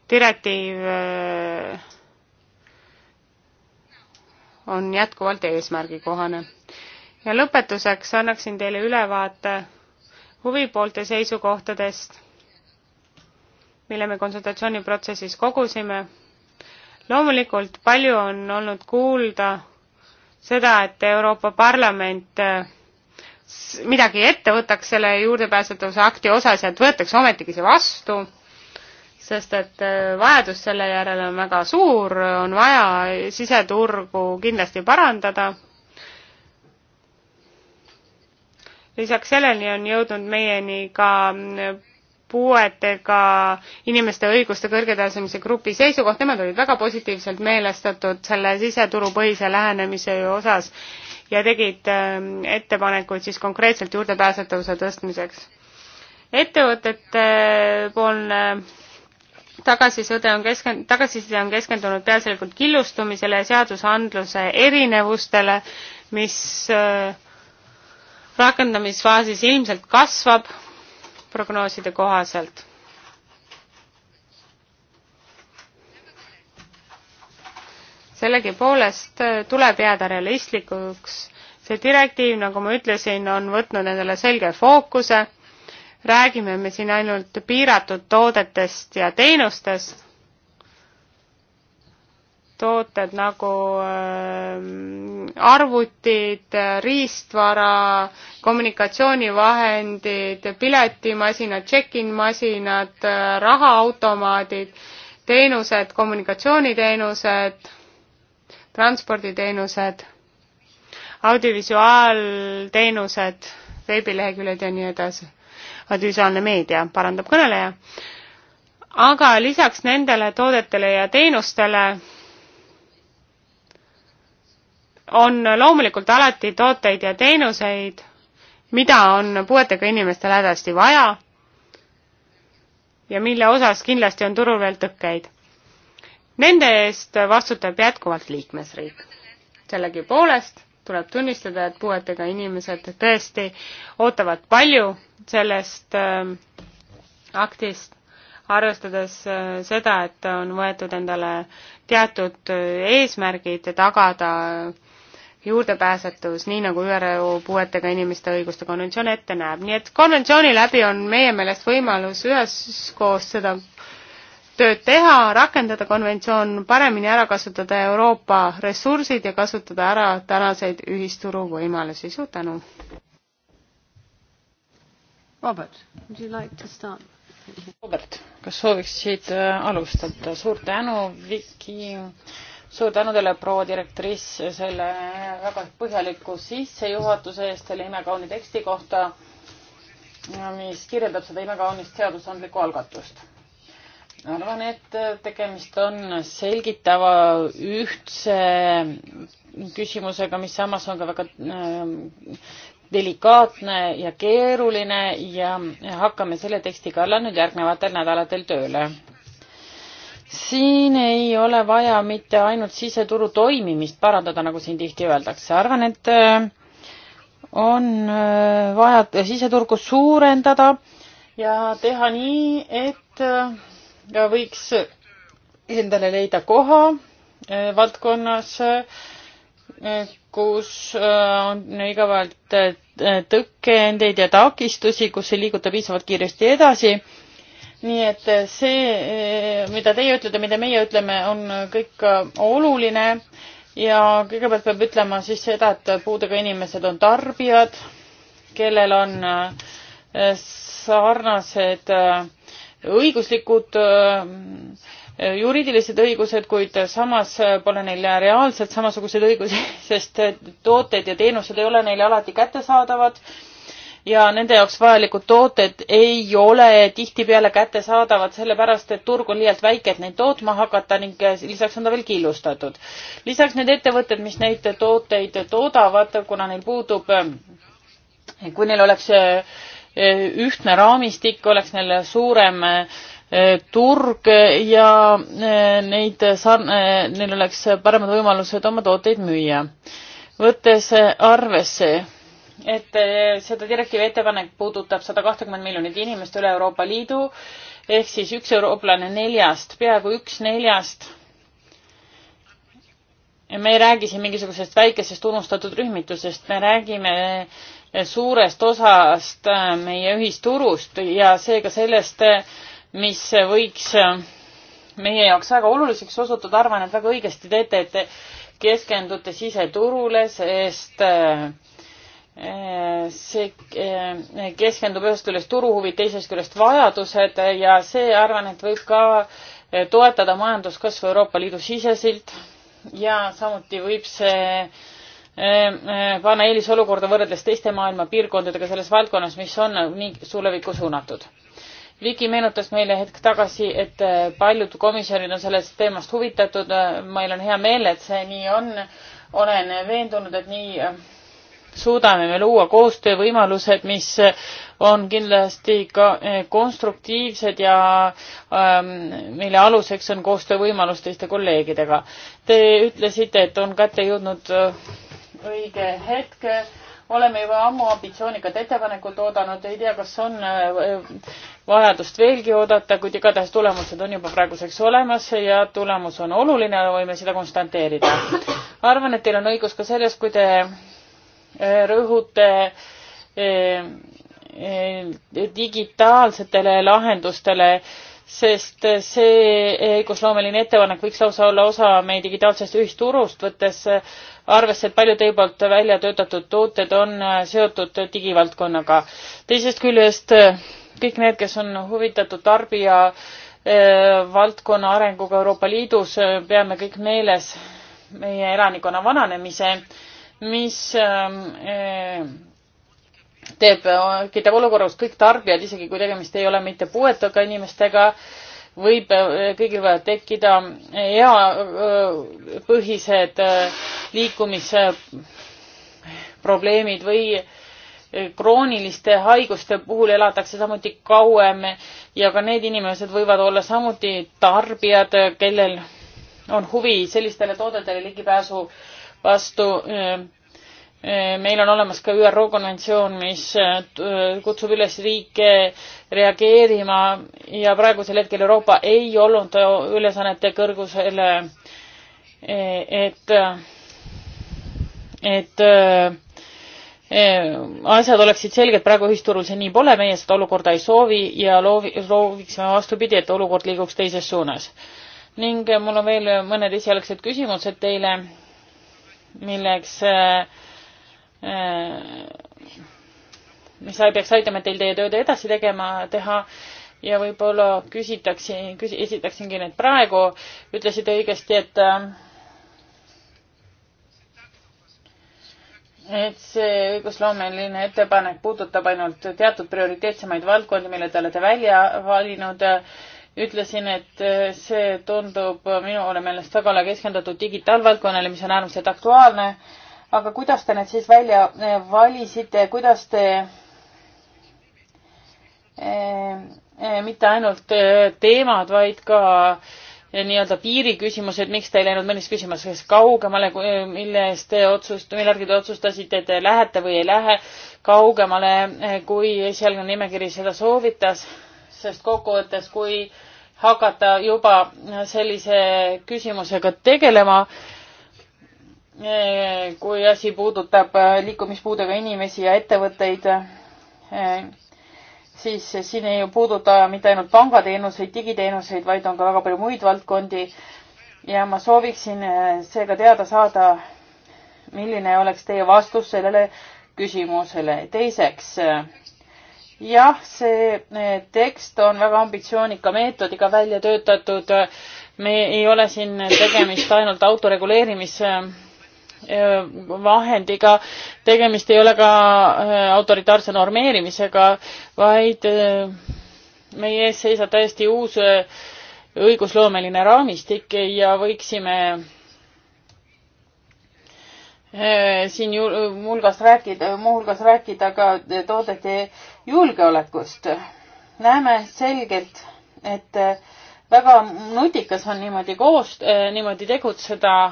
direktiiv äh, on jätkuvalt eesmärgikohane ja lõpetuseks annaksin teile ülevaate huvipoolte seisukohtadest, mille me konsultatsiooniprotsessis kogusime. loomulikult palju on olnud kuulda seda, et Euroopa Parlament äh, midagi ette võtaks selle juurdepääsetavuse akti osas ja et võetakse ometigi see vastu, sest et äh, vajadus selle järele on väga suur, on vaja siseturgu kindlasti parandada lisaks selleni on jõudnud meieni ka puuetega inimeste õiguste kõrgetasemise grupi seisukoht, nemad olid väga positiivselt meelestatud selle siseturupõhise lähenemise osas ja tegid ähm, ettepanekuid siis konkreetselt juurdepääsetavuse tõstmiseks. ettevõtete äh, poolne tagasiside on keskend-, tagasiside on keskendunud peaasjalikult killustumisele ja seadusandluse erinevustele, mis äh, rakendamisfaasis ilmselt kasvab prognooside kohaselt. sellegipoolest äh, tuleb jääda realistlikuks. see direktiiv, nagu ma ütlesin, on võtnud endale selge fookuse. räägime me siin ainult piiratud toodetest ja teenustest, tooted nagu ähm, arvutid, riistvara, kommunikatsioonivahendid, piletimasinad, check-in masinad, rahaautomaadid, teenused, kommunikatsiooniteenused, transporditeenused, audiovisuaalteenused, veebileheküljed ja nii edasi. audiovisuaalne meedia, parandab kõneleja. aga lisaks nendele toodetele ja teenustele on loomulikult alati tooteid ja teenuseid, mida on puuetega inimestel hädasti vaja ja mille osas kindlasti on turul veel tõkkeid. Nende eest vastutab jätkuvalt liikmesriik. sellegipoolest tuleb tunnistada, et puuetega inimesed tõesti ootavad palju sellest äh, aktist, arvestades äh, seda, et on võetud endale teatud äh, eesmärgid tagada äh, juurdepääsetus, nii nagu ÜRO puuetega inimeste õiguste konventsioon ette näeb. nii et konventsiooni läbi on meie meelest võimalus üheskoos seda tööd teha, rakendada konventsioon, paremini ära kasutada Euroopa ressursid ja kasutada ära tänaseid ühisturu võimalusi. suur tänu! Robert, would you like to start? Robert, kas sooviksid äh, alustada? suur tänu, Viki suur tänu teile, proua direktriss, selle väga põhjaliku sissejuhatuse eest selle imekauni teksti kohta, mis kirjeldab seda imekaunist seadusandlikku algatust. arvan, et tegemist on selgitava ühtse küsimusega, mis samas on ka väga äh, delikaatne ja keeruline ja hakkame selle teksti kallal nüüd järgnevatel nädalatel tööle siin ei ole vaja mitte ainult siseturu toimimist parandada, nagu siin tihti öeldakse, arvan, et äh, on äh, vaja siseturgu suurendada ja teha nii, et äh, võiks endale leida koha valdkonnas, kus on igapäevaselt tõkkendeid ja takistusi, kus ei liiguta piisavalt kiiresti edasi nii et see, mida teie ütlete, mida meie ütleme, on kõik oluline ja kõigepealt peab ütlema siis seda, et puudega inimesed on tarbijad, kellel on äh, sarnased äh, õiguslikud, äh, juriidilised õigused, kuid samas pole neil reaalselt samasuguseid õigusi, *laughs* sest tooted ja teenused ei ole neile alati kättesaadavad ja nende jaoks vajalikud tooted ei ole tihtipeale kättesaadavad, sellepärast et turg on liialt väike, et neid tootma hakata ning lisaks on ta veel killustatud. lisaks need ettevõtted, mis neid tooteid toodavad, kuna neil puudub, kui neil oleks eh, ühtne raamistik, oleks neil suurem eh, turg ja eh, neid sarne, neil oleks paremad võimalused oma tooteid müüa. võttes arvesse et eh, seda direktiivi ettepanek puudutab sada kahtekümmend miljonit inimest üle Euroopa Liidu ehk siis üks eurooplane neljast, peaaegu üks neljast. me ei räägi siin mingisugusest väikesest unustatud rühmitusest, me räägime suurest osast eh, meie ühisturust ja seega sellest, eh, mis võiks meie jaoks väga oluliseks osutuda, arvan, et väga õigesti teete, et keskendute siseturule, sest äh, Äh, see äh, keskendub ühest küljest turuhuvid, teisest küljest vajadused ja see, arvan, et võib ka äh, toetada majanduskasvu Euroopa Liidu siseselt ja samuti võib see panna eelisolukorda võrreldes teiste maailma piirkondadega selles valdkonnas, mis on nii tulevikku suunatud. Viki meenutas meile hetk tagasi, et paljud komisjonid on sellest teemast huvitatud. meil on hea meel, et see nii on. olen veendunud, et nii suudame me luua koostöövõimalused, mis on kindlasti ka eh, konstruktiivsed ja ähm, mille aluseks on koostöövõimalus teiste kolleegidega. Te ütlesite, et on kätte jõudnud äh, õige hetk oleme juba ammu ambitsioonikat ettepanekut oodanud, ei tea, kas on äh, vajadust veelgi oodata, kuid igatahes tulemused on juba praeguseks olemas ja tulemus on oluline, võime seda konstanteerida. arvan, et teil on õigus ka selles, kui te rõhute eh, eh, digitaalsetele lahendustele, sest see õigusloomeline ettepanek võiks lausa olla osa meie digitaalsest ühisturust, võttes arvesse, et paljud teie poolt välja töötatud tooted on seotud digivaldkonnaga. teisest küljest kõik need, kes on huvitatud tarbija eh, valdkonna arenguga Euroopa Liidus, peame kõik meeles meie elanikkonna vananemise äh, mis ähm, äh, teeb, kitab olukorra, kus kõik tarbijad, isegi kui tegemist ei ole mitte puuetega inimestega, võib äh, kõigil võivad tekkida äh, eapõhised liikumisprobleemid või krooniliste haiguste puhul elatakse samuti kauem ja ka need inimesed võivad olla samuti tarbijad, kellel on huvi sellistele toodetele ligipääsu äh, vastu. meil on olemas ka ÜRO konventsioon, mis äh, kutsub üles riike reageerima ja praegusel hetkel Euroopa ei olnud ülesannete kõrgusel, et, et äh, asjad oleksid selged, praegu ühisturul see nii pole, meie seda olukorda ei soovi ja loovi, looviksime vastupidi, et olukord liiguks teises suunas. ning mul on veel mõned esialgsed küsimused teile milleks äh, äh, mis peaks aitama teil teie tööd edasi tegema, teha ja võib-olla küsitaksin, küsi-, esitaksingi need praegu, ütlesite õigesti, et äh, et see õigusloomeline ettepanek puudutab ainult teatud prioriteetsemaid valdkondi, mille te olete välja valinud äh, ütlesin, et äh, see tundub minule meelest väga ole keskendatud digitaalvaldkonnale, mis on äärmiselt aktuaalne. aga kuidas te need siis välja äh, valisite, kuidas te äh, mitte ainult teemad, vaid ka nii-öelda piiriküsimused, miks te ei läinud mõnest küsimusest kaugemale, mille eest te otsust-, mille järgi te otsustasite, et te lähete või ei lähe kaugemale, kui esialgne nimekiri seda soovitas sest kokkuvõttes, kui hakata juba sellise küsimusega tegelema, kui asi puudutab liikumispuudega inimesi ja ettevõtteid, siis siin ei puuduta mitte ainult pangateenuseid, digiteenuseid, vaid on ka väga palju muid valdkondi. ja ma sooviksin seega teada saada, milline oleks teie vastus sellele küsimusele. teiseks jah, see eh, tekst on väga ambitsioonika meetodiga välja töötatud. me ei ole siin tegemist ainult autoreguleerimise eh, eh, vahendiga, tegemist ei ole ka autoritaarse normeerimisega, vaid meie ees seisab täiesti uus õigusloomeline raamistik ja võiksime Äh, siin hulgas rääkida, muuhulgas rääkida ka toodete julgeolekust. näeme selgelt, et äh, väga nutikas on niimoodi koos, äh, niimoodi tegutseda.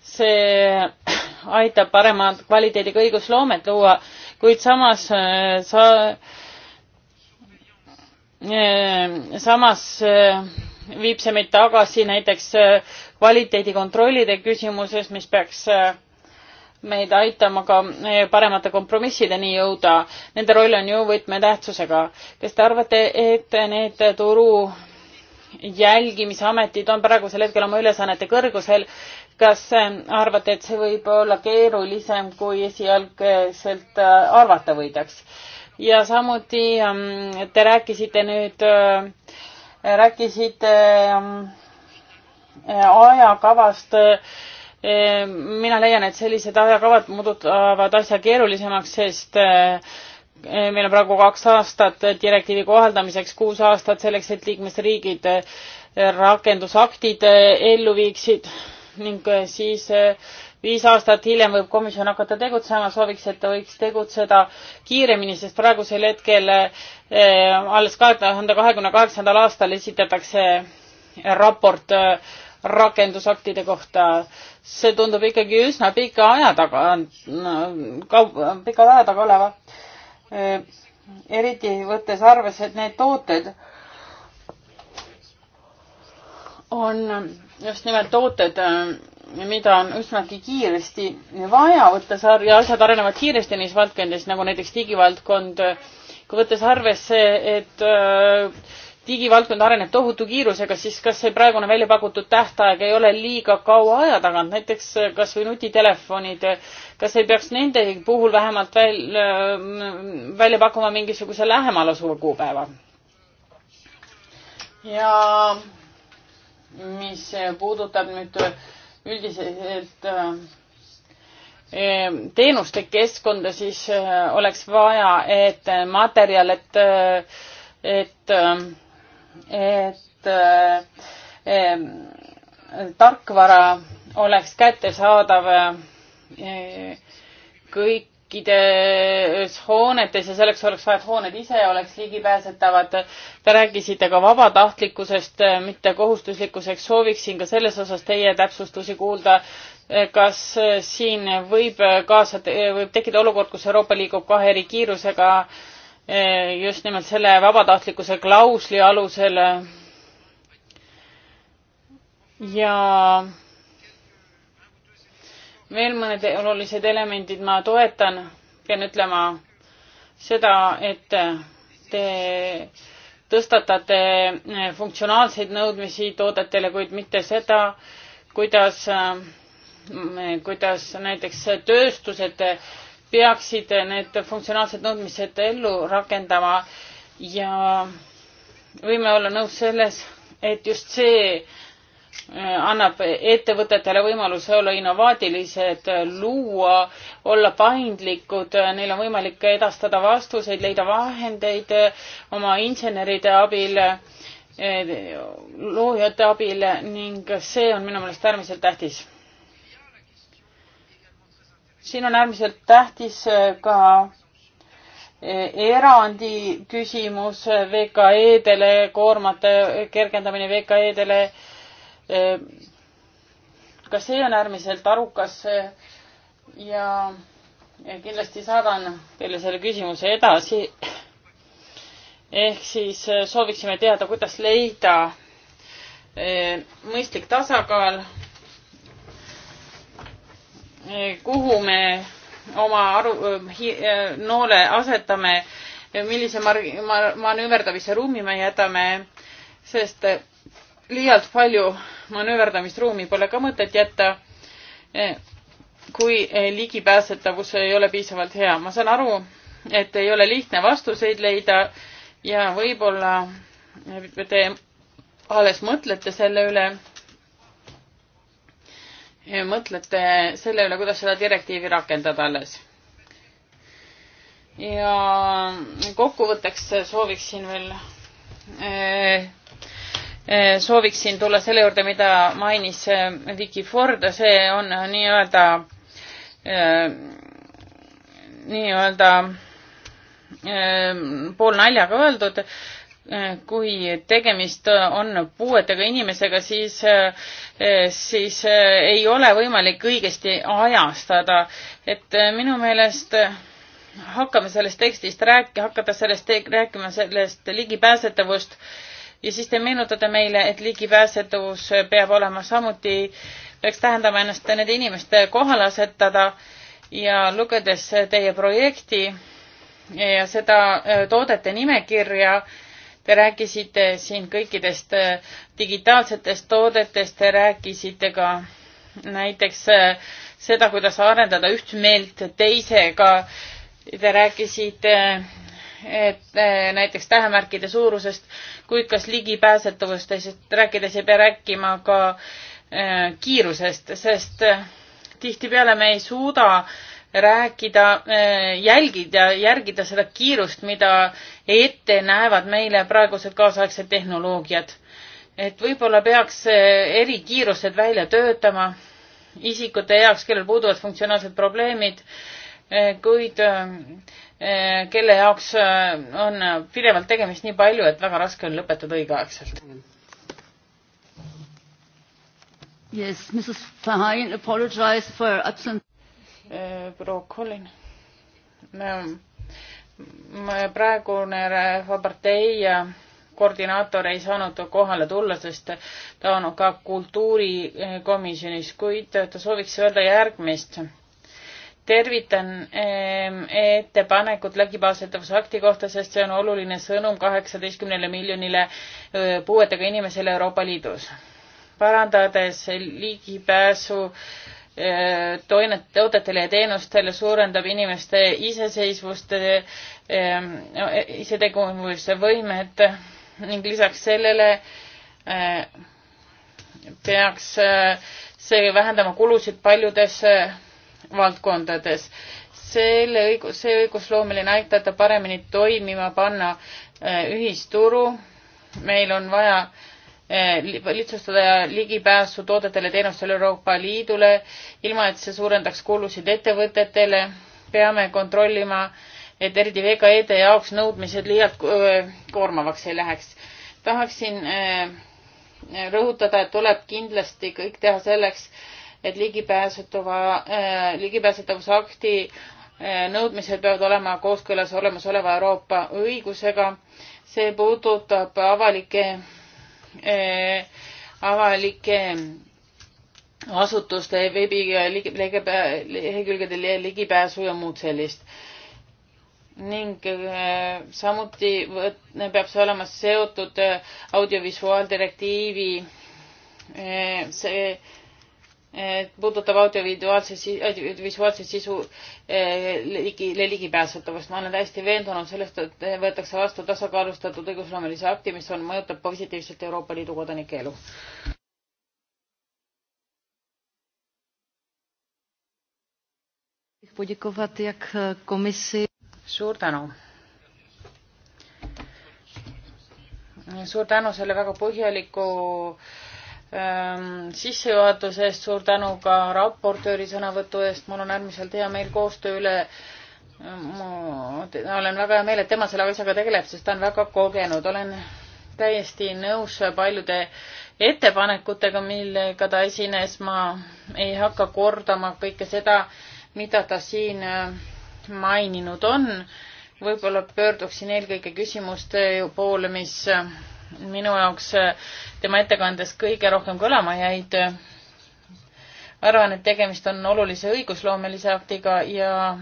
see *clears throat* aitab parema kvaliteediga õigusloomet luua, kuid samas sa, samas viib see meid tagasi näiteks äh, kvaliteedikontrollide küsimuses, mis peaks äh, meid aitama ka äh, paremate kompromissideni jõuda. Nende roll on ju võtmetähtsusega. kas te arvate, et need turu jälgimisametid on praegusel hetkel oma ülesannete kõrgusel. kas arvate, et see võib olla keerulisem, kui esialgselt arvata võidaks? ja samuti ähm, te rääkisite nüüd rääkisite ehm, ajakavast. Ehm, mina leian, et sellised ajakavad muudavad asja keerulisemaks, sest ehm, meil on praegu kaks aastat direktiivi kohaldamiseks, kuus aastat selleks, et liikmesriigid eh, rakendusaktid eh, ellu viiksid ning eh, siis viis aastat hiljem võib komisjon hakata tegutsema, sooviks, et ta võiks tegutseda kiiremini, sest praegusel hetkel eh, alles kahe tuhande kahekümne kaheksandal aastal esitatakse eh, raport eh, rakendusaktide kohta. see tundub ikkagi üsna pika aja taga, pika aja taga oleva eh,. eriti võttes arvesse, et need tooted on just nimelt tooted eh, mida on üsnagi kiiresti vaja võtta ja asjad arenevad kiiresti neis valdkondades, nagu näiteks digivaldkond, kui võttes arvesse, et äh, digivaldkond areneb tohutu kiirusega, siis kas see praegune välja pakutud tähtaeg ei ole liiga kaua aja tagant, näiteks äh, kas või nutitelefonid, kas ei peaks nende puhul vähemalt väl, äh, välja pakkuma mingisuguse lähemal asuva kuupäeva? ja mis puudutab nüüd üldiselt äh, äh, teenuste keskkonda, siis äh, oleks vaja, et materjal, et, et, et, et tarkvara oleks kättesaadav kõik kõikides hoonetes ja selleks oleks vaja, et hooned ise oleks ligipääsetavad. Te rääkisite ka vabatahtlikkusest, mitte kohustuslikkuseks. sooviksin ka selles osas teie täpsustusi kuulda. kas siin võib kaasa, võib tekkida olukord, kus Euroopa liigub kahe eri kiirusega just nimelt selle vabatahtlikkuse klausli alusel? ja veel mõned olulised elemendid, ma toetan, pean ütlema seda, et te tõstatate funktsionaalseid nõudmisi toodetele, kuid mitte seda, kuidas, kuidas näiteks tööstused peaksid need funktsionaalsed nõudmised ellu rakendama ja võime olla nõus selles, et just see Äh, annab ettevõtetele võimaluse olla innovaatilised, luua, olla paindlikud, neil on võimalik edastada vastuseid, leida vahendeid äh, oma inseneride abil, äh, loojate abil ning see on minu meelest äärmiselt tähtis. siin on äärmiselt tähtis ka erandi küsimus VKE-dele, koormate kergendamine VKE-dele Ehm, ka see on äärmiselt arukas eh, ja kindlasti saadan teile selle küsimuse edasi. ehk siis eh, sooviksime teada, kuidas leida eh, mõistlik tasakaal, kuhu me oma aru, noole asetame millise mar- ma- manööverdamise ruumi me jätame sest liialt palju manööverdamisruumi pole ka mõtet jätta, eh, kui eh, ligipääsetavus ei ole piisavalt hea. ma saan aru, et ei ole lihtne vastuseid leida ja võib-olla te alles mõtlete selle üle, eh, mõtlete selle üle, kuidas seda direktiivi rakendada alles. ja kokkuvõtteks sooviksin veel Eh, sooviksin tulla selle juurde, mida mainis eh, Vicky Ford, see on nii-öelda, eh, nii-öelda poolnaljaga öeldud kui tegemist on puuetega inimesega, siis, siis ei ole võimalik õigesti ajastada, et minu meelest hakkame sellest tekstist rääkima, hakata sellest rääkima, sellest ligipääsetavust äh, ja siis te meenutate meile, et ligipääsetavus peab olema samuti, peaks tähendama ennast nende inimeste kohale asetada ja lugedes teie projekti ja seda äh, toodete nimekirja, Te rääkisite siin kõikidest äh, digitaalsetest toodetest, te rääkisite ka näiteks äh, seda, kuidas arendada üht meelt teisega. Te rääkisite et eh, näiteks tähemärkide suurusest, kuid kas ligipääsetavust, sest rääkides ei pea rääkima ka äh, kiirusest, sest äh, tihtipeale me ei suuda rääkida äh,, jälgida, järgida seda kiirust, mida ette näevad meile praegused kaasaegsed tehnoloogiad. et võib-olla peaks erikiirused välja töötama isikute jaoks, kellel puuduvad funktsionaalsed probleemid, kuid Eh, kelle jaoks eh, on eh, pidevalt tegemist nii palju, et väga raske on lõpetada õigeaegselt. Yes, Mrs Fahain apologise for absent. proua Collin. praegune Rahvapartei koordinaator ei saanud kohale tulla, sest ta on ka kultuurikomisjonis, kuid ta sooviks öelda järgmist tervitan ehm, ettepanekut läbipaasetavuse akti kohta, sest see on oluline sõnum kaheksateistkümnele miljonile puuetega inimesele Euroopa Liidus. parandades ligipääsu toinet-, toodetele ja teenustele, suurendab inimeste iseseisvust, ehm, e, isetegevusvõimet ning lisaks sellele peaks see vähendama kulusid paljudes valdkondades. selle õigus, see õigusloomeline aitab paremini toimima panna eh, ühisturu. meil on vaja eh, lihtsustada ligipääsu toodetele, teenustele Euroopa Liidule, ilma et see suurendaks kulusid ettevõtetele. peame kontrollima, et eriti VKE-de jaoks nõudmised liialt eh, koormavaks ei läheks. tahaksin rõhutada, et tuleb kindlasti kõik teha selleks, et ligipääsetava, äh, ligipääsetavusakti äh, nõudmised peavad olema kooskõlas olemasoleva Euroopa õigusega. see puudutab avalike, äh, avalike asutuste veebi lehekülgedel ligipääsu ja muud sellist. ning samuti peab see olema seotud audiovisuaaldirektiivi see puudutab audiovisuaalse, audiovisuaalse sisu eh, ligi, ligipääsetavust. ma olen täiesti veendunud sellest, et võetakse vastu tasakaalustatud õigusloomelise akti, mis on, mõjutab positiivselt Euroopa Liidu kodanike elu. Eh, suur tänu. suur tänu selle väga põhjaliku Ähm, sissejuhatuse eest, suur tänu ka raportööri sõnavõtu eest, mul on äärmiselt hea meel koostöö üle. Ähm, ma olen väga hea meel, et tema selle asjaga tegeleb, sest ta on väga kogenud, olen täiesti nõus paljude ettepanekutega, millega ta esines, ma ei hakka kordama kõike seda, mida ta siin äh, maininud on. võib-olla pöörduksin eelkõige küsimuste poole, mis äh, minu jaoks äh, tema ettekandes kõige rohkem kõlama jäid. arvan, et tegemist on olulise õigusloomelise aktiga ja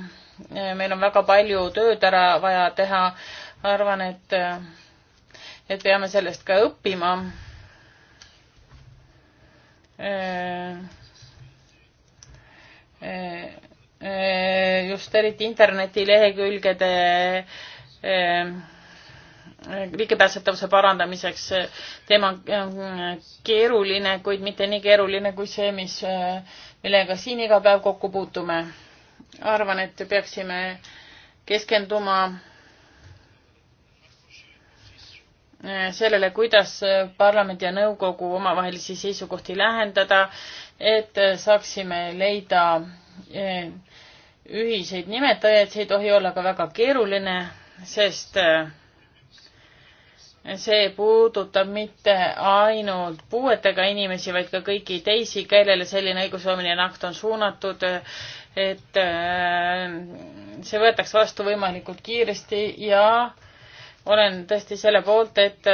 äh, meil on väga palju tööd ära vaja teha. arvan, et, äh, et peame sellest ka õppima. just eriti internetilehekülgede ligipääsetavuse parandamiseks. teema on äh, keeruline, kuid mitte nii keeruline kui see, mis, äh, millega siin iga päev kokku puutume. arvan, et peaksime keskenduma äh, sellele, kuidas parlament ja nõukogu omavahelisi seisukohti lähendada, et saaksime leida ühiseid nimetajaid, see ei tohi olla ka väga keeruline, sest äh, see puudutab mitte ainult puuetega inimesi, vaid ka kõiki teisi, kellele selline õigusloomine akt on suunatud, et äh, see võetaks vastu võimalikult kiiresti ja olen tõesti selle poolt, et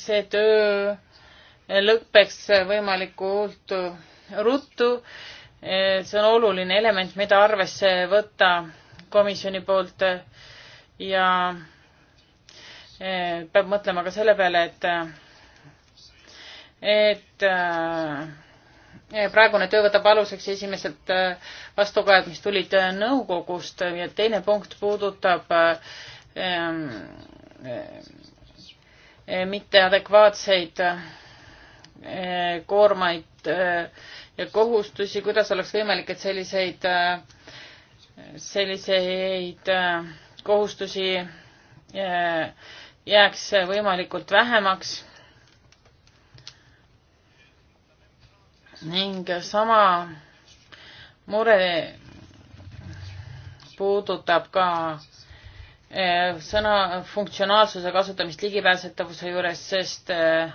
see töö lõpeks võimalikult ruttu. see on oluline element, mida arvesse võtta komisjoni poolt ja Eh, peab mõtlema ka selle peale, et et eh, eh, praegune töö võtab aluseks esimesed vastukajad, mis tulid nõukogust ja teine punkt puudutab mitteadekvaatseid koormaid ja kohustusi, kuidas oleks võimalik, et selliseid, selliseid kohustusi jääks võimalikult vähemaks ning sama mure puudutab ka eh, sõna funktsionaalsuse kasutamist ligipääsetavuse juures, sest eh,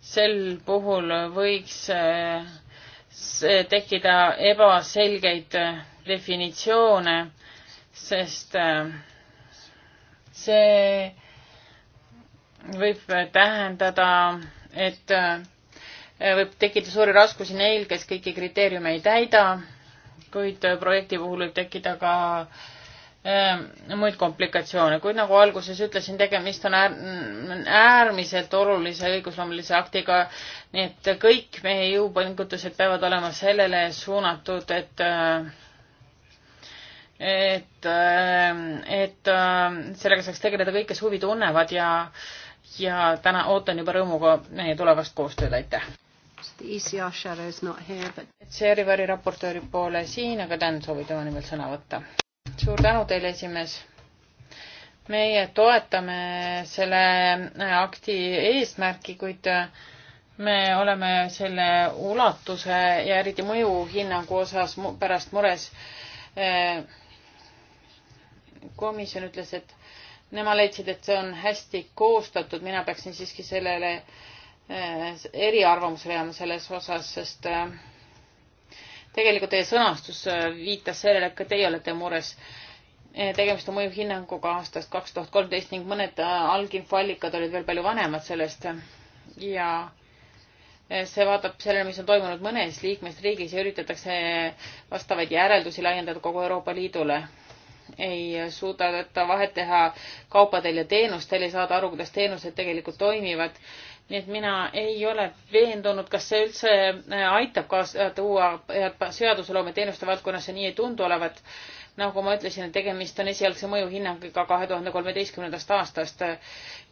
sel puhul võiks eh, tekkida ebaselgeid definitsioone, sest see võib tähendada, et äh, võib tekkida suuri raskusi neil, kes kõiki kriteeriume ei täida, kuid äh, projekti puhul võib tekkida ka ähm, muid komplikatsioone, kuid nagu alguses ütlesin, tegemist on äär, äärmiselt olulise õigusloomulise aktiga, nii et kõik meie jõupingutused peavad olema sellele suunatud, et äh, et, et sellega saaks tegeleda kõik, kes huvi tunnevad ja äh, ja täna ootan juba rõõmuga meie tulevast koostööd, aitäh! E Serveri raportööri poole siin, aga Dan soovib tema nimel sõna võtta. suur tänu teile, esimees! meie toetame selle akti eesmärki, kuid me oleme selle ulatuse ja eriti mõjuhinnangu osas pärast mures. Eh, komisjon ütles, et nemad leidsid, et see on hästi koostatud, mina peaksin siiski sellele eh, eriarvamusele jääma selles osas, sest eh, tegelikult teie sõnastus eh, viitas sellele, et ka teie olete mures. tegemist on mõjuhinnanguga aastast kaks tuhat kolmteist ning mõned alginfoallikad olid veel palju vanemad sellest ja see vaatab sellele, mis on toimunud mõnes liikmesriigis ja üritatakse vastavaid järeldusi laiendada kogu Euroopa Liidule ei suuda vahet teha kaupadel ja teenustel, ei saada aru, kuidas teenused tegelikult toimivad. nii et mina ei ole veendunud, kas see üldse äh, aitab kaasa äh, tuua äh, seadusloome teenuste valdkonnas, see nii ei tundu olevat. nagu ma ütlesin, et tegemist on esialgse mõjuhinnanguga kahe tuhande kolmeteistkümnendast aastast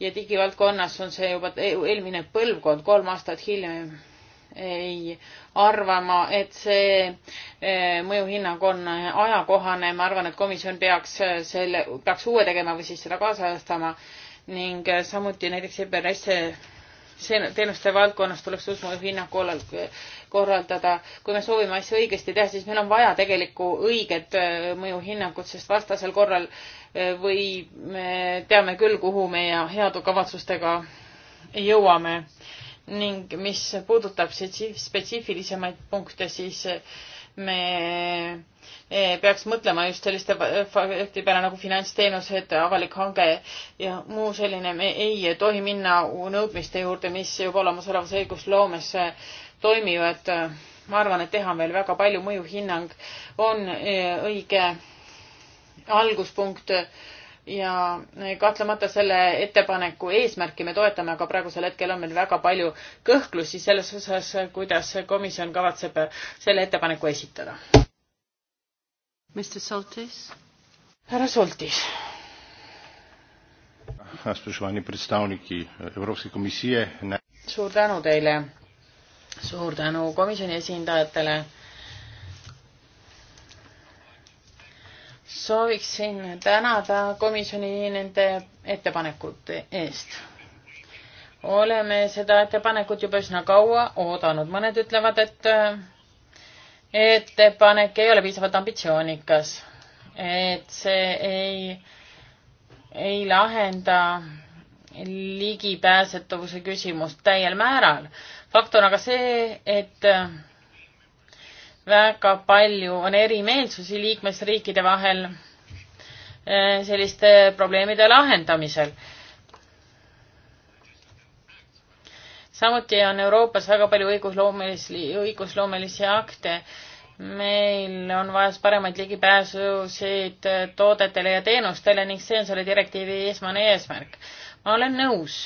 ja digivaldkonnas on see juba eelmine põlvkond, kolm aastat hiljem ei arva ma, et see eh, mõjuhinnang on ajakohane, ma arvan, et komisjon peaks eh, selle, peaks uue tegema või siis seda kaasajastama ning eh, samuti näiteks EBRS teenuste valdkonnas tuleks uus mõjuhinnang korraldada. kui me soovime asju õigesti teha, siis meil on vaja tegelikku õiget mõjuhinnangut, sest vastasel korral või me teame küll, kuhu meie heade kavatsustega jõuame ning mis puudutab spetsiifilisemaid punkte, siis me e, peaks mõtlema just selliste fakti peale nagu finantsteenused, avalik hange ja muu selline, me ei tohi minna nõudmiste juurde, mis juba olemasolevas õigusloomes toimivad. ma arvan, et teha on veel väga palju, mõjuhinnang on e, õige alguspunkt ja kahtlemata selle ettepaneku eesmärki me toetame, aga praegusel hetkel on meil väga palju kõhklusi selles osas, kuidas komisjon kavatseb selle ettepaneku esitada. härra Soltis. suur tänu teile, suur tänu komisjoni esindajatele sooviksin tänada komisjoni nende ettepanekute eest. oleme seda ettepanekut juba üsna kaua oodanud, mõned ütlevad, et äh, ettepanek ei ole piisavalt ambitsioonikas, et see ei, ei lahenda ligipääsetavuse küsimust täiel määral. fakt on aga see, et äh, väga palju on erimeelsusi liikmesriikide vahel eh, selliste probleemide lahendamisel. samuti on Euroopas väga palju õigusloomelisi, õigusloomelisi akte. meil on vaja paremaid ligipääsusid toodetele ja teenustele ning see on selle direktiivi esmane eesmärk. ma olen nõus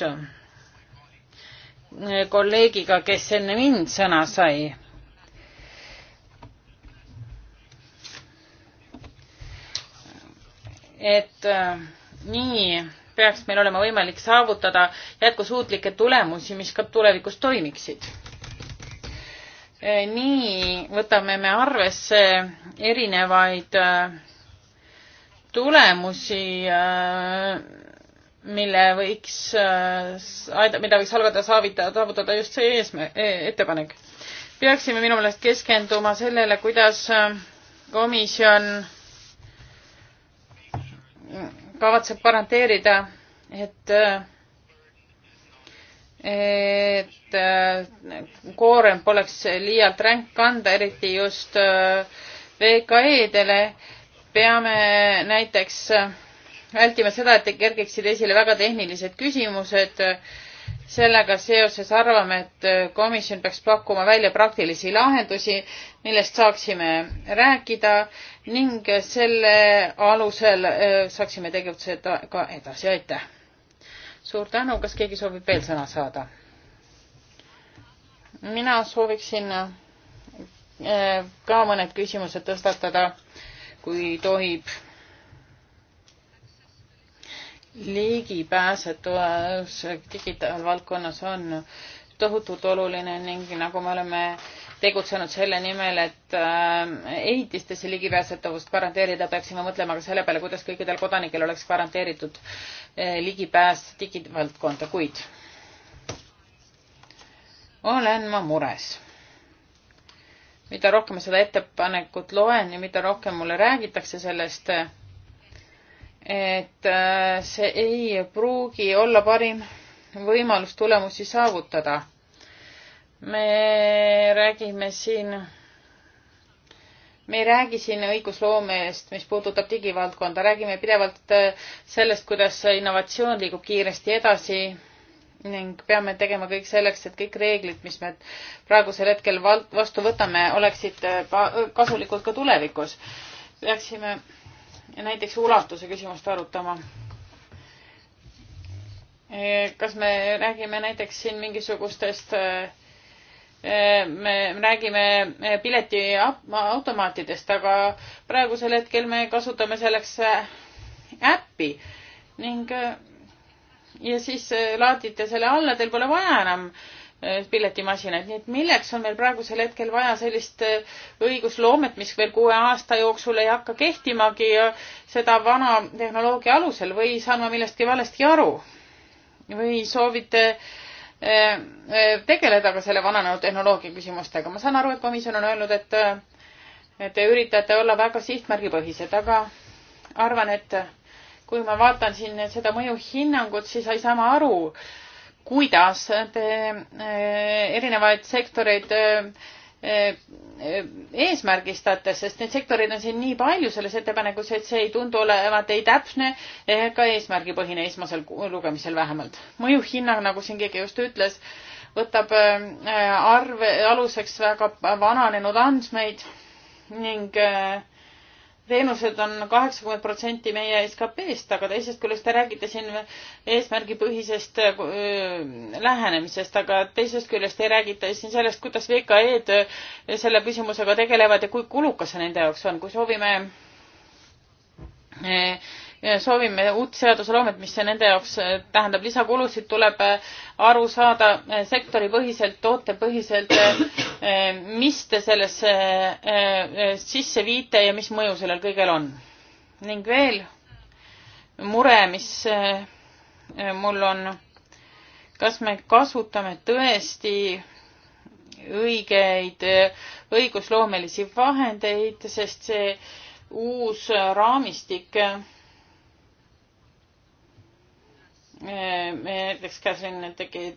kolleegiga, kes enne mind sõna sai et äh, nii peaks meil olema võimalik saavutada jätkusuutlikke tulemusi, mis ka tulevikus toimiksid. Äh, nii võtame me arvesse erinevaid äh, tulemusi, mille võiks, mida võiks algada saavutada, saavutada just see eesmärk, e-, ettepanek. peaksime minu meelest keskenduma sellele, kuidas komisjon kavatseb garanteerida, et et koorem poleks liialt ränk kanda, eriti just VKE-dele. peame näiteks vältima seda, et kergiksid esile väga tehnilised küsimused sellega seoses arvame, et äh, komisjon peaks pakkuma välja praktilisi lahendusi, millest saaksime rääkida ning selle alusel äh, saaksime tegutseda ka edasi, aitäh. suur tänu, kas keegi soovib veel sõna saada? mina sooviksin äh, ka mõned küsimused tõstatada, kui tohib ligipääsetavus digitaalvaldkonnas on tohutult oluline ning nagu me oleme tegutsenud selle nimel, et äh, ehitistesse ligipääsetavust garanteerida, peaksime mõtlema ka selle peale, kuidas kõikidel kodanikel oleks garanteeritud äh, ligipääs digivaldkonda, kuid olen ma mures. mida rohkem ma seda ettepanekut loen ja mida rohkem mulle räägitakse sellest, et äh, see ei pruugi olla parim võimalus tulemusi saavutada. me räägime siin, me ei räägi siin õigusloomest, mis puudutab digivaldkonda, räägime pidevalt äh, sellest, kuidas innovatsioon liigub kiiresti edasi ning peame tegema kõik selleks, et kõik reeglid, mis me praegusel hetkel vastu võtame, oleksid äh, kasulikud ka tulevikus. peaksime näiteks ulatuse küsimust arutama. Eh, kas me räägime näiteks siin mingisugustest eh, me räägime eh, piletiautomaatidest, aga praegusel hetkel me kasutame selleks äppi ning ja siis laadite selle alla, teil pole vaja enam äh, Äh, piletimasinaid, nii et milleks on meil praegusel hetkel vaja sellist äh, õigusloomet, mis veel kuue aasta jooksul ei hakka kehtimagi äh, seda vana tehnoloogia alusel või saan ma millestki valesti aru? või soovite tegeleda ka selle vananenud tehnoloogia küsimustega, ma saan aru, et komisjon on öelnud, et te üritate olla väga sihtmärgipõhised, aga arvan, et kui ma vaatan siin seda mõjuhinnangut, siis ei saa ma aru, kuidas te eh, erinevaid sektoreid eh, eh, eesmärgistate, sest neid sektoreid on siin nii palju selles ettepanekus, et see ei tundu olevat ei täpne ega eesmärgipõhine esmasel lugemisel vähemalt. mõjuhinnang, nagu siin keegi just ütles, võtab arve, aluseks väga vananenud andmeid ning äh, teenused on kaheksakümmend protsenti meie SKP-st, aga teisest küljest te räägite siin eesmärgipõhisest lähenemisest, aga teisest küljest ei räägita siin sellest, kuidas VKE-d selle küsimusega tegelevad ja kui kulukas see nende jaoks on, kui soovime soovime uut seadusloomet, mis nende jaoks äh, tähendab lisakulusid, tuleb äh, aru saada äh, sektoripõhiselt, tootepõhiselt, mis te sellesse sisse viite ja mis mõju sellel kõigel on. ning veel mure, mis mul on, kas me kasutame tõesti õigeid õigusloomelisi vahendeid, sest see uus raamistik näiteks ka siin tegi,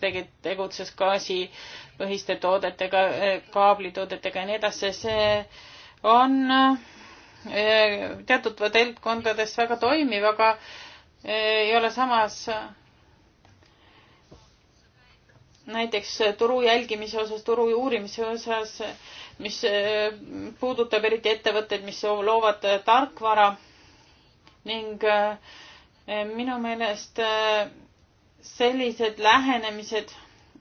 tegi, tegutses gaasipõhiste toodetega, kaablitoodetega ja nii edasi, see on e, teatud teltkondades väga toimiv, aga e, ei ole samas näiteks turu jälgimise osas, turu uurimise osas, mis e, puudutab eriti ettevõtteid, mis loovad tarkvara ning äh, minu meelest äh, sellised lähenemised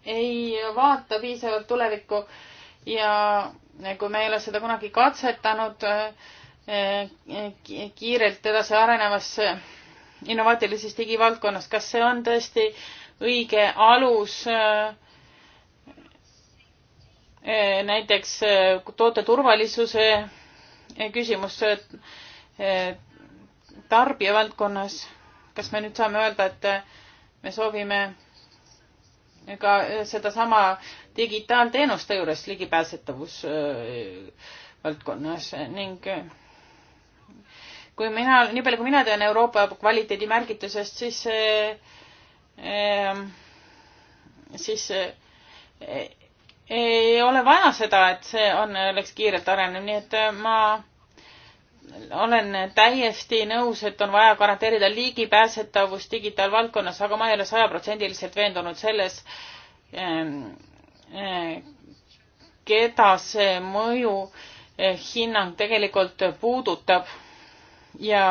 ei vaata piisavalt tulevikku ja kui me ei ole seda kunagi katsetanud äh, kiirelt edasi arenevas äh, innovaatilises digivaldkonnas, kas see on tõesti õige alus näiteks toote turvalisuse küsimus tarbija valdkonnas kas me nüüd saame öelda, et äh, me soovime ka äh, sedasama digitaalteenuste juures ligipääsetavus äh, valdkonnas ning kui mina, nii palju kui mina tean Euroopa kvaliteedimärgitusest, siis siis ei ole vaja seda, et see on, oleks kiirelt arenenud, nii et ma olen täiesti nõus, et on vaja garanteerida ligipääsetavus digitaalvaldkonnas, aga ma ei ole sajaprotsendiliselt veendunud selles, ehm, ehm, keda see mõjuhinnang eh, tegelikult puudutab ja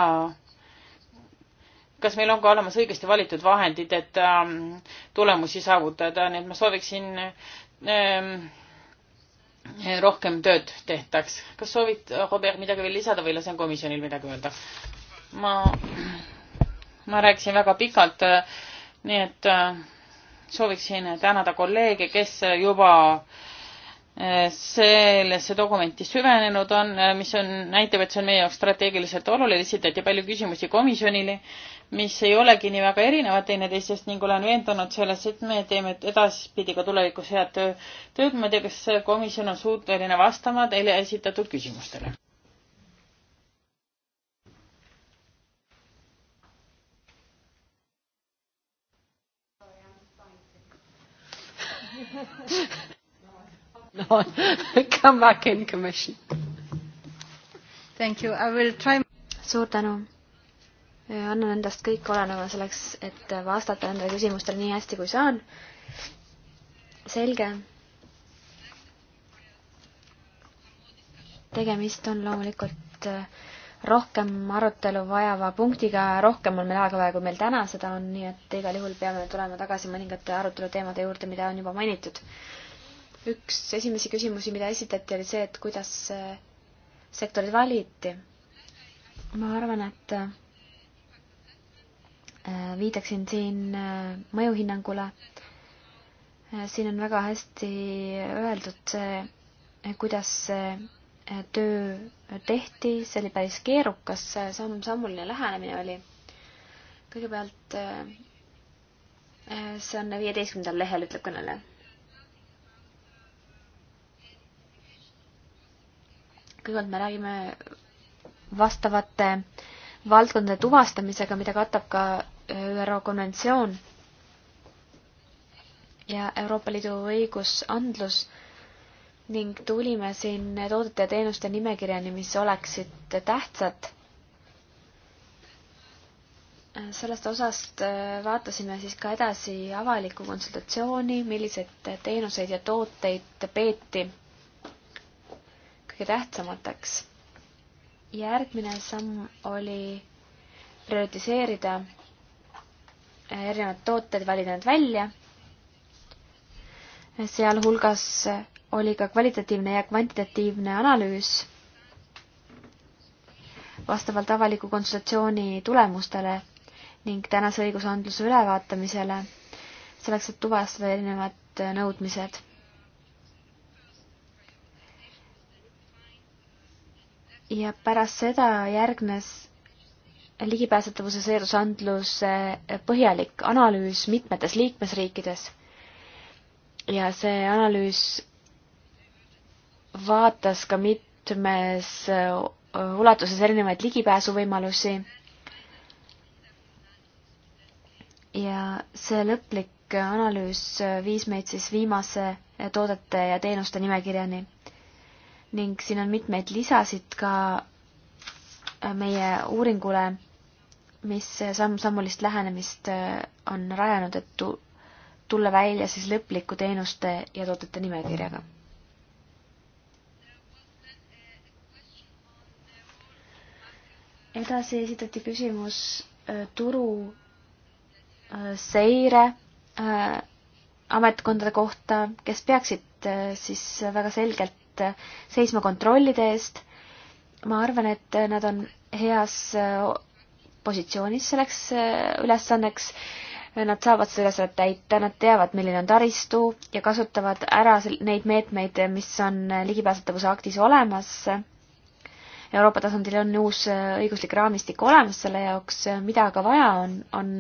kas meil on ka olemas õigesti valitud vahendid, et ehm, tulemusi saavutada, nii et ma sooviksin rohkem tööd tehtaks. kas soovid, Robert, midagi veel lisada või lasen komisjonil midagi öelda? ma, ma rääkisin väga pikalt, nii et äh, sooviksin tänada kolleege, kes juba äh, sellesse dokumenti süvenenud on, äh, mis on, näitab, et see on meie jaoks strateegiliselt oluline, esitati palju küsimusi komisjonile, mis ei olegi nii väga erinevad teineteisest ning olen veendunud selles, et me teeme edaspidi ka tulevikus head töö, tööd. ma ei tea, kas komisjon on suuteline vastama teile esitatud küsimustele. no, *laughs* come back in commission. Thank you, I will try. suur tänu annan endast kõik oleneva selleks, et vastata nendele küsimustele nii hästi, kui saan. selge. tegemist on loomulikult äh, rohkem arutelu vajava punktiga, rohkem on meil aega vaja, kui meil täna seda on, nii et igal juhul peame tulema tagasi mõningate aruteluteemade juurde, mida on juba mainitud. üks esimesi küsimusi, mida esitati, oli see, et kuidas äh, sektorid valiti. ma arvan, et äh, Äh, viidaksin siin äh, mõjuhinnangule. Äh, siin on väga hästi öeldud see, kuidas see töö tehti, see oli päris keerukas samm-sammuline lähenemine oli. kõigepealt see on viieteistkümnendal lehel, ütleb kõneleja. kõigepealt me räägime vastavate valdkondade tuvastamisega, mida katab ka ÜRO konventsioon ja Euroopa Liidu õigusandlus ning tulime siin toodete ja teenuste nimekirjani, mis oleksid tähtsad. sellest osast äh, vaatasime siis ka edasi avalikku konsultatsiooni, milliseid teenuseid ja tooteid peeti kõige tähtsamateks. järgmine samm oli prioritiseerida erinevad tooted, valida nad välja. sealhulgas oli ka kvalitatiivne ja kvantitatiivne analüüs vastavalt avaliku konsultatsiooni tulemustele ning tänase õigusandluse ülevaatamisele, selleks et tuvastada erinevad nõudmised. ja pärast seda järgnes ligipääsetavuse seadusandluse põhjalik analüüs mitmetes liikmesriikides ja see analüüs vaatas ka mitmes ulatuses erinevaid ligipääsuvõimalusi ja see lõplik analüüs viis meid siis viimase toodete ja teenuste nimekirjani ning siin on mitmeid lisasid ka meie uuringule, mis samm-sammulist lähenemist äh, on rajanud, et tulla välja siis lõpliku teenuste ja toodete nimekirjaga. edasi esitati küsimus äh, turu äh, seire ametkondade kohta, kes peaksid siis väga selgelt seisma kontrollide eest ma arvan, et nad on heas äh, positsioonis selleks äh, ülesanneks. Nad saavad seda ülesannet täita, nad teavad, milline on taristu ja kasutavad ära neid meetmeid, mis on äh, ligipääsetavuse aktis olemas. Euroopa tasandil on uus õiguslik raamistik olemas selle jaoks, mida aga vaja on, on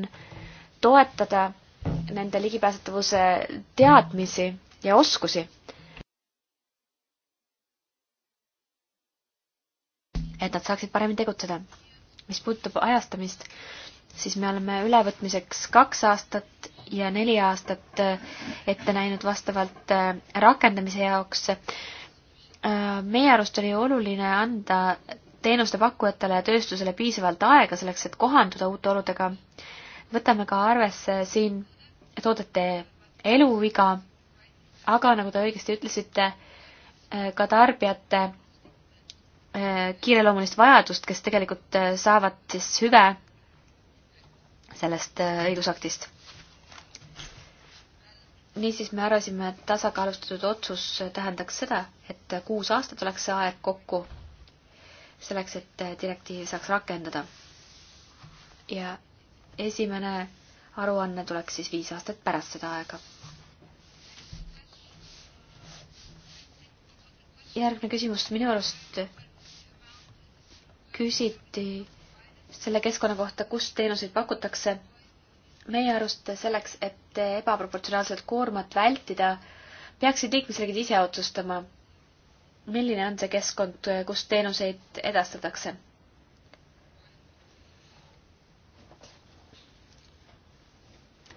toetada nende ligipääsetavuse teadmisi ja oskusi et nad saaksid paremini tegutseda. mis puudutab ajastamist, siis me oleme ülevõtmiseks kaks aastat ja neli aastat äh, ette näinud vastavalt äh, rakendamise jaoks. Äh, meie arust oli oluline anda teenuste pakkujatele ja tööstusele piisavalt aega selleks, et kohanduda uute oludega. võtame ka arvesse siin toodete eluiga, aga nagu te õigesti ütlesite, ka tarbijate Äh, kiireloomulist vajadust, kes tegelikult äh, saavad siis hüve sellest äh, õigusaktist. niisiis me arvasime, et tasakaalustatud otsus tähendaks seda, et kuus aastat oleks see aeg kokku selleks, et direktiivi saaks rakendada. ja esimene aruanne tuleks siis viis aastat pärast seda aega. järgmine küsimus minu arust küsiti selle keskkonna kohta, kus teenuseid pakutakse. meie arust selleks, et ebaproportsionaalset koormat vältida, peaksid liikmesriigid ise otsustama, milline on see keskkond, kus teenuseid edastatakse.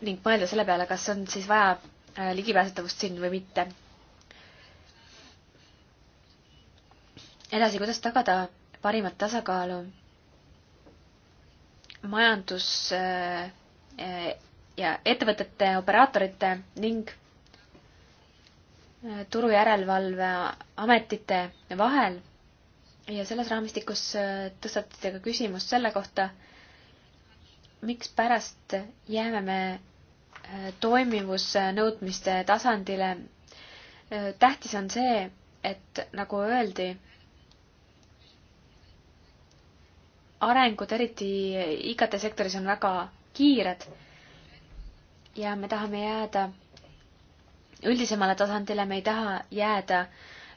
ning mõelda selle peale, kas on siis vaja äh, ligipääsetavust siin või mitte. edasi, kuidas tagada parimat tasakaalu majandus äh, ja ettevõtete, operaatorite ning äh, turujärelevalveametite vahel ja selles raamistikus äh, tõstatati ka küsimus selle kohta, mikspärast jääme me toimivusnõudmiste tasandile. tähtis on see, et nagu öeldi, arengud, eriti IKT-sektoris, on väga kiired ja me tahame jääda üldisemale tasandile, me ei taha jääda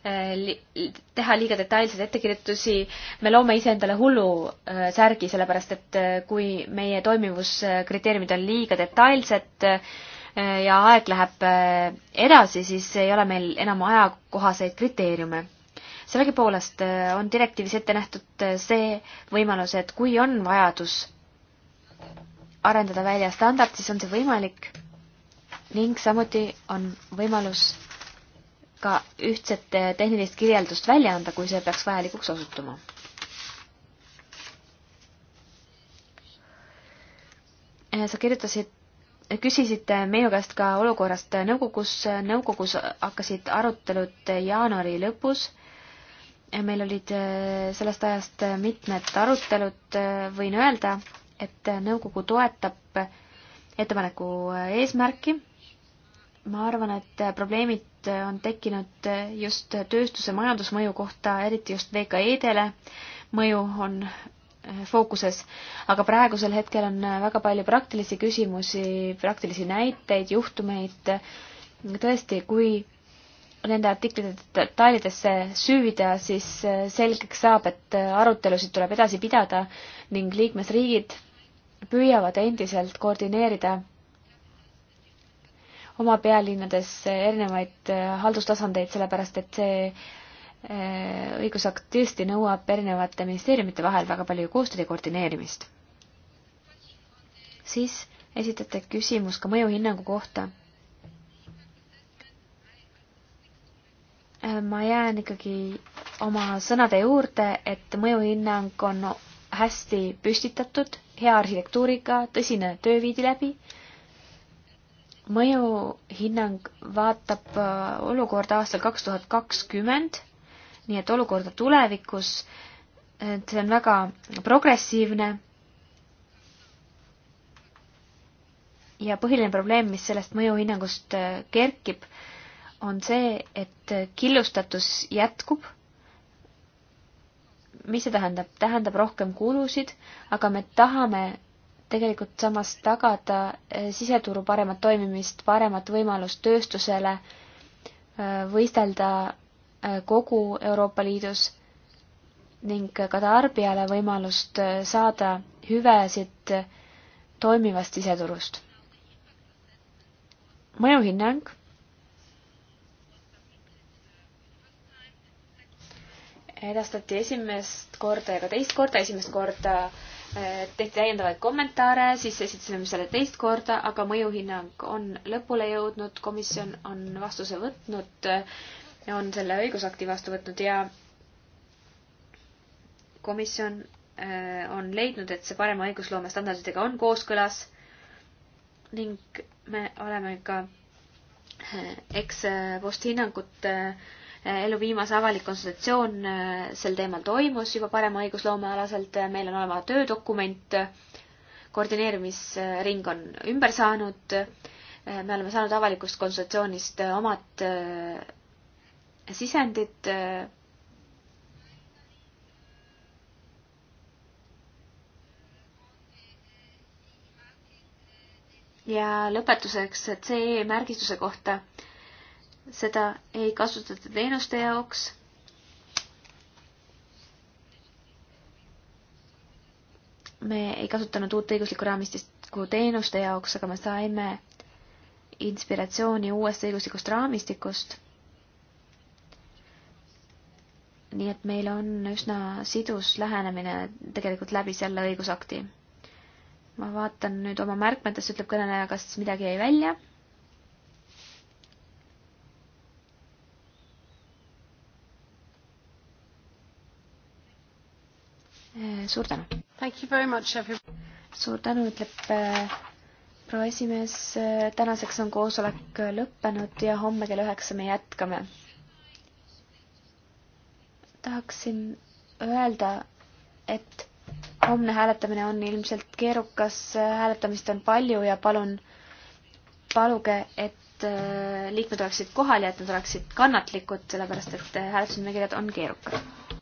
eh, li, teha liiga detailseid ettekirjutusi, me loome iseendale hullu eh, särgi, sellepärast et eh, kui meie toimivuskriteeriumid on liiga detailsed ja aeg läheb edasi, siis ei ole meil enam ajakohaseid kriteeriume sellegipoolest eh, on direktiivis ette nähtud eh, see võimalus, et kui on vajadus arendada välja standard, siis on see võimalik ning samuti on võimalus ka ühtset eh, tehnilist kirjeldust välja anda, kui see peaks vajalikuks osutuma. sa kirjutasid, küsisid minu käest ka olukorrast nõukogus, nõukogus hakkasid arutelud jaanuari lõpus meil olid äh, sellest ajast äh, mitmed arutelud, äh, võin öelda, et nõukogu toetab ettepaneku eesmärki. ma arvan, et probleemid on tekkinud just tööstuse majandusmõju kohta, eriti just VKE-dele mõju on fookuses, aga praegusel hetkel on väga palju praktilisi küsimusi, praktilisi näiteid, juhtumeid. tõesti, kui nende artiklite detailidesse süüvida, siis äh, selgeks saab, et äh, arutelusid tuleb edasi pidada ning liikmesriigid püüavad endiselt koordineerida oma pealinnades erinevaid äh, haldustasandeid, sellepärast et see õigusakt tõesti nõuab erinevate ministeeriumite vahel väga palju koostööd ja koordineerimist. siis esitati küsimus ka mõjuhinnangu kohta Äh, ma jään ikkagi oma sõnade juurde, et mõjuhinnang on hästi püstitatud, hea arhitektuuriga, tõsine töö viidi läbi. mõjuhinnang vaatab äh, olukorda aastal kaks tuhat kakskümmend, nii et olukorda tulevikus, et see on väga progressiivne. ja põhiline probleem, mis sellest mõjuhinnangust äh, kerkib, on see, et killustatus jätkub. mis see tähendab? tähendab rohkem kulusid, aga me tahame tegelikult samas tagada eh, siseturu paremat toimimist, paremat võimalust tööstusele eh, võistelda eh, kogu Euroopa Liidus ning ka tarbijale võimalust saada hüvesid toimivast siseturust. mõjuhinnang edastati esimest korda ja ka teist korda, esimest korda äh, tehti täiendavaid kommentaare, siis esitasime selle teist korda, aga mõjuhinnang on lõpule jõudnud, komisjon on vastuse võtnud, äh, on selle õigusakti vastu võtnud ja komisjon äh, on leidnud, et see parema õigusloome standarditega on kooskõlas ning me oleme ka eks posthinnangut äh, Äh, elu viimase avalik konsultatsioon äh, sel teemal toimus juba parema õigusloome alaselt, äh, meil on olema töödokument, koordineerimisring on ümber saanud, me oleme saanud avalikust konsultatsioonist omad sisendid ja lõpetuseks CE märgistuse kohta seda ei kasutata teenuste jaoks. me ei kasutanud uut õiguslikku raamistikku teenuste jaoks, aga me saime inspiratsiooni uuest õiguslikust raamistikust. nii et meil on üsna sidus lähenemine tegelikult läbi selle õigusakti. ma vaatan nüüd oma märkmetest, ütleb kõneleja, kas midagi jäi välja Eh, suur tänu! suur tänu, ütleb eh, proua esimees, eh, tänaseks on koosolek lõppenud ja homme kell üheksa me jätkame. tahaksin öelda, et homne hääletamine on ilmselt keerukas, hääletamist on palju ja palun paluge, et liikmed oleksid kohal ja et nad oleksid kannatlikud, sellepärast et hääletusnimekirjad on keerukad.